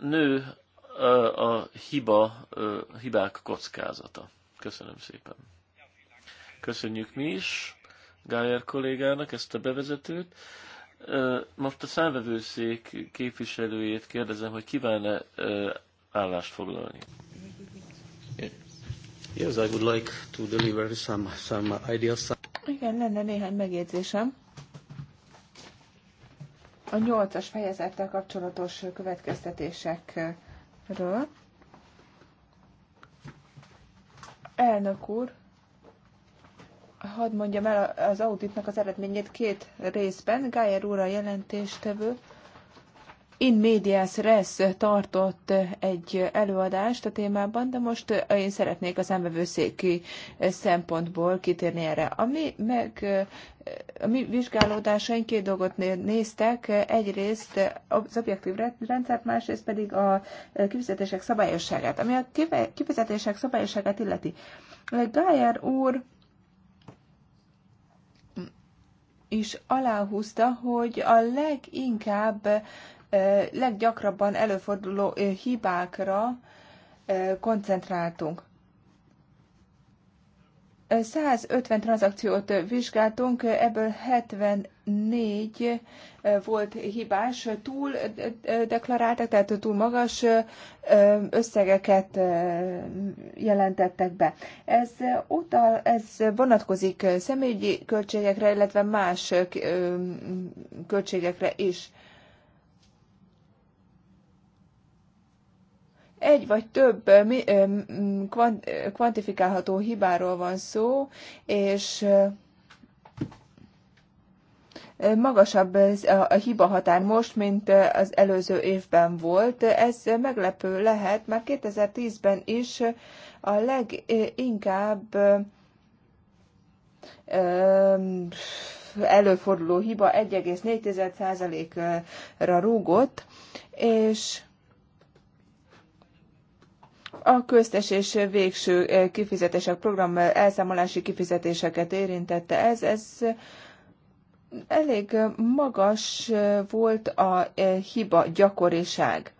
nő a hiba, a hibák kockázata. Köszönöm szépen. Köszönjük mi is Gájer kollégának ezt a bevezetőt. Most a számvevőszék képviselőjét kérdezem, hogy kíván-e állást foglalni. Yes, I would like to deliver some, some ideas. Igen, lenne néhány megjegyzésem. A nyolcas fejezettel kapcsolatos következtetésekről. Elnök úr, hadd mondjam el az auditnak az eredményét két részben. Gájer úr a jelentéstevő, in medias res tartott egy előadást a témában, de most én szeretnék a számbevőszéki szempontból kitérni erre. Ami meg a mi vizsgálódásaink két dolgot néztek, egyrészt az objektív rendszert, másrészt pedig a kifizetések szabályosságát. Ami a kifizetések szabályosságát illeti. Gájár úr is aláhúzta, hogy a leginkább leggyakrabban előforduló hibákra koncentráltunk. 150 tranzakciót vizsgáltunk, ebből 74 volt hibás, túl deklaráltak, tehát túl magas összegeket jelentettek be. Ez, utal, ez vonatkozik személyi költségekre, illetve más költségekre is. egy vagy több kvantifikálható hibáról van szó, és magasabb a hiba határ most, mint az előző évben volt. Ez meglepő lehet, mert 2010-ben is a leginkább előforduló hiba 1,4%-ra rúgott, és a köztes és végső eh, kifizetések program eh, elszámolási kifizetéseket érintette ez, ez eh, elég magas volt a hiba gyakoriság.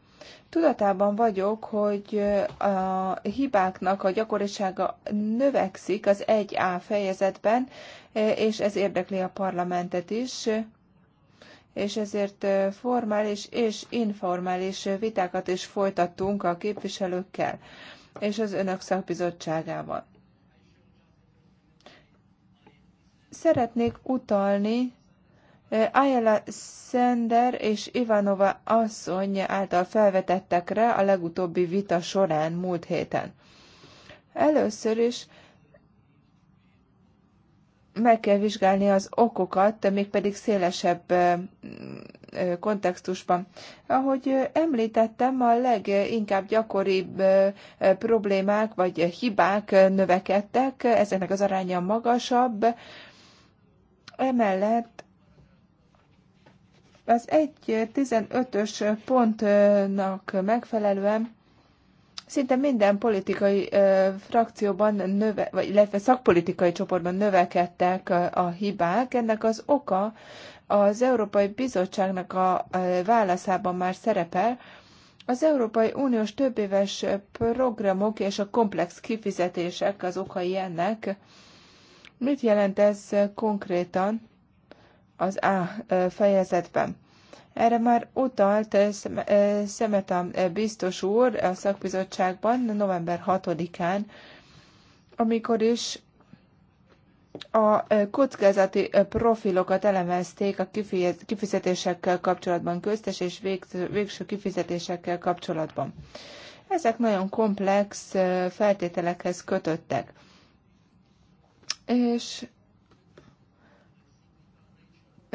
Tudatában vagyok, hogy a hibáknak a gyakorisága növekszik az 1A fejezetben, és ez érdekli a parlamentet is és ezért formális és informális vitákat is folytattunk a képviselőkkel és az önök szakbizottságával. Szeretnék utalni Ayala Sender és Ivanova asszony által felvetettekre a legutóbbi vita során múlt héten. Először is meg kell vizsgálni az okokat, mégpedig szélesebb kontextusban. Ahogy említettem, a leginkább gyakoribb problémák vagy hibák növekedtek, ezeknek az aránya magasabb. Emellett az 1.15-ös pontnak megfelelően Szinte minden politikai ö, frakcióban, növe, vagy illetve szakpolitikai csoportban növekedtek a hibák. Ennek az oka az Európai Bizottságnak a válaszában már szerepel, az Európai Uniós többéves programok és a komplex kifizetések az okai ennek. Mit jelent ez konkrétan az A fejezetben? Erre már utalt eh, eh, a biztos úr a szakbizottságban november 6-án, amikor is a eh, kockázati profilokat elemezték a kifizetésekkel kapcsolatban, köztes és végső kifizetésekkel kapcsolatban. Ezek nagyon komplex feltételekhez kötöttek. És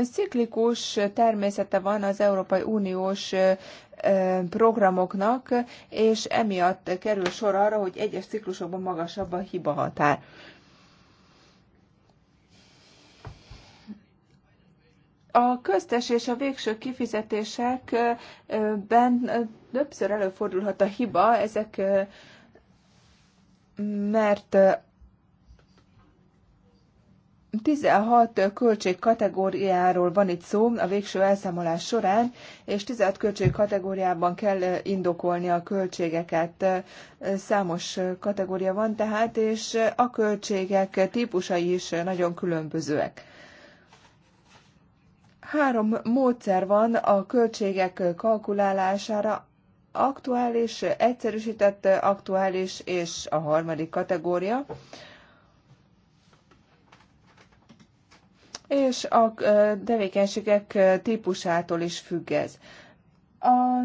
Sziklikus természete van az Európai Uniós programoknak, és emiatt kerül sor arra, hogy egyes ciklusokban magasabb a hiba határ. A köztes és a végső kifizetésekben többször előfordulhat a hiba, ezek mert 16 költség kategóriáról van itt szó a végső elszámolás során, és 16 költség kategóriában kell indokolni a költségeket. Számos kategória van tehát, és a költségek típusai is nagyon különbözőek. Három módszer van a költségek kalkulálására, aktuális, egyszerűsített aktuális és a harmadik kategória. és a tevékenységek típusától is függ ez. A,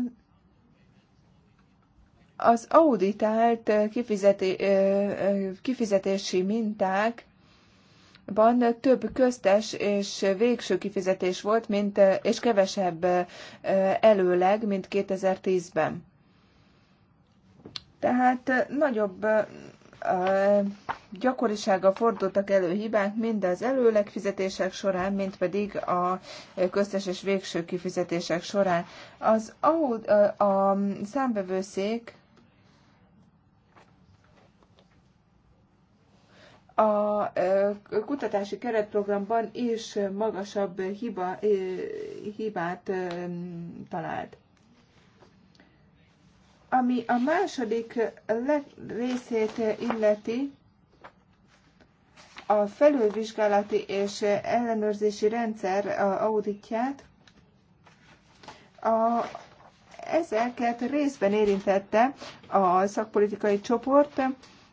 az auditált kifizeti, kifizetési minták Ban több köztes és végső kifizetés volt, mint, és kevesebb előleg, mint 2010-ben. Tehát nagyobb gyakorisággal fordultak elő hibák mind az előleg fizetések során, mint pedig a köztes és végső kifizetések során. Az a, a számbevőszék a kutatási keretprogramban is magasabb hiba, hibát talált. Ami a második részét illeti, a felülvizsgálati és ellenőrzési rendszer auditját, a, ezeket részben érintette a szakpolitikai csoport,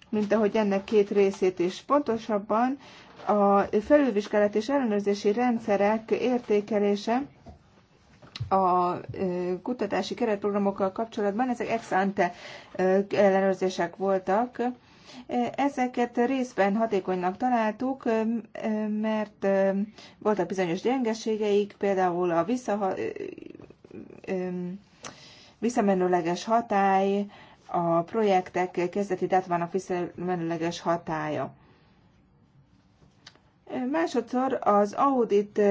mint ahogy ennek két részét is. Pontosabban a felülvizsgálat és ellenőrzési rendszerek értékelése a kutatási keretprogramokkal kapcsolatban, ezek ex ante ellenőrzések voltak. Ezeket részben hatékonynak találtuk, mert voltak bizonyos gyengeségeik, például a visszaha, visszamenőleges hatály, a projektek kezdeti dátumának visszamenőleges hatája. Másodszor az audit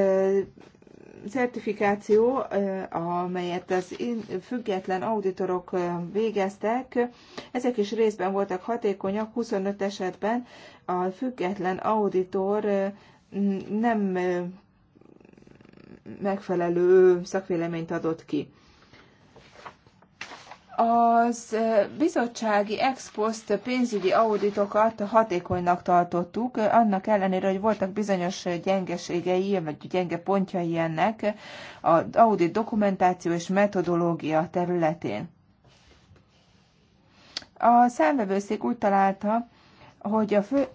certifikáció, amelyet az független auditorok végeztek, ezek is részben voltak hatékonyak, 25 esetben a független auditor nem megfelelő szakvéleményt adott ki. Az bizottsági ex post pénzügyi auditokat hatékonynak tartottuk, annak ellenére, hogy voltak bizonyos gyengeségei, vagy gyenge pontjai ennek az audit dokumentáció és metodológia területén. A számvevőszék úgy találta, hogy a fő,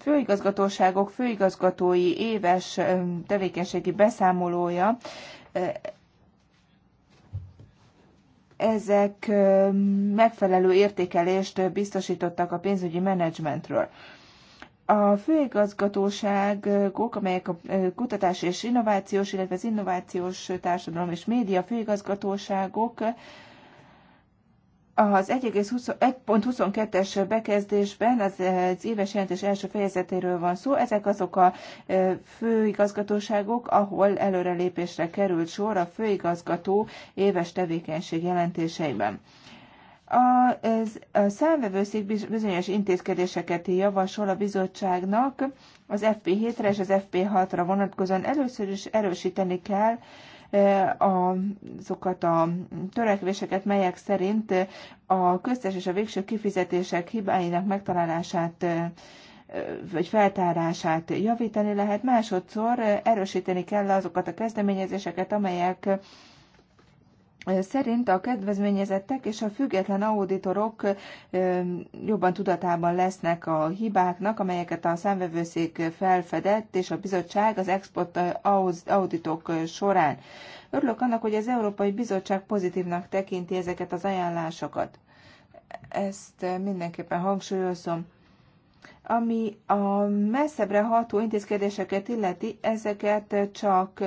főigazgatóságok főigazgatói éves tevékenységi beszámolója ezek megfelelő értékelést biztosítottak a pénzügyi menedzsmentről. A főigazgatóságok, amelyek a kutatás és innovációs, illetve az innovációs társadalom és média főigazgatóságok az 1.22-es bekezdésben az, eh, az éves jelentés első fejezetéről van szó. Ezek azok a eh, főigazgatóságok, ahol előrelépésre került sor a főigazgató éves tevékenység jelentéseiben. A, ez, a számvevőszék bizonyos intézkedéseket javasol a bizottságnak az FP7-re és az FP6-ra vonatkozóan. Először is erősíteni kell azokat a törekvéseket, melyek szerint a köztes és a végső kifizetések hibáinak megtalálását vagy feltárását javítani lehet, másodszor erősíteni kell azokat a kezdeményezéseket, amelyek szerint a kedvezményezettek és a független auditorok jobban tudatában lesznek a hibáknak, amelyeket a számvevőszék felfedett, és a bizottság az export auditok során. Örülök annak, hogy az Európai Bizottság pozitívnak tekinti ezeket az ajánlásokat. Ezt mindenképpen hangsúlyozom. Ami a messzebbre ható intézkedéseket illeti, ezeket csak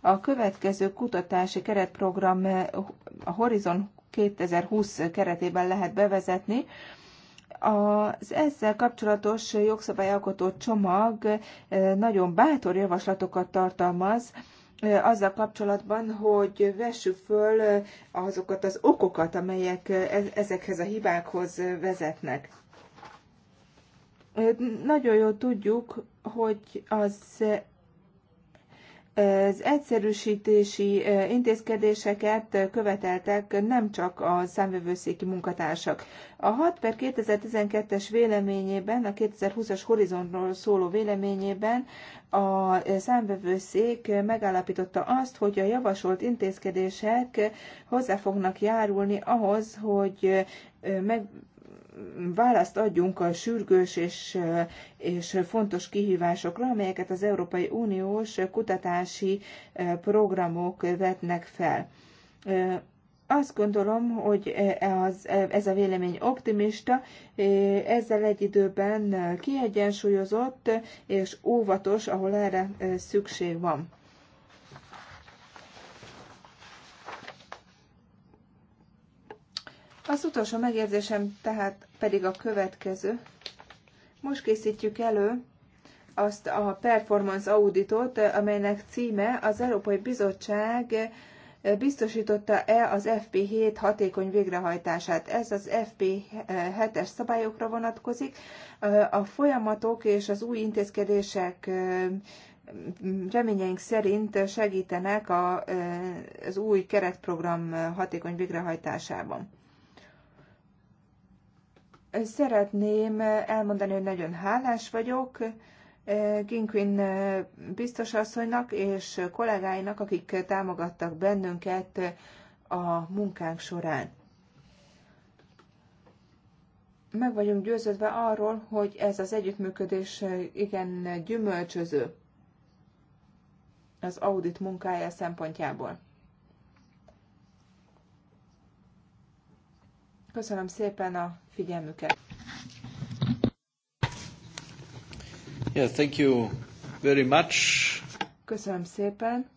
a következő kutatási keretprogram a Horizon 2020 keretében lehet bevezetni. Az ezzel kapcsolatos jogszabályalkotó csomag eh, nagyon bátor javaslatokat tartalmaz, eh, azzal kapcsolatban, hogy vessük föl eh, azokat az okokat, amelyek e-, ezekhez a hibákhoz vezetnek. Nagyon jól tudjuk, hogy az az egyszerűsítési intézkedéseket követeltek nem csak a számvevőszéki munkatársak. A 6 per 2012-es véleményében, a 2020-as horizontról szóló véleményében a számvevőszék megállapította azt, hogy a javasolt intézkedések hozzá fognak járulni ahhoz, hogy meg választ adjunk a sürgős és, és fontos kihívásokra, amelyeket az Európai Uniós kutatási programok vetnek fel. Azt gondolom, hogy e, e, ez a vélemény optimista, ezzel egy időben kiegyensúlyozott és óvatos, ahol erre szükség van. Az utolsó megjegyzésem tehát pedig a következő. Most készítjük elő azt a performance auditot, amelynek címe az Európai Bizottság biztosította-e az FP7 hatékony végrehajtását. Ez az FP7-es szabályokra vonatkozik. A folyamatok és az új intézkedések reményeink szerint segítenek az új keretprogram hatékony végrehajtásában. Szeretném elmondani, hogy nagyon hálás vagyok eh, Ginkwin eh, biztosasszonynak és kollégáinak, akik támogattak bennünket eh, a munkánk során. Meg vagyunk győződve arról, hogy ez az együttműködés igen gyümölcsöző az audit munkája szempontjából. Köszönöm szépen a figyelmüket. Yeah, thank you very much. Köszönöm szépen.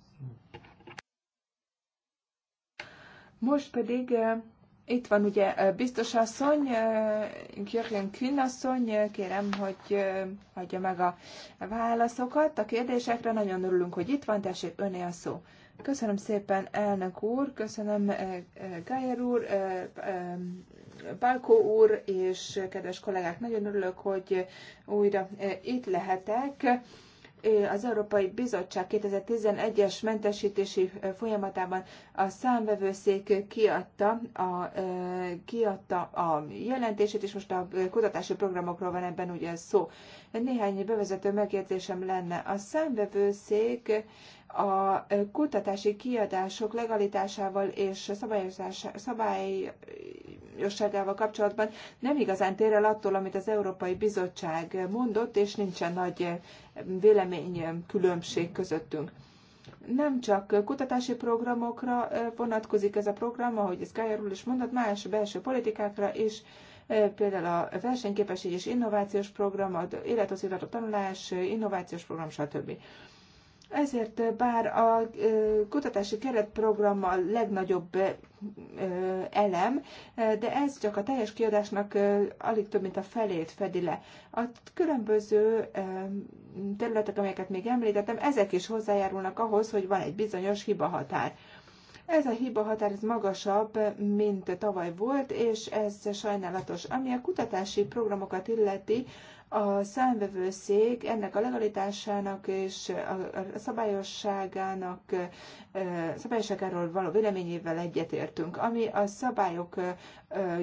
Most pedig eh, itt van ugye eh, biztos asszony, eh, Jörgen Kühn asszony, kérem, hogy adja meg a válaszokat a kérdésekre. Nagyon örülünk, hogy itt van, tessék, öné a szó. Köszönöm szépen, elnök úr, köszönöm eh, eh, Gájer úr, eh, Balkó úr és kedves kollégák, nagyon örülök, hogy újra itt lehetek az Európai Bizottság 2011-es mentesítési folyamatában a számvevőszék kiadta a, kiadta a jelentését, és most a kutatási programokról van ebben ugye szó. Néhány bevezető megjegyzésem lenne. A számvevőszék a kutatási kiadások legalitásával és szabályosságával kapcsolatban nem igazán tér el attól, amit az Európai Bizottság mondott, és nincsen nagy különbség közöttünk. Nem csak kutatási programokra vonatkozik ez a program, ahogy ez Gájer úr is mondott, más belső politikákra is, például a versenyképesség és innovációs program, az tanulás, innovációs program, stb. Ezért bár a kutatási keretprogram a legnagyobb elem, de ez csak a teljes kiadásnak alig több, mint a felét fedi le. A különböző területek, amelyeket még említettem, ezek is hozzájárulnak ahhoz, hogy van egy bizonyos hibahatár. Ez a hiba határ ez magasabb, mint tavaly volt, és ez sajnálatos. Ami a kutatási programokat illeti, a számvevőszék ennek a legalitásának és a szabályosságának, szabályosságáról való véleményével egyetértünk. Ami a szabályok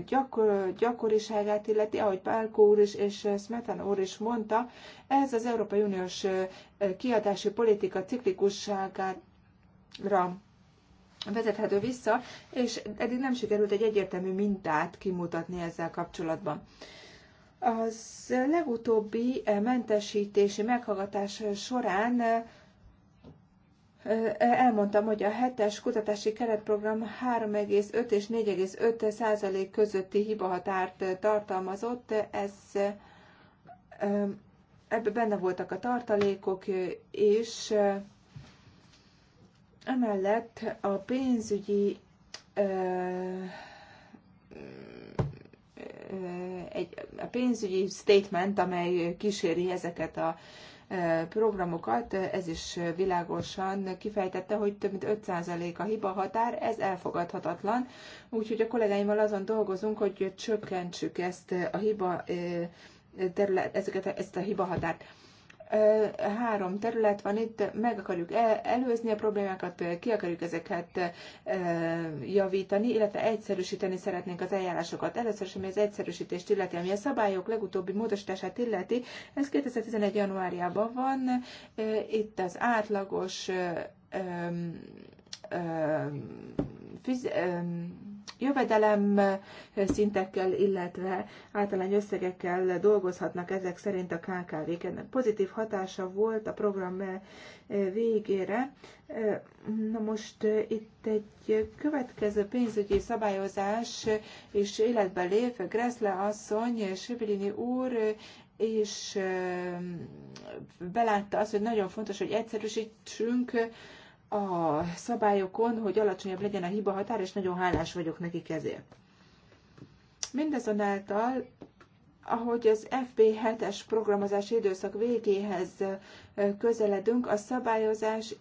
gyakor, gyakoriságát illeti, ahogy Pálko úr is és Smetan úr is mondta, ez az Európai Uniós kiadási politika ciklikusságára vezethető vissza, és eddig nem sikerült egy egyértelmű mintát kimutatni ezzel kapcsolatban. Az legutóbbi eh, mentesítési meghallgatás során eh, eh, elmondtam, hogy a hetes kutatási keretprogram 3,5 és 4,5 százalék közötti hibahatárt tartalmazott. Ez, ebben benne voltak a tartalékok, és emellett a pénzügyi egy a pénzügyi statement, amely kíséri ezeket a programokat, ez is világosan kifejtette, hogy több mint 5% a hiba határ, ez elfogadhatatlan, úgyhogy a kollégáimmal azon dolgozunk, hogy csökkentsük ezt a hiba terület, ezeket, ezt a hiba határt három terület van itt, meg akarjuk e-, előzni a problémákat, ki akarjuk ezeket javítani, illetve egyszerűsíteni szeretnénk az eljárásokat. Először sem az egyszerűsítést illeti, ami a szabályok legutóbbi módosítását illeti, ez 2011. januárjában van, itt az átlagos fiz- jövedelem szintekkel, illetve általány összegekkel dolgozhatnak ezek szerint a KKV-k. Ennek pozitív hatása volt a program végére. Na most itt egy következő pénzügyi szabályozás és életbe lép, Greszle asszony, Sibilini úr és belátta azt, hogy nagyon fontos, hogy egyszerűsítsünk, a szabályokon, hogy alacsonyabb legyen a hiba határ, és nagyon hálás vagyok nekik ezért. Mindazonáltal, ahogy az FP7-es programozási időszak végéhez közeledünk, a szabályozás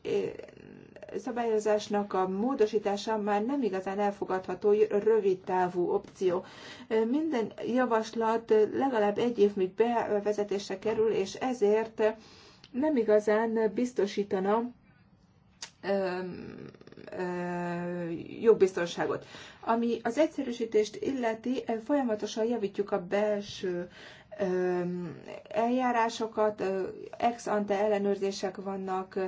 szabályozásnak a módosítása már nem igazán elfogadható rövid távú opció. Minden javaslat legalább egy év még bevezetésre kerül, és ezért nem igazán biztosítana jogbiztonságot. Ami az egyszerűsítést illeti, folyamatosan javítjuk a belső eljárásokat, ex ante ellenőrzések vannak,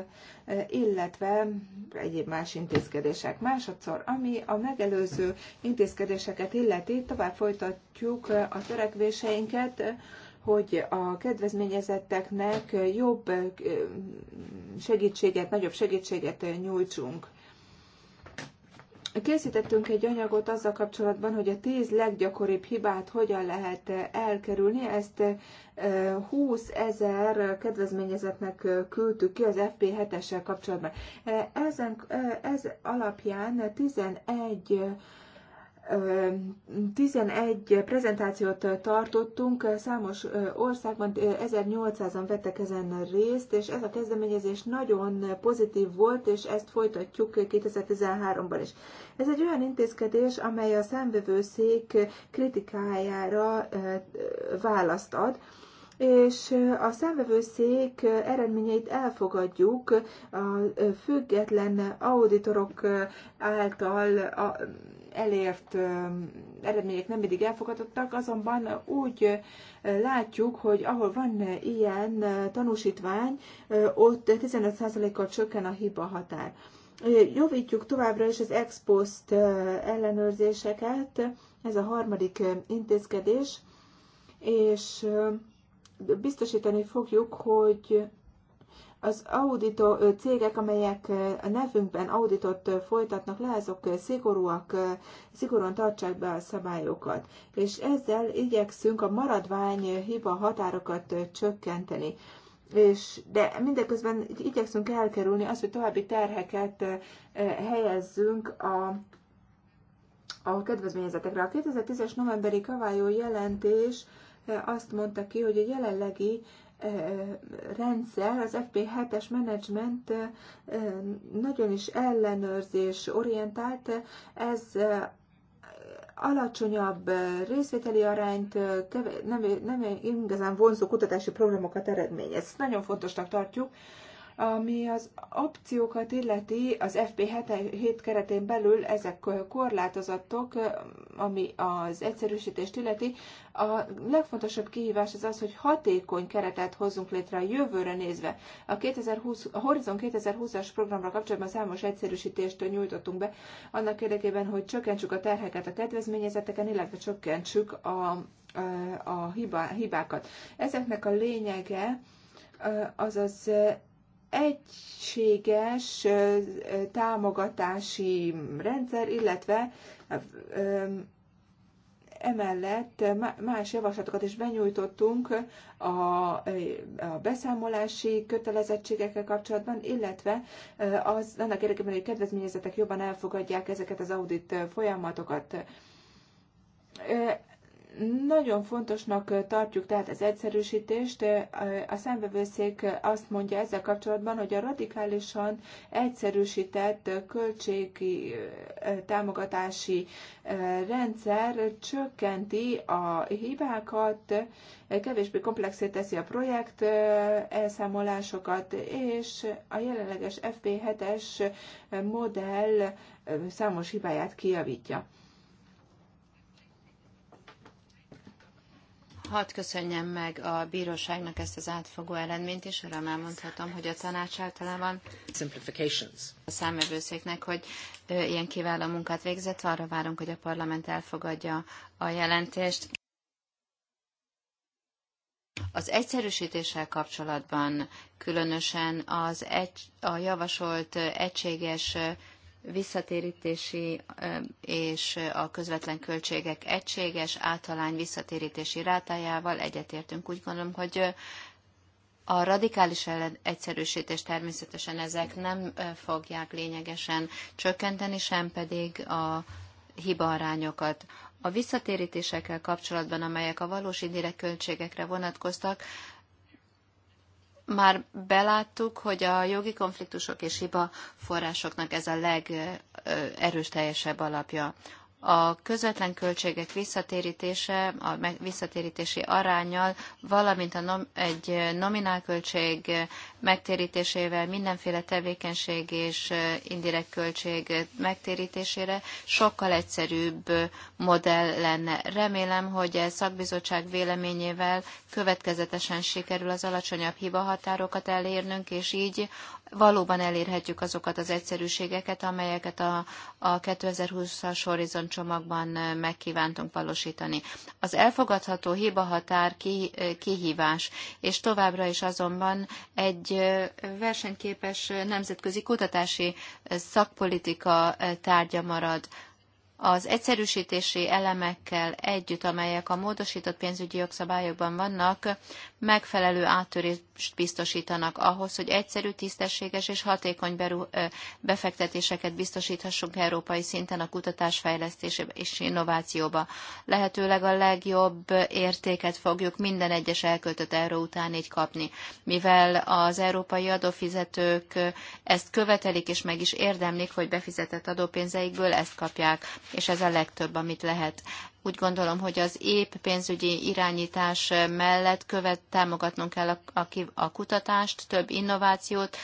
illetve egyéb más intézkedések. Másodszor, ami a megelőző intézkedéseket illeti, tovább folytatjuk a törekvéseinket, hogy a kedvezményezetteknek jobb eh, segítséget, nagyobb segítséget nyújtsunk. Készítettünk egy anyagot azzal kapcsolatban, hogy a tíz leggyakoribb hibát hogyan lehet elkerülni. Ezt 20 eh, ezer kedvezményezetnek eh, küldtük ki az FP7-essel kapcsolatban. Ezen, ez alapján 11 11 prezentációt tartottunk, számos országban 1800-an vettek ezen részt, és ez a kezdeményezés nagyon pozitív volt, és ezt folytatjuk 2013-ban is. Ez egy olyan intézkedés, amely a számvevőszék kritikájára választ ad, és a számvevőszék eredményeit elfogadjuk a független auditorok által a elért eredmények nem mindig elfogadottak, azonban úgy látjuk, hogy ahol van ilyen tanúsítvány, ott 15%-kal csökken a hiba határ. Jóvítjuk továbbra is az ex post ellenőrzéseket, ez a harmadik intézkedés, és biztosítani fogjuk, hogy az auditó cégek, amelyek a nevünkben auditot folytatnak le, azok szigorúak, szigorúan tartsák be a szabályokat. És ezzel igyekszünk a maradvány hiba határokat csökkenteni és, de mindeközben igyekszünk elkerülni azt, hogy további terheket helyezzünk a, a kedvezményezetekre. A 2010-es novemberi Kavályó jelentés azt mondta ki, hogy a jelenlegi rendszer, az FP7-es menedzsment nagyon is ellenőrzés orientált, ez alacsonyabb részvételi arányt, nem, nem igazán vonzó kutatási programokat eredményez. Ezt nagyon fontosnak tartjuk ami az opciókat illeti, az FP7 keretén belül ezek korlátozottok, ami az egyszerűsítést illeti. A legfontosabb kihívás az az, hogy hatékony keretet hozzunk létre a jövőre nézve. A, 2020, a Horizon 2020-as programra kapcsolatban számos egyszerűsítést nyújtottunk be, annak érdekében, hogy csökkentsük a terheket a kedvezményezeteken, illetve csökkentsük a, a a hibákat. Ezeknek a lényege, azaz egységes támogatási rendszer, illetve emellett más javaslatokat is benyújtottunk a, a beszámolási kötelezettségekkel kapcsolatban, illetve az, annak érdekében, hogy a kedvezményezetek jobban elfogadják ezeket az audit folyamatokat. Nagyon fontosnak tartjuk tehát az egyszerűsítést. A szembevőszék azt mondja ezzel kapcsolatban, hogy a radikálisan egyszerűsített költségi támogatási rendszer csökkenti a hibákat, kevésbé komplexé teszi a projekt elszámolásokat, és a jelenleges FP7-es modell számos hibáját kijavítja. Hadd köszönjem meg a bíróságnak ezt az átfogó eredményt, és már mondhatom, hogy a tanács általában a számövőszéknek, hogy ilyen kiváló munkát végzett, arra várunk, hogy a parlament elfogadja a jelentést. Az egyszerűsítéssel kapcsolatban különösen az egy, a javasolt egységes visszatérítési és a közvetlen költségek egységes általány visszatérítési rátájával egyetértünk. Úgy gondolom, hogy a radikális egyszerűsítés természetesen ezek nem fogják lényegesen csökkenteni, sem pedig a hibaarányokat. A visszatérítésekkel kapcsolatban, amelyek a valós indirekt költségekre vonatkoztak, már beláttuk, hogy a jogi konfliktusok és hiba forrásoknak ez a legerős teljesebb alapja a közvetlen költségek visszatérítése, a visszatérítési arányjal, valamint a nom, egy nominálköltség megtérítésével mindenféle tevékenység és indirekt költség megtérítésére sokkal egyszerűbb modell lenne. Remélem, hogy a e szakbizottság véleményével következetesen sikerül az alacsonyabb hibahatárokat elérnünk, és így valóban elérhetjük azokat az egyszerűségeket, amelyeket a, a 2020-as horizont csomagban megkívántunk valósítani. Az elfogadható hibahatár ki, kihívás, és továbbra is azonban egy versenyképes nemzetközi kutatási szakpolitika tárgya marad az egyszerűsítési elemekkel együtt, amelyek a módosított pénzügyi jogszabályokban vannak, megfelelő áttörést biztosítanak ahhoz, hogy egyszerű, tisztességes és hatékony beru- befektetéseket biztosíthassunk európai szinten a kutatás és innovációba. Lehetőleg a legjobb értéket fogjuk minden egyes elköltött euró után így kapni. Mivel az európai adófizetők ezt követelik és meg is érdemlik, hogy befizetett adópénzeikből ezt kapják, és ez a legtöbb, amit lehet. Úgy gondolom, hogy az épp pénzügyi irányítás mellett követ támogatnunk kell a, a, a kutatást, több innovációt,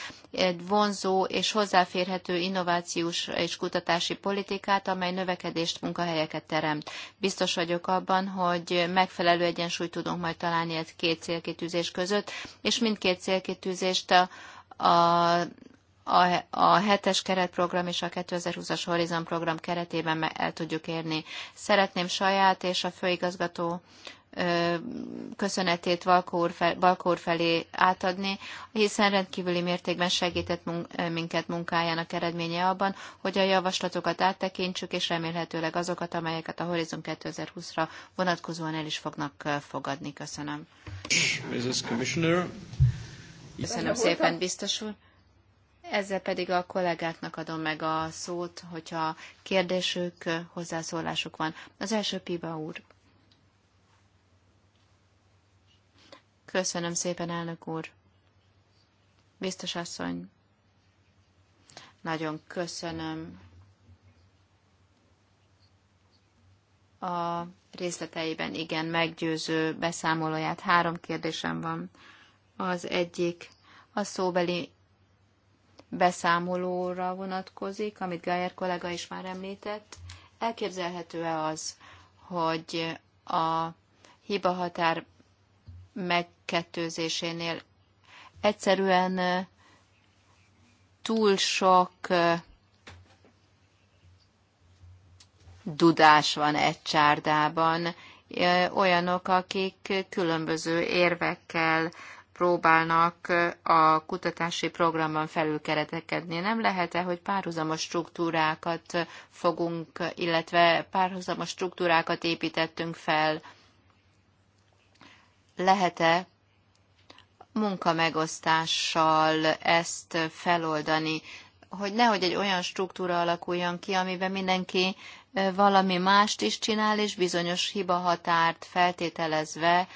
vonzó és hozzáférhető innovációs és kutatási politikát, amely növekedést, munkahelyeket teremt. Biztos vagyok abban, hogy megfelelő egyensúlyt tudunk majd találni ez két célkitűzés között, és mindkét célkitűzést a, a a, a hetes keretprogram és a 2020-as Horizon program keretében el tudjuk érni. Szeretném saját és a főigazgató köszönetét Balkó úr, fel, Balkó úr felé átadni, hiszen rendkívüli mértékben segített minket munkájának eredménye abban, hogy a javaslatokat áttekintsük, és remélhetőleg azokat, amelyeket a Horizon 2020-ra vonatkozóan el is fognak fogadni. Köszönöm. Köszönöm szépen, biztos úr. Ezzel pedig a kollégáknak adom meg a szót, hogyha kérdésük, hozzászólásuk van. Az első Piba úr. Köszönöm szépen, elnök úr. Biztos asszony. Nagyon köszönöm a részleteiben igen meggyőző beszámolóját. Három kérdésem van. Az egyik a szóbeli beszámolóra vonatkozik, amit Gajer kollega is már említett. Elképzelhető-e az, hogy a hibahatár megkettőzésénél egyszerűen túl sok dudás van egy csárdában, olyanok, akik különböző érvekkel próbálnak a kutatási programban felülkeretekedni. Nem lehet-e, hogy párhuzamos struktúrákat fogunk, illetve párhuzamos struktúrákat építettünk fel? Lehet-e munkamegosztással ezt feloldani? Hogy nehogy egy olyan struktúra alakuljon ki, amiben mindenki valami mást is csinál, és bizonyos hibahatárt feltételezve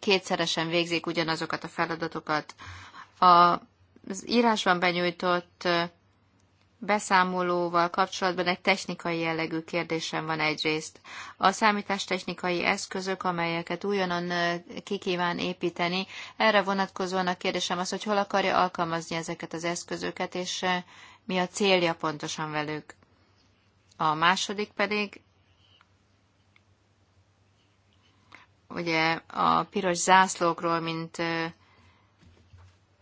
kétszeresen végzik ugyanazokat a feladatokat. Az írásban benyújtott beszámolóval kapcsolatban egy technikai jellegű kérdésem van egyrészt. A számítástechnikai eszközök, amelyeket újonnan kikíván építeni, erre vonatkozóan a kérdésem az, hogy hol akarja alkalmazni ezeket az eszközöket, és mi a célja pontosan velük. A második pedig ugye a piros zászlókról, mint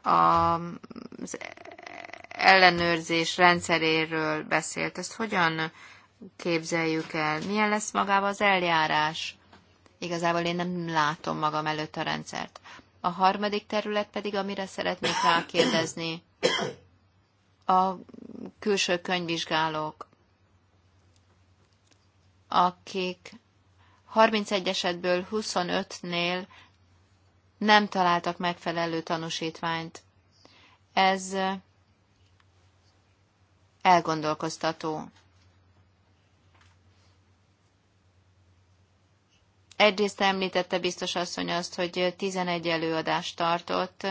az ellenőrzés rendszeréről beszélt. Ezt hogyan képzeljük el? Milyen lesz magában az eljárás? Igazából én nem látom magam előtt a rendszert. A harmadik terület pedig, amire szeretnék rákérdezni, a külső könyvvizsgálók, akik 31 esetből 25-nél nem találtak megfelelő tanúsítványt. Ez elgondolkoztató. Egyrészt említette biztos asszony azt, hogy 11 előadást tartott,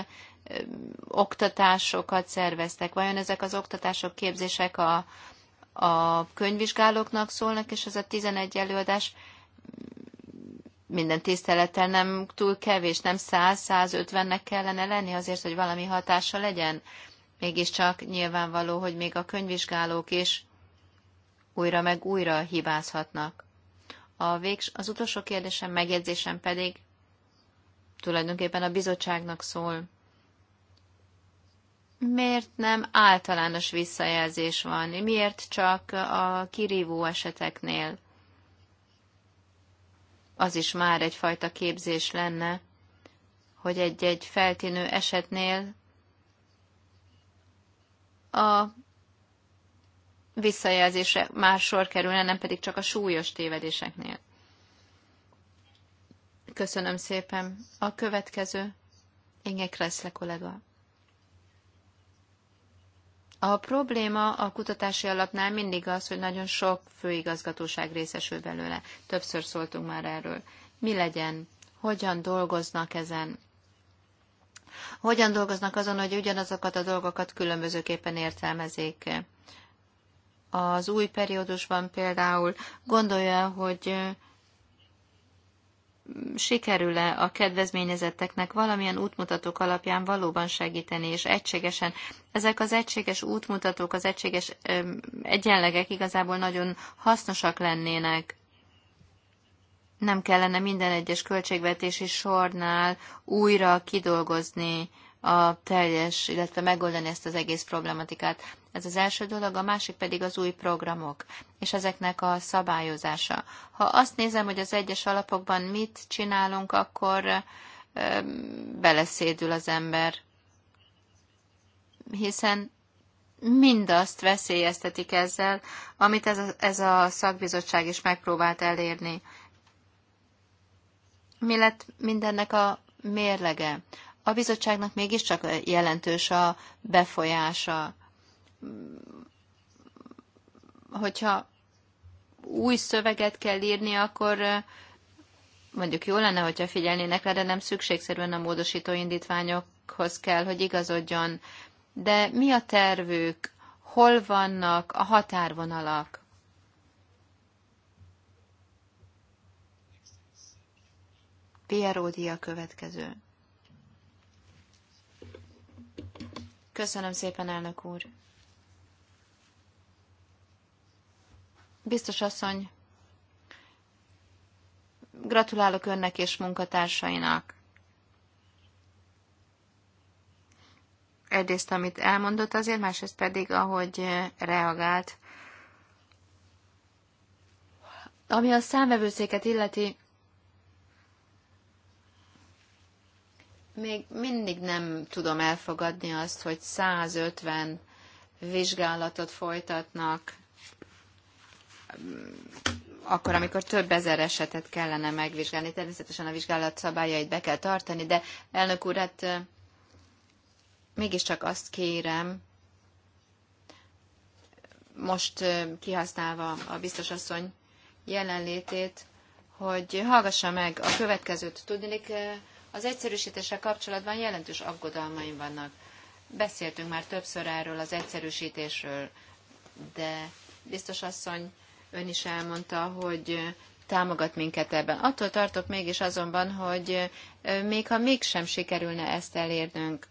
oktatásokat szerveztek. Vajon ezek az oktatások, képzések a, a könyvvizsgálóknak szólnak, és ez a 11 előadás minden tisztelettel nem túl kevés, nem 100-150-nek kellene lenni azért, hogy valami hatása legyen. Mégiscsak nyilvánvaló, hogy még a könyvvizsgálók is újra meg újra hibázhatnak. A végs, az utolsó kérdésem, megjegyzésem pedig tulajdonképpen a bizottságnak szól. Miért nem általános visszajelzés van? Miért csak a kirívó eseteknél? az is már egyfajta képzés lenne, hogy egy-egy feltűnő esetnél a visszajelzésre már sor kerülne, nem pedig csak a súlyos tévedéseknél. Köszönöm szépen. A következő, Inge Kreszle kollega. A probléma a kutatási alapnál mindig az, hogy nagyon sok főigazgatóság részesül belőle. Többször szóltunk már erről. Mi legyen? Hogyan dolgoznak ezen? Hogyan dolgoznak azon, hogy ugyanazokat a dolgokat különbözőképpen értelmezik? Az új periódusban például gondolja, hogy sikerül-e a kedvezményezetteknek valamilyen útmutatók alapján valóban segíteni, és egységesen. Ezek az egységes útmutatók, az egységes egyenlegek igazából nagyon hasznosak lennének. Nem kellene minden egyes költségvetési sornál újra kidolgozni a teljes, illetve megoldani ezt az egész problematikát. Ez az első dolog, a másik pedig az új programok, és ezeknek a szabályozása. Ha azt nézem, hogy az egyes alapokban mit csinálunk, akkor ö, beleszédül az ember, hiszen mindazt veszélyeztetik ezzel, amit ez a, ez a szakbizottság is megpróbált elérni. Mi lett mindennek a mérlege? A bizottságnak mégiscsak jelentős a befolyása hogyha új szöveget kell írni, akkor mondjuk jó lenne, hogyha figyelnének rá, de nem szükségszerűen a módosító indítványokhoz kell, hogy igazodjon. De mi a tervük? Hol vannak a határvonalak? Pieródia következő. Köszönöm szépen, elnök úr! Biztos asszony, gratulálok önnek és munkatársainak. Egyrészt, amit elmondott azért, másrészt pedig, ahogy reagált. Ami a számvevőszéket illeti, még mindig nem tudom elfogadni azt, hogy 150 vizsgálatot folytatnak akkor, amikor több ezer esetet kellene megvizsgálni. Természetesen a vizsgálat szabályait be kell tartani, de elnök úr, hát mégiscsak azt kérem, most kihasználva a biztosasszony jelenlétét, hogy hallgassa meg a következőt. Tudnék, az egyszerűsítéssel kapcsolatban jelentős aggodalmaim vannak. Beszéltünk már többször erről az egyszerűsítésről, de biztos asszony Ön is elmondta, hogy támogat minket ebben. Attól tartok mégis azonban, hogy még ha mégsem sikerülne ezt elérnünk.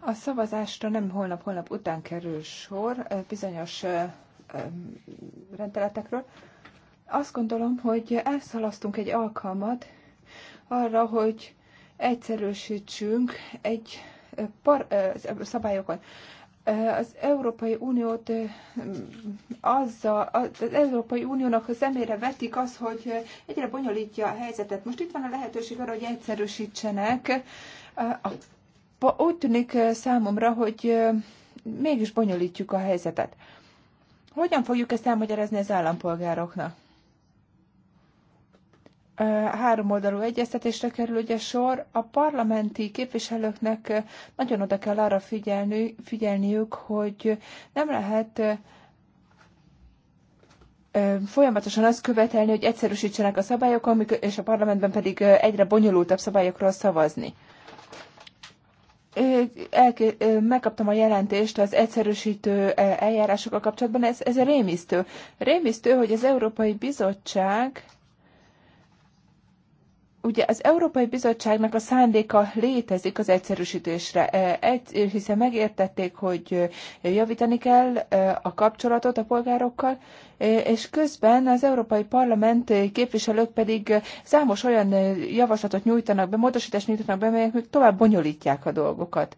A szavazásra nem holnap, holnap után kerül sor bizonyos rendeletekről. Azt gondolom, hogy elszalasztunk egy alkalmat arra, hogy egyszerűsítsünk egy par, szabályokon az Európai Uniót azzal, az Európai Uniónak a szemére vetik az, hogy egyre bonyolítja a helyzetet. Most itt van a lehetőség arra, hogy egyszerűsítsenek. Úgy tűnik számomra, hogy mégis bonyolítjuk a helyzetet. Hogyan fogjuk ezt elmagyarázni az állampolgároknak? háromoldalú egyeztetésre kerül ugye sor, a parlamenti képviselőknek nagyon oda kell arra figyelni, figyelniük, hogy nem lehet folyamatosan azt követelni, hogy egyszerűsítsenek a szabályok, és a parlamentben pedig egyre bonyolultabb szabályokról szavazni. Elké- megkaptam a jelentést az egyszerűsítő eljárásokkal kapcsolatban, ez, ez rémisztő. Rémisztő, hogy az Európai Bizottság Ugye az Európai Bizottságnak a szándéka létezik az egyszerűsítésre, egy, hiszen megértették, hogy javítani kell a kapcsolatot a polgárokkal, és közben az Európai Parlament képviselők pedig számos olyan javaslatot nyújtanak be, módosítást nyújtanak be, melyek még tovább bonyolítják a dolgokat.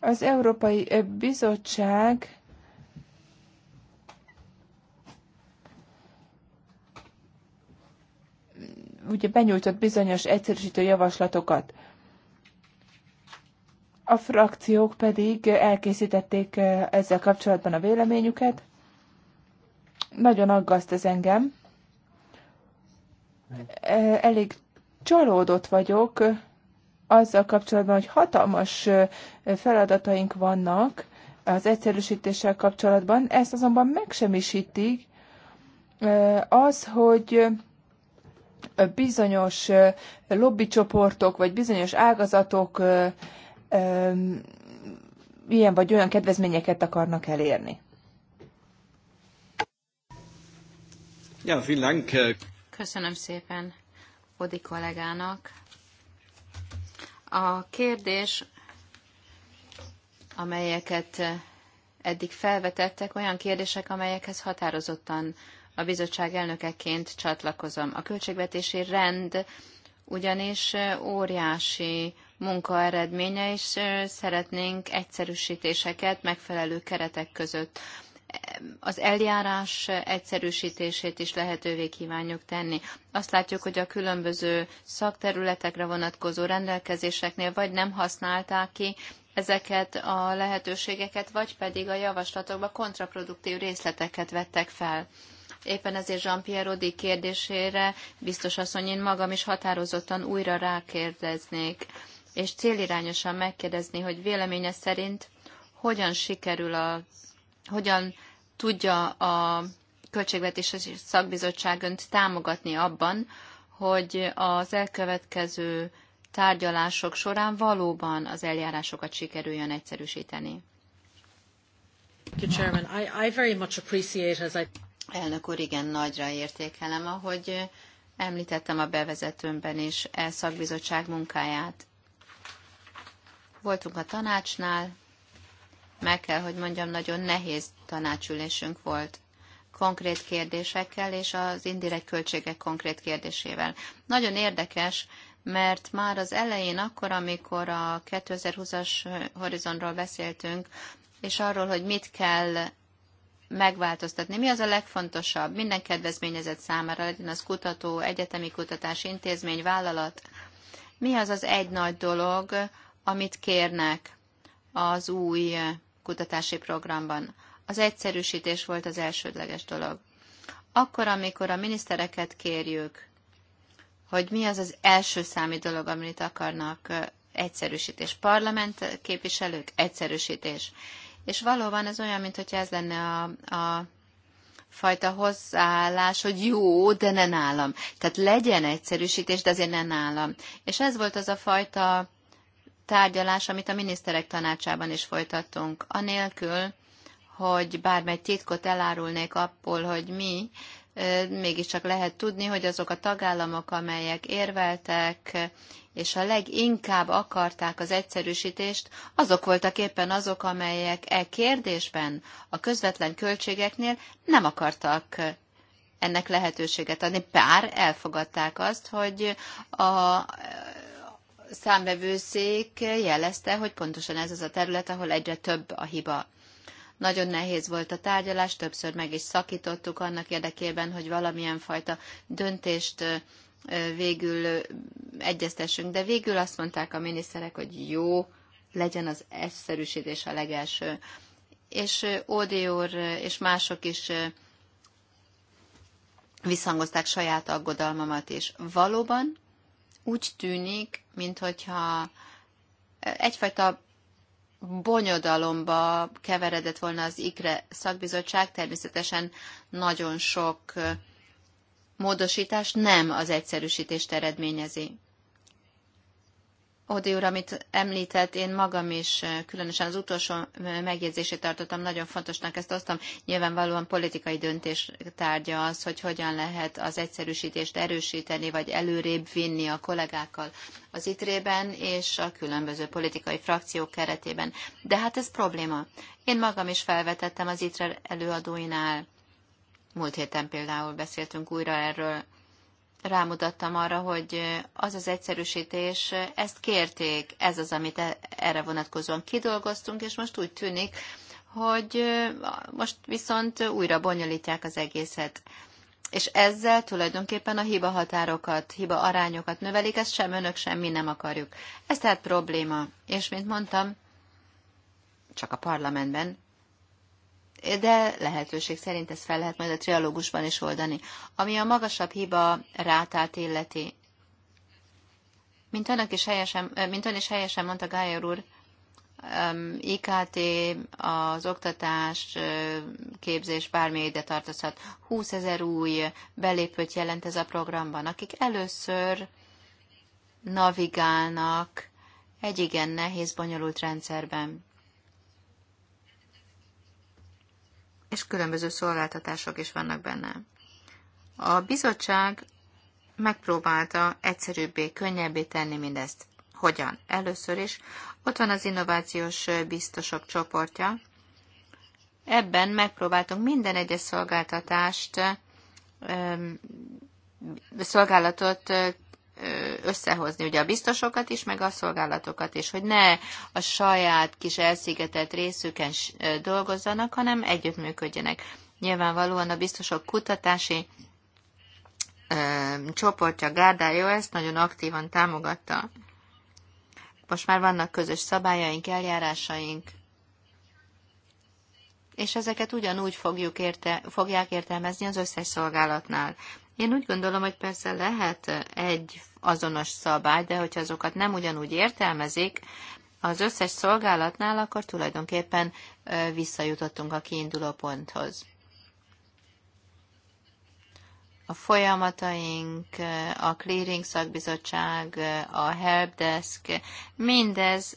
Az Európai Bizottság ugye benyújtott bizonyos egyszerűsítő javaslatokat. A frakciók pedig elkészítették eh, ezzel kapcsolatban a véleményüket. Nagyon aggaszt ez engem. Eh, elég csalódott vagyok eh, azzal kapcsolatban, hogy hatalmas feladataink vannak az egyszerűsítéssel kapcsolatban. Ezt azonban megsemmisítik az, hogy bizonyos lobbycsoportok vagy bizonyos ágazatok ilyen vagy olyan kedvezményeket akarnak elérni. Ja, Dank. Köszönöm szépen Odi kollégának. A kérdés, amelyeket eddig felvetettek, olyan kérdések, amelyekhez határozottan a bizottság elnökeként csatlakozom. A költségvetési rend ugyanis óriási munka eredménye, és szeretnénk egyszerűsítéseket megfelelő keretek között. Az eljárás egyszerűsítését is lehetővé kívánjuk tenni. Azt látjuk, hogy a különböző szakterületekre vonatkozó rendelkezéseknél vagy nem használták ki ezeket a lehetőségeket, vagy pedig a javaslatokba kontraproduktív részleteket vettek fel. Éppen ezért Jean-Pierre Rodi kérdésére biztos asszony, én magam is határozottan újra rákérdeznék, és célirányosan megkérdezni, hogy véleménye szerint hogyan sikerül a, hogyan tudja a Költségvetési Szakbizottság önt támogatni abban, hogy az elkövetkező tárgyalások során valóban az eljárásokat sikerüljön egyszerűsíteni. Elnök úr, igen, nagyra értékelem, ahogy említettem a bevezetőmben is e szakbizottság munkáját. Voltunk a tanácsnál, meg kell, hogy mondjam, nagyon nehéz tanácsülésünk volt konkrét kérdésekkel és az indirekt költségek konkrét kérdésével. Nagyon érdekes, mert már az elején, akkor, amikor a 2020-as horizontról beszéltünk, és arról, hogy mit kell megváltoztatni. Mi az a legfontosabb minden kedvezményezett számára, legyen az kutató, egyetemi kutatás, intézmény, vállalat? Mi az az egy nagy dolog, amit kérnek az új kutatási programban? Az egyszerűsítés volt az elsődleges dolog. Akkor, amikor a minisztereket kérjük, hogy mi az az első számi dolog, amit akarnak egyszerűsítés. Parlament képviselők, egyszerűsítés. És valóban ez olyan, mintha ez lenne a, a fajta hozzáállás, hogy jó, de ne nálam. Tehát legyen egyszerűsítés, de azért ne nálam. És ez volt az a fajta tárgyalás, amit a miniszterek tanácsában is folytattunk. Anélkül, hogy bármely titkot elárulnék abból, hogy mi, mégiscsak lehet tudni, hogy azok a tagállamok, amelyek érveltek, és a leginkább akarták az egyszerűsítést, azok voltak éppen azok, amelyek e kérdésben, a közvetlen költségeknél nem akartak ennek lehetőséget adni. Pár elfogadták azt, hogy a számvevőszék jelezte, hogy pontosan ez az a terület, ahol egyre több a hiba. Nagyon nehéz volt a tárgyalás, többször meg is szakítottuk annak érdekében, hogy valamilyen fajta döntést végül egyeztessünk, de végül azt mondták a miniszterek, hogy jó, legyen az egyszerűsítés a legelső. És úr és mások is visszhangozták saját aggodalmamat is. Valóban úgy tűnik, mintha egyfajta bonyodalomba keveredett volna az IKRE szakbizottság, természetesen nagyon sok módosítás nem az egyszerűsítést eredményezi. Odi úr, amit említett, én magam is, eh, különösen az utolsó eh, megjegyzését tartottam, nagyon fontosnak ezt osztom. Nyilvánvalóan politikai döntés tárgya az, hogy hogyan lehet az egyszerűsítést erősíteni, vagy előrébb vinni a kollégákkal az itrében és a különböző politikai frakciók keretében. De hát ez probléma. Én magam is felvetettem az itre előadóinál Múlt héten például beszéltünk újra erről, rámutattam arra, hogy az az egyszerűsítés, ezt kérték, ez az, amit e- erre vonatkozóan kidolgoztunk, és most úgy tűnik, hogy most viszont újra bonyolítják az egészet. És ezzel tulajdonképpen a hiba határokat, hiba arányokat növelik, ezt sem önök, sem mi nem akarjuk. Ez tehát probléma. És mint mondtam, csak a parlamentben de lehetőség szerint ezt fel lehet majd a trialógusban is oldani. Ami a magasabb hiba rátát illeti, mint, annak is helyesen, mint ön is helyesen mondta Gájer úr, um, IKT, az oktatás, képzés, bármi ide tartozhat. 20 ezer új belépőt jelent ez a programban, akik először navigálnak egy igen nehéz, bonyolult rendszerben. és különböző szolgáltatások is vannak benne. A bizottság megpróbálta egyszerűbbé, könnyebbé tenni mindezt. Hogyan? Először is ott van az innovációs biztosok csoportja. Ebben megpróbáltunk minden egyes szolgáltatást, szolgálatot összehozni ugye a biztosokat is, meg a szolgálatokat is, hogy ne a saját kis elszigetelt részüken dolgozzanak, hanem együttműködjenek. Nyilvánvalóan a biztosok kutatási ö, csoportja, gárdája ezt nagyon aktívan támogatta. Most már vannak közös szabályaink, eljárásaink, és ezeket ugyanúgy fogjuk érte, fogják értelmezni az összes szolgálatnál. Én úgy gondolom, hogy persze lehet egy azonos szabály, de hogyha azokat nem ugyanúgy értelmezik, az összes szolgálatnál, akkor tulajdonképpen visszajutottunk a kiinduló ponthoz. A folyamataink, a clearing szakbizottság, a helpdesk, mindez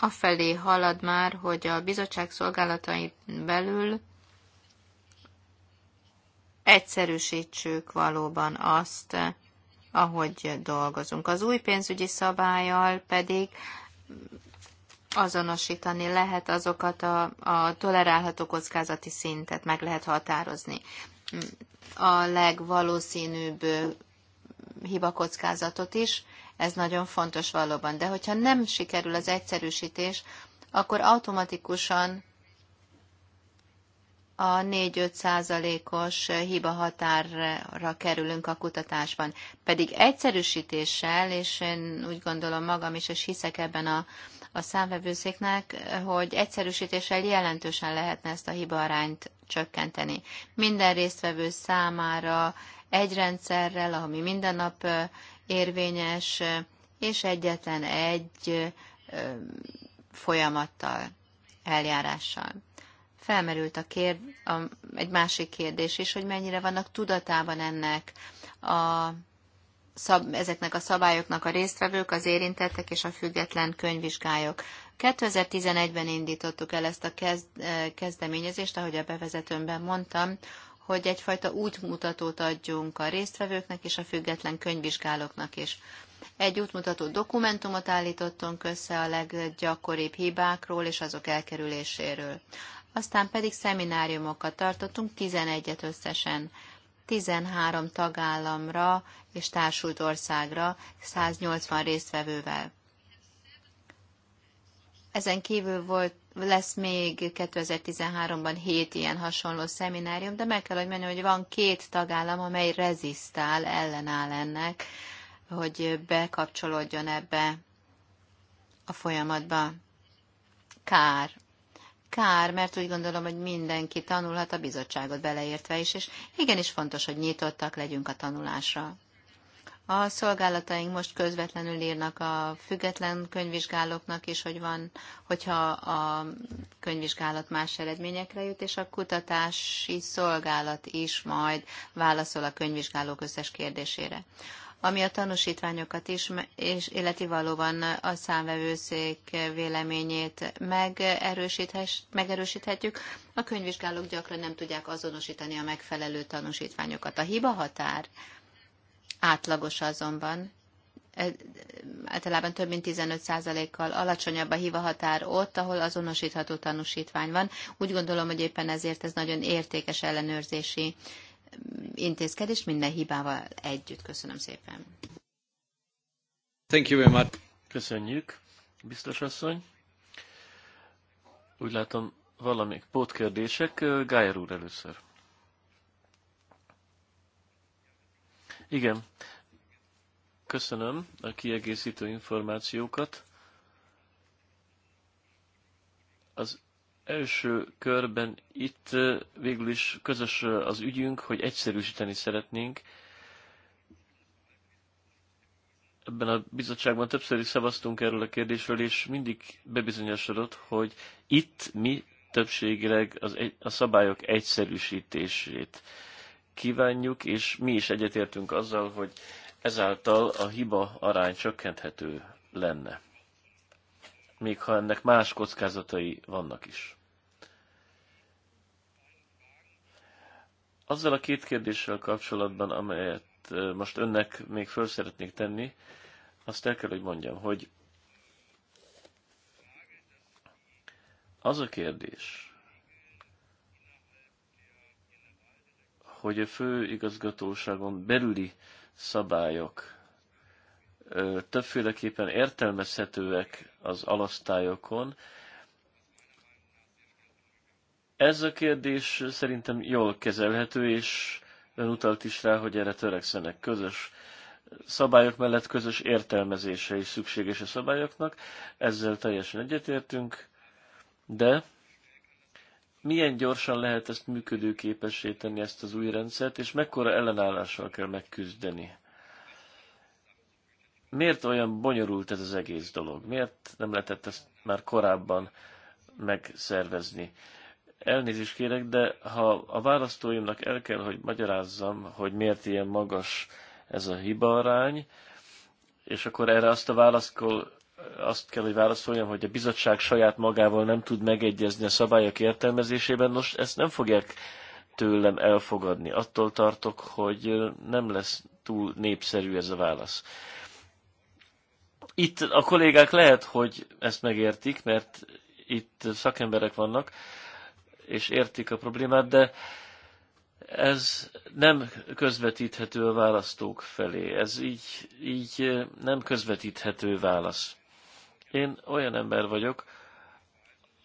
afelé halad már, hogy a bizottság szolgálatain belül egyszerűsítsük valóban azt, ahogy dolgozunk. Az új pénzügyi szabályal pedig azonosítani lehet azokat a, a tolerálható kockázati szintet, meg lehet határozni. A legvalószínűbb hibakockázatot is, ez nagyon fontos valóban. De hogyha nem sikerül az egyszerűsítés, akkor automatikusan a 4-5 százalékos hiba határra kerülünk a kutatásban. Pedig egyszerűsítéssel, és én úgy gondolom magam is, és hiszek ebben a, a számvevőszéknek, hogy egyszerűsítéssel jelentősen lehetne ezt a arányt csökkenteni. Minden résztvevő számára egy rendszerrel, ami minden nap érvényes, és egyetlen egy folyamattal, eljárással felmerült a kér, a, egy másik kérdés is, hogy mennyire vannak tudatában ennek a szab, ezeknek a szabályoknak a résztvevők, az érintettek és a független könyvvizsgályok. 2011-ben indítottuk el ezt a kezd, eh, kezdeményezést, ahogy a bevezetőmben mondtam, hogy egyfajta útmutatót adjunk a résztvevőknek és a független könyvvizsgálóknak is. Egy útmutató dokumentumot állítottunk össze a leggyakoribb hibákról és azok elkerüléséről aztán pedig szemináriumokat tartottunk, 11-et összesen, 13 tagállamra és társult országra, 180 résztvevővel. Ezen kívül volt, lesz még 2013-ban 7 ilyen hasonló szeminárium, de meg kell, hogy menni, hogy van két tagállam, amely rezisztál, ellenáll ennek, hogy bekapcsolódjon ebbe a folyamatba. Kár. Kár, mert úgy gondolom, hogy mindenki tanulhat a bizottságot beleértve is, és igenis fontos, hogy nyitottak legyünk a tanulásra. A szolgálataink most közvetlenül írnak a független könyvvizsgálóknak is, hogy van, hogyha a könyvvizsgálat más eredményekre jut, és a kutatási szolgálat is majd válaszol a könyvvizsgálók összes kérdésére. Ami a tanúsítványokat is, és illeti valóban a számvevőszék véleményét megerősíthetjük, a könyvvizsgálók gyakran nem tudják azonosítani a megfelelő tanúsítványokat. A hiba határ átlagos azonban, e, általában több mint 15%-kal alacsonyabb a hiva határ ott, ahol azonosítható tanúsítvány van. Úgy gondolom, hogy éppen ezért ez nagyon értékes ellenőrzési intézkedést minden hibával együtt. Köszönöm szépen. Thank you very much. Köszönjük, biztos asszony. Úgy látom, valamik pótkérdések. Gájer úr először. Igen, köszönöm a kiegészítő információkat. Az első körben itt végül is közös az ügyünk, hogy egyszerűsíteni szeretnénk. Ebben a bizottságban többször is szavaztunk erről a kérdésről, és mindig bebizonyosodott, hogy itt mi többségileg az egy, a szabályok egyszerűsítését kívánjuk, és mi is egyetértünk azzal, hogy ezáltal a hiba arány csökkenthető lenne még ha ennek más kockázatai vannak is. Azzal a két kérdéssel kapcsolatban, amelyet most önnek még föl szeretnék tenni, azt el kell, hogy mondjam, hogy az a kérdés, hogy a főigazgatóságon belüli szabályok többféleképpen értelmezhetőek az alasztályokon, ez a kérdés szerintem jól kezelhető, és ön utalt is rá, hogy erre törekszenek közös szabályok mellett közös értelmezése is szükséges a szabályoknak, ezzel teljesen egyetértünk, de milyen gyorsan lehet ezt működőképessé tenni, ezt az új rendszert, és mekkora ellenállással kell megküzdeni? Miért olyan bonyolult ez az egész dolog? Miért nem lehetett ezt már korábban megszervezni? elnézést kérek, de ha a választóimnak el kell, hogy magyarázzam, hogy miért ilyen magas ez a arány, és akkor erre azt a válaszkol, azt kell, hogy válaszoljam, hogy a bizottság saját magával nem tud megegyezni a szabályok értelmezésében, nos, ezt nem fogják tőlem elfogadni. Attól tartok, hogy nem lesz túl népszerű ez a válasz. Itt a kollégák lehet, hogy ezt megértik, mert itt szakemberek vannak, és értik a problémát, de ez nem közvetíthető a választók felé. Ez így, így nem közvetíthető válasz. Én olyan ember vagyok,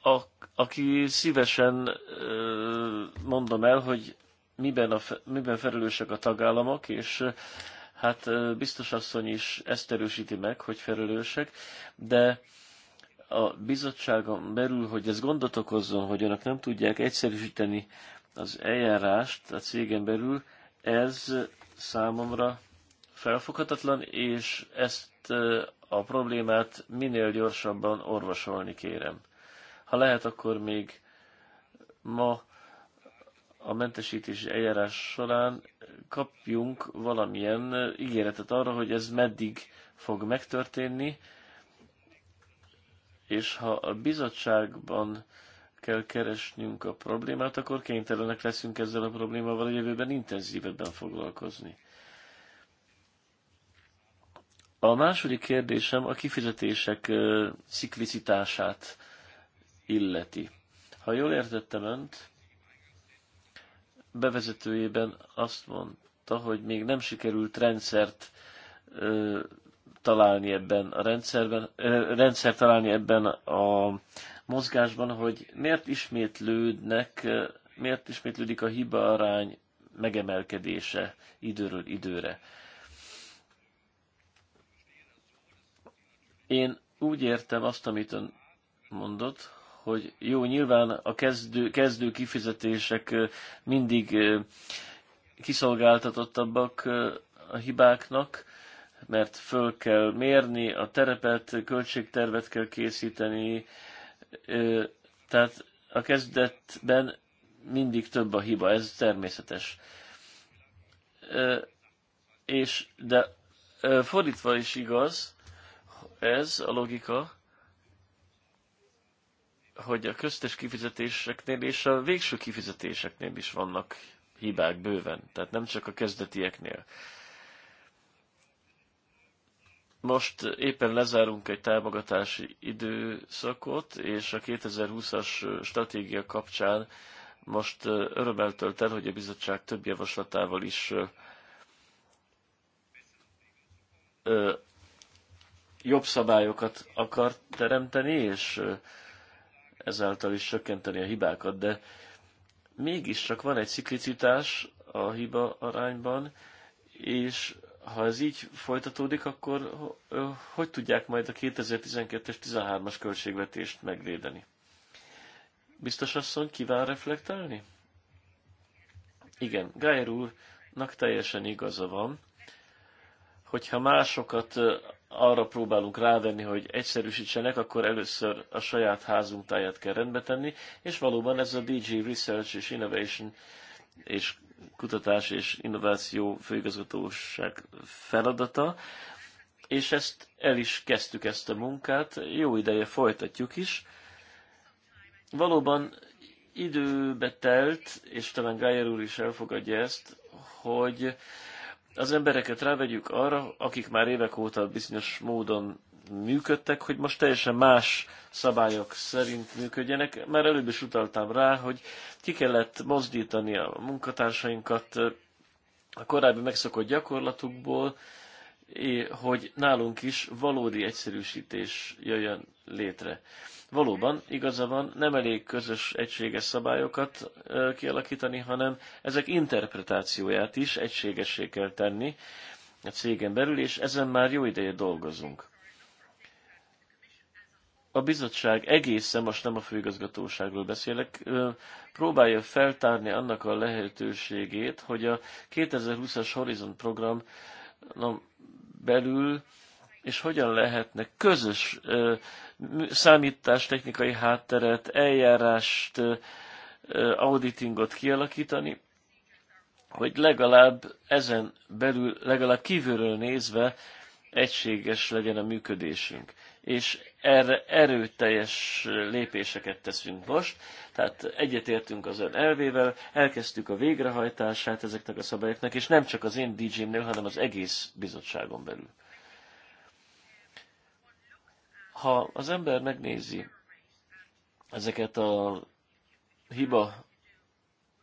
a, aki szívesen mondom el, hogy miben, a, miben felelősek a tagállamok, és hát biztos asszony is ezt erősíti meg, hogy felelősek, de a bizottságon belül, hogy ez gondot okozzon, hogy önök nem tudják egyszerűsíteni az eljárást a cégen belül, ez számomra felfoghatatlan, és ezt a problémát minél gyorsabban orvosolni kérem. Ha lehet, akkor még ma a mentesítési eljárás során kapjunk valamilyen ígéretet arra, hogy ez meddig fog megtörténni, és ha a bizottságban kell keresnünk a problémát, akkor kénytelenek leszünk ezzel a problémával a jövőben intenzívebben foglalkozni. A második kérdésem a kifizetések ciklicitását illeti. Ha jól értettem önt, bevezetőjében azt mondta, hogy még nem sikerült rendszert találni ebben a rendszerben, ö, rendszer találni ebben a mozgásban, hogy miért ismétlődnek, miért ismétlődik a hiba arány megemelkedése időről időre. Én úgy értem azt, amit ön mondott, hogy jó, nyilván a kezdő, kezdő kifizetések mindig kiszolgáltatottabbak a hibáknak, mert föl kell mérni a terepet, költségtervet kell készíteni, tehát a kezdetben mindig több a hiba, ez természetes. És, de fordítva is igaz, ez a logika, hogy a köztes kifizetéseknél és a végső kifizetéseknél is vannak hibák bőven, tehát nem csak a kezdetieknél. Most éppen lezárunk egy támogatási időszakot, és a 2020-as stratégia kapcsán most örömmel tölt el, hogy a bizottság több javaslatával is jobb szabályokat akar teremteni, és ezáltal is csökkenteni a hibákat, de mégiscsak van egy sziklicitás a hiba arányban, és ha ez így folytatódik, akkor hogy tudják majd a 2012-es 13-as költségvetést megvédeni? Biztos asszony kíván reflektálni? Igen, Gájer úrnak teljesen igaza van, hogyha másokat arra próbálunk rávenni, hogy egyszerűsítsenek, akkor először a saját házunk táját kell rendbe tenni, és valóban ez a DG Research és Innovation és kutatás és innováció főigazgatóság feladata, és ezt el is kezdtük ezt a munkát, jó ideje folytatjuk is. Valóban időbe telt, és talán Gájer úr is elfogadja ezt, hogy az embereket rávegyük arra, akik már évek óta bizonyos módon működtek, hogy most teljesen más szabályok szerint működjenek. Már előbb is utaltam rá, hogy ki kellett mozdítani a munkatársainkat a korábbi megszokott gyakorlatukból, hogy nálunk is valódi egyszerűsítés jöjjön létre. Valóban, igaza van, nem elég közös egységes szabályokat kialakítani, hanem ezek interpretációját is egységessé kell tenni a cégen belül, és ezen már jó ideje dolgozunk a bizottság egészen, most nem a főigazgatóságról beszélek, próbálja feltárni annak a lehetőségét, hogy a 2020-as Horizon program belül és hogyan lehetne közös számítástechnikai hátteret, eljárást, auditingot kialakítani, hogy legalább ezen belül, legalább kívülről nézve egységes legyen a működésünk és erre erőteljes lépéseket teszünk most. Tehát egyetértünk az ön elvével, elkezdtük a végrehajtását ezeknek a szabályoknak, és nem csak az én DJ-mnél, hanem az egész bizottságon belül. Ha az ember megnézi ezeket a hiba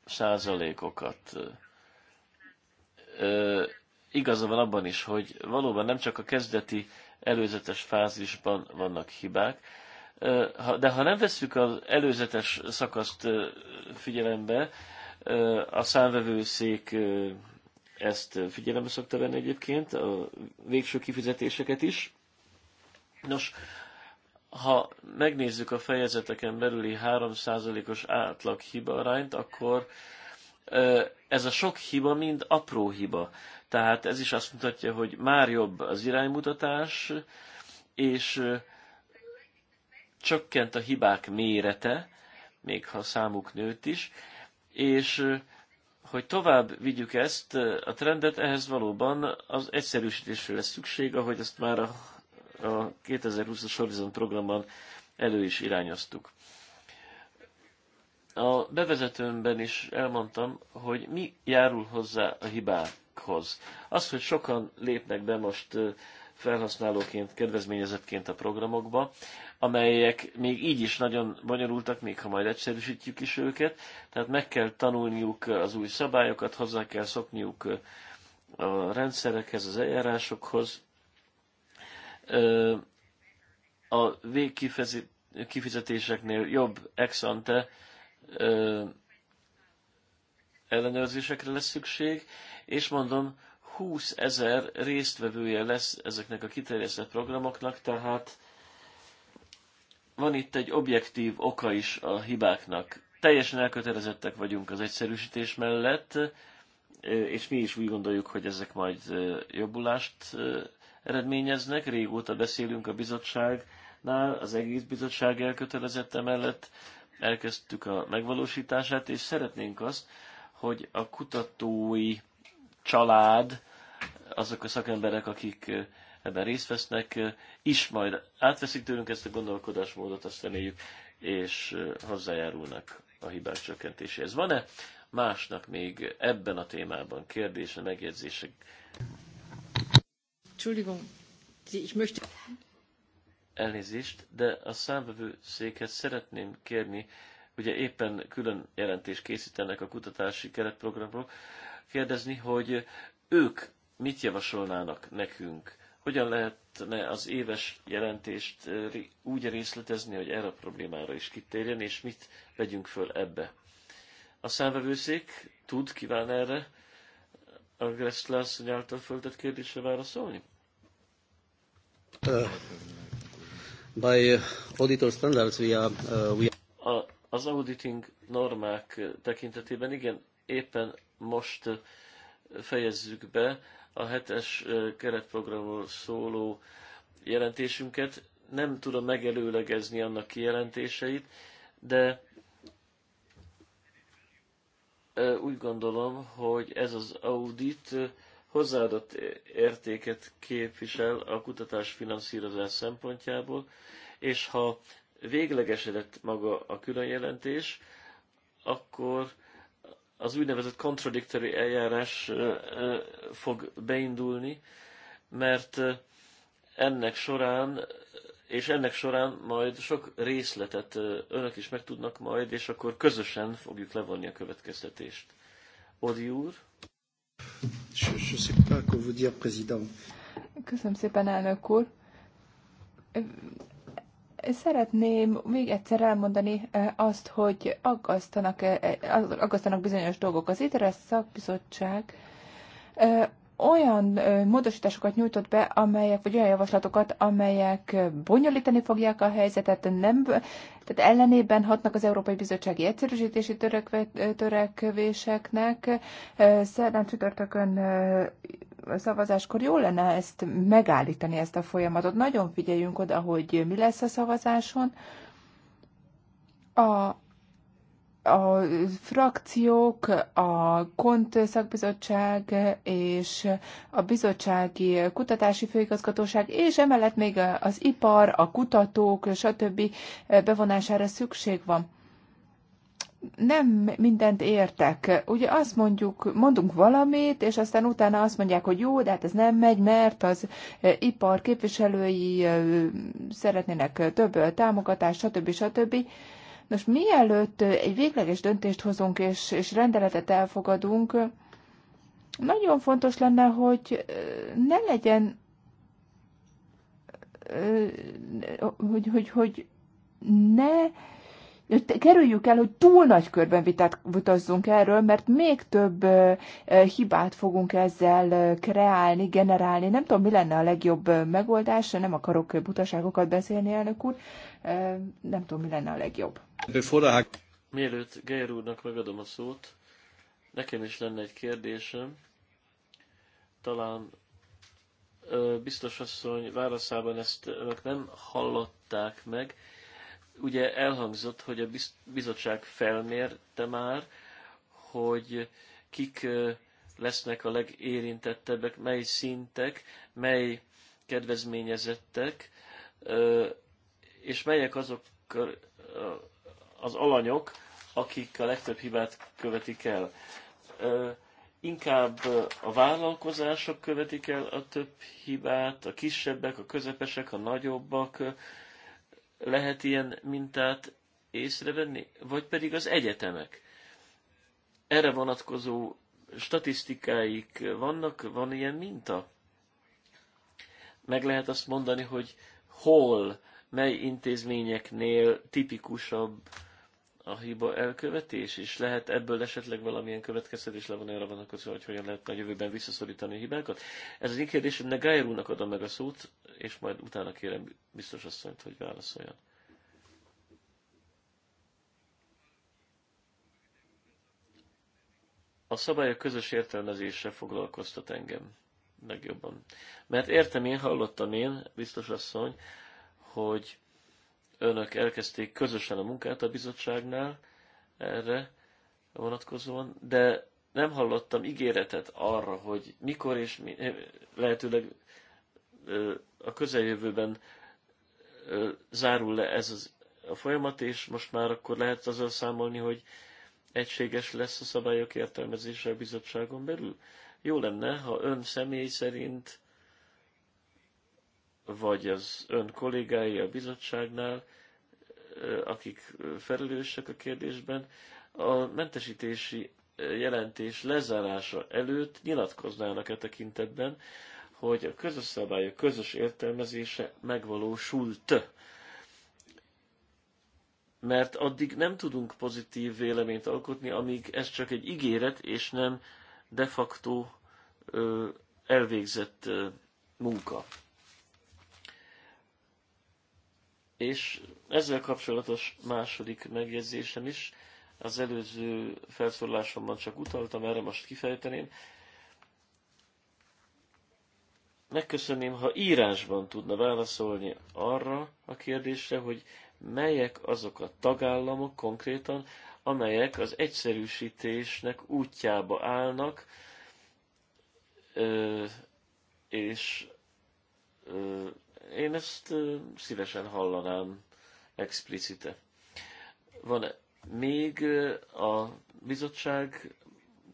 százalékokat, igaza van abban is, hogy valóban nem csak a kezdeti előzetes fázisban vannak hibák, de ha nem vesszük az előzetes szakaszt figyelembe, a számvevőszék ezt figyelembe szokta venni egyébként, a végső kifizetéseket is. Nos, ha megnézzük a fejezeteken belüli 3%-os átlag hiba arányt, akkor ez a sok hiba mind apró hiba. Tehát ez is azt mutatja, hogy már jobb az iránymutatás, és csökkent a hibák mérete, még ha számuk nőtt is, és hogy tovább vigyük ezt a trendet, ehhez valóban az egyszerűsítésre lesz szükség, ahogy ezt már a, 2020-as Horizon programban elő is irányoztuk. A bevezetőmben is elmondtam, hogy mi járul hozzá a hibákhoz. Az, hogy sokan lépnek be most felhasználóként, kedvezményezetként a programokba, amelyek még így is nagyon bonyolultak, még ha majd egyszerűsítjük is őket, tehát meg kell tanulniuk az új szabályokat, hozzá kell szokniuk a rendszerekhez, az eljárásokhoz. A végkifizetéseknél jobb ex ante ö, ellenőrzésekre lesz szükség, és mondom, 20 ezer résztvevője lesz ezeknek a kiterjesztett programoknak, tehát van itt egy objektív oka is a hibáknak. Teljesen elkötelezettek vagyunk az egyszerűsítés mellett, és mi is úgy gondoljuk, hogy ezek majd jobbulást eredményeznek. Régóta beszélünk a bizottságnál, az egész bizottság elkötelezette mellett elkezdtük a megvalósítását, és szeretnénk azt, hogy a kutatói család, azok a szakemberek, akik eh, ebben részt vesznek, eh, is majd átveszik tőlünk ezt a gondolkodásmódot, azt reméljük, és eh, hozzájárulnak a hibák csökkentéséhez. Van-e másnak még ebben a témában kérdése, megjegyzése? Entschuldigung, ich möchte elnézést, de a számvevő székhez szeretném kérni, ugye éppen külön jelentést készítenek a kutatási keretprogramról, kérdezni, hogy ők mit javasolnának nekünk, hogyan lehetne az éves jelentést eh, úgy részletezni, hogy erre a problémára is kitérjen, és mit vegyünk föl ebbe. A számvevőszék tud, kíván erre a Gressler által föltett kérdésre válaszolni? Uh by auditor standards we are, uh, we are... A, az auditing normák tekintetében igen, éppen most uh, fejezzük be a hetes uh, keretprogramról szóló jelentésünket. Nem tudom megelőlegezni annak kijelentéseit, de uh, úgy gondolom, hogy ez az audit hozzáadott értéket képvisel a kutatás finanszírozás szempontjából, és ha véglegesedett maga a külön jelentés, akkor az úgynevezett contradictory eljárás fog beindulni, mert ennek során és ennek során majd sok részletet önök is megtudnak majd, és akkor közösen fogjuk levonni a következtetést. Odi úr? Köszönöm szépen, elnök úr. Szeretném még egyszer elmondani azt, hogy aggasztanak, aggasztanak bizonyos dolgok. Az ITRESZ szakbizottság olyan módosításokat nyújtott be, amelyek, vagy olyan javaslatokat, amelyek bonyolítani fogják a helyzetet, nem, tehát ellenében hatnak az Európai Bizottsági Egyszerűsítési törekve, törekvéseknek. Szerdán csütörtökön szavazáskor jó lenne ezt megállítani, ezt a folyamatot. Nagyon figyeljünk oda, hogy mi lesz a szavazáson. A a frakciók, a KONT szakbizottság és a bizottsági kutatási főigazgatóság, és emellett még az ipar, a kutatók, stb. bevonására szükség van. Nem mindent értek. Ugye azt mondjuk, mondunk valamit, és aztán utána azt mondják, hogy jó, de hát ez nem megy, mert az ipar képviselői szeretnének több támogatást, stb. stb. stb Nos, mielőtt egy végleges döntést hozunk és, és rendeletet elfogadunk, nagyon fontos lenne, hogy ne legyen, hogy, hogy, hogy ne kerüljük el, hogy túl nagy körben vitát vitazzunk erről, mert még több hibát fogunk ezzel kreálni, generálni. Nem tudom, mi lenne a legjobb megoldás, nem akarok butaságokat beszélni, elnök úr. Nem tudom, mi lenne a legjobb. Mielőtt Geir úrnak megadom a szót, nekem is lenne egy kérdésem. Talán biztos asszony válaszában ezt önök nem hallották meg, ugye elhangzott, hogy a bizottság felmérte már, hogy kik lesznek a legérintettebbek, mely szintek, mely kedvezményezettek, és melyek azok az alanyok, akik a legtöbb hibát követik el. Inkább a vállalkozások követik el a több hibát, a kisebbek, a közepesek, a nagyobbak, lehet ilyen mintát észrevenni, vagy pedig az egyetemek. Erre vonatkozó statisztikáik vannak, van ilyen minta? Meg lehet azt mondani, hogy hol, mely intézményeknél tipikusabb a hiba elkövetés, és lehet ebből esetleg valamilyen következtetés levonni arra vonatkozóan, hogy hogyan lehet a jövőben visszaszorítani a hibákat. Ez az én kérdésem, ne Gájer adom meg a szót, és majd utána kérem biztos asszonyt, hogy válaszoljon. A szabályok közös értelmezése foglalkoztat engem legjobban. Mert értem én, hallottam én, biztos asszony, hogy önök elkezdték közösen a munkát a bizottságnál erre vonatkozóan, de nem hallottam ígéretet arra, hogy mikor és mi, lehetőleg a közeljövőben zárul le ez az, a folyamat, és most már akkor lehet azzal számolni, hogy egységes lesz a szabályok értelmezése a bizottságon belül. Jó lenne, ha ön személy szerint, vagy az ön kollégái a bizottságnál, akik felelősek a kérdésben, a mentesítési jelentés lezárása előtt nyilatkoznának e tekintetben, hogy a közös szabályok közös értelmezése megvalósult. Mert addig nem tudunk pozitív véleményt alkotni, amíg ez csak egy ígéret, és nem de facto ö, elvégzett ö, munka. És ezzel kapcsolatos második megjegyzésem is, az előző felszólalásomban csak utaltam, erre most kifejteném, megköszönném, ha írásban tudna válaszolni arra a kérdésre, hogy melyek azok a tagállamok konkrétan, amelyek az egyszerűsítésnek útjába állnak, és én ezt szívesen hallanám explicite. Van -e még a bizottság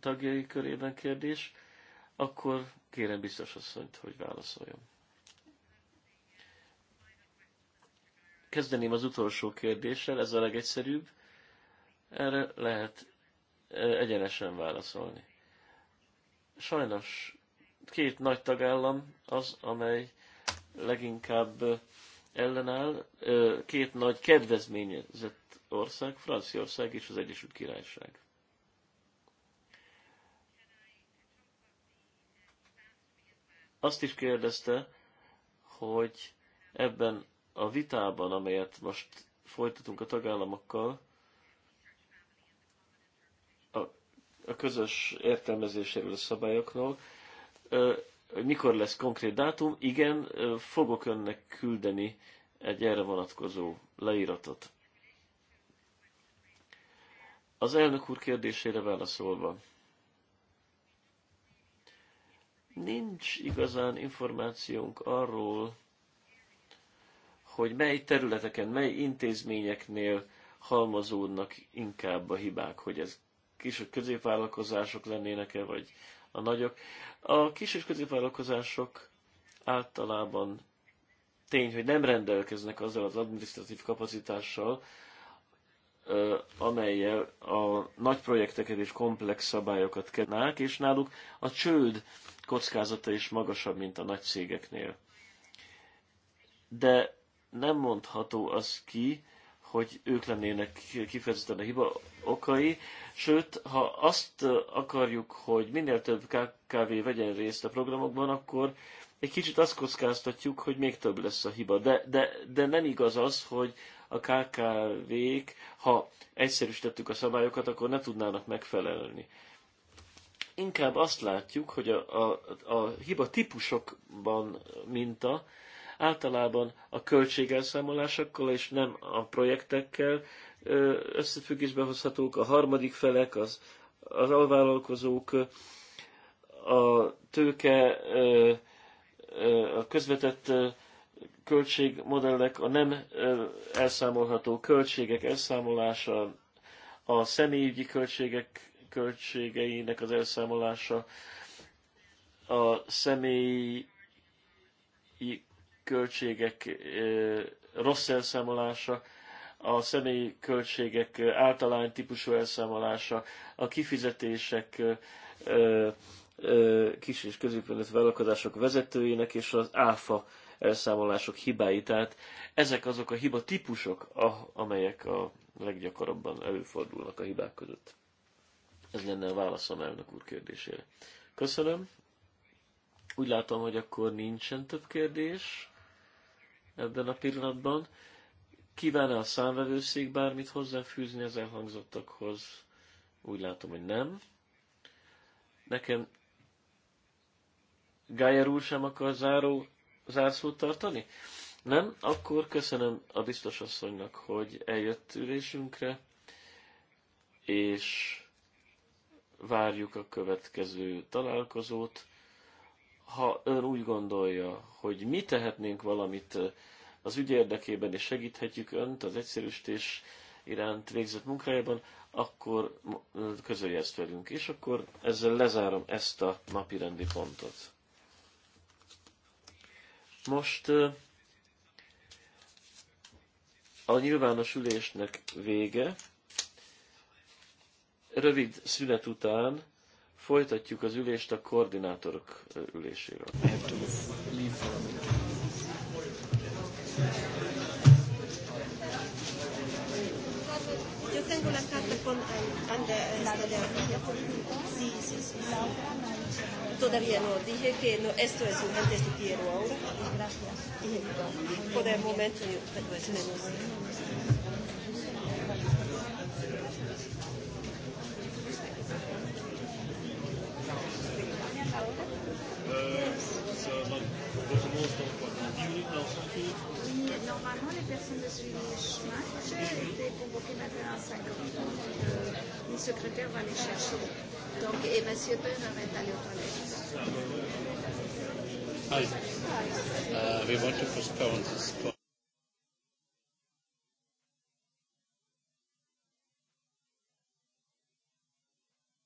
tagjai körében kérdés, akkor Kérem biztos asszonyt, hogy válaszoljon. Kezdeném az utolsó kérdéssel, ez a legegyszerűbb. Erre lehet e, egyenesen válaszolni. Sajnos két nagy tagállam az, amely leginkább ellenáll, e, két nagy kedvezményezett ország, Franciaország és az Egyesült Királyság. Azt is kérdezte, hogy ebben a vitában, amelyet most folytatunk a tagállamokkal, a, a közös értelmezéséről a szabályoknak, hogy mikor lesz konkrét dátum, igen, fogok önnek küldeni egy erre vonatkozó leíratot. Az elnök úr kérdésére válaszolva. Nincs igazán információnk arról, hogy mely területeken, mely intézményeknél halmozódnak inkább a hibák, hogy ez kis- és középvállalkozások lennének-e, vagy a nagyok. A kis- és középvállalkozások általában tény, hogy nem rendelkeznek azzal az administratív kapacitással, amelyel a nagy projekteket és komplex szabályokat kednák, és náluk a csőd kockázata is magasabb, mint a nagy cégeknél. De nem mondható az ki, hogy ők lennének kifejezetten a hiba okai, sőt, ha azt akarjuk, hogy minél több KKV vegyen részt a programokban, akkor egy kicsit azt kockáztatjuk, hogy még több lesz a hiba. De, de, de nem igaz az, hogy a KKV-k, ha egyszerűsítettük a szabályokat, akkor ne tudnának megfelelni. Inkább azt látjuk, hogy a, a, a hiba típusokban minta általában a költségelszámolásokkal és nem a projektekkel összefüggésbe hozhatók, a harmadik felek, az, az alvállalkozók, a tőke, a közvetett költségmodellek, a nem elszámolható költségek elszámolása, a személyügyi költségek költségeinek az elszámolása, a személyi költségek rossz elszámolása, a személyi költségek általány típusú elszámolása, a kifizetések kis és középületi vállalkozások vezetőinek és az áfa elszámolások hibái. Tehát ezek azok a hiba típusok, ah, amelyek a leggyakorabban előfordulnak a hibák között. Ez lenne a válaszom elnök úr kérdésére. Köszönöm. Úgy látom, hogy akkor nincsen több kérdés ebben a pillanatban. Kíván-e a számvevőszék bármit hozzáfűzni az elhangzottakhoz? Úgy látom, hogy nem. Nekem Gájer úr sem akar záró zárszót tartani? Nem? Akkor köszönöm a biztos asszonynak, hogy eljött ülésünkre, és várjuk a következő találkozót. Ha ön úgy gondolja, hogy mi tehetnénk valamit az ügy érdekében, és segíthetjük önt az egyszerűsítés iránt végzett munkájában, akkor közölje ezt velünk. És akkor ezzel lezárom ezt a rendi pontot. Most a nyilvános ülésnek vége. Rövid szünet után folytatjuk az ülést a koordinátorok üléséről. con Andrea. Sí, sí, sí, sí. Todavía no. Dije que no, esto es antes de quiero ahora. Gracias. por el momento yo, pero es menos. Eh, eh, normalement, les personnes de suivi Schmatch étaient convoquées maintenant à 5 heures. Euh, une secrétaire va les chercher. Donc, et M. allé Hi. Uh, we want to postpone this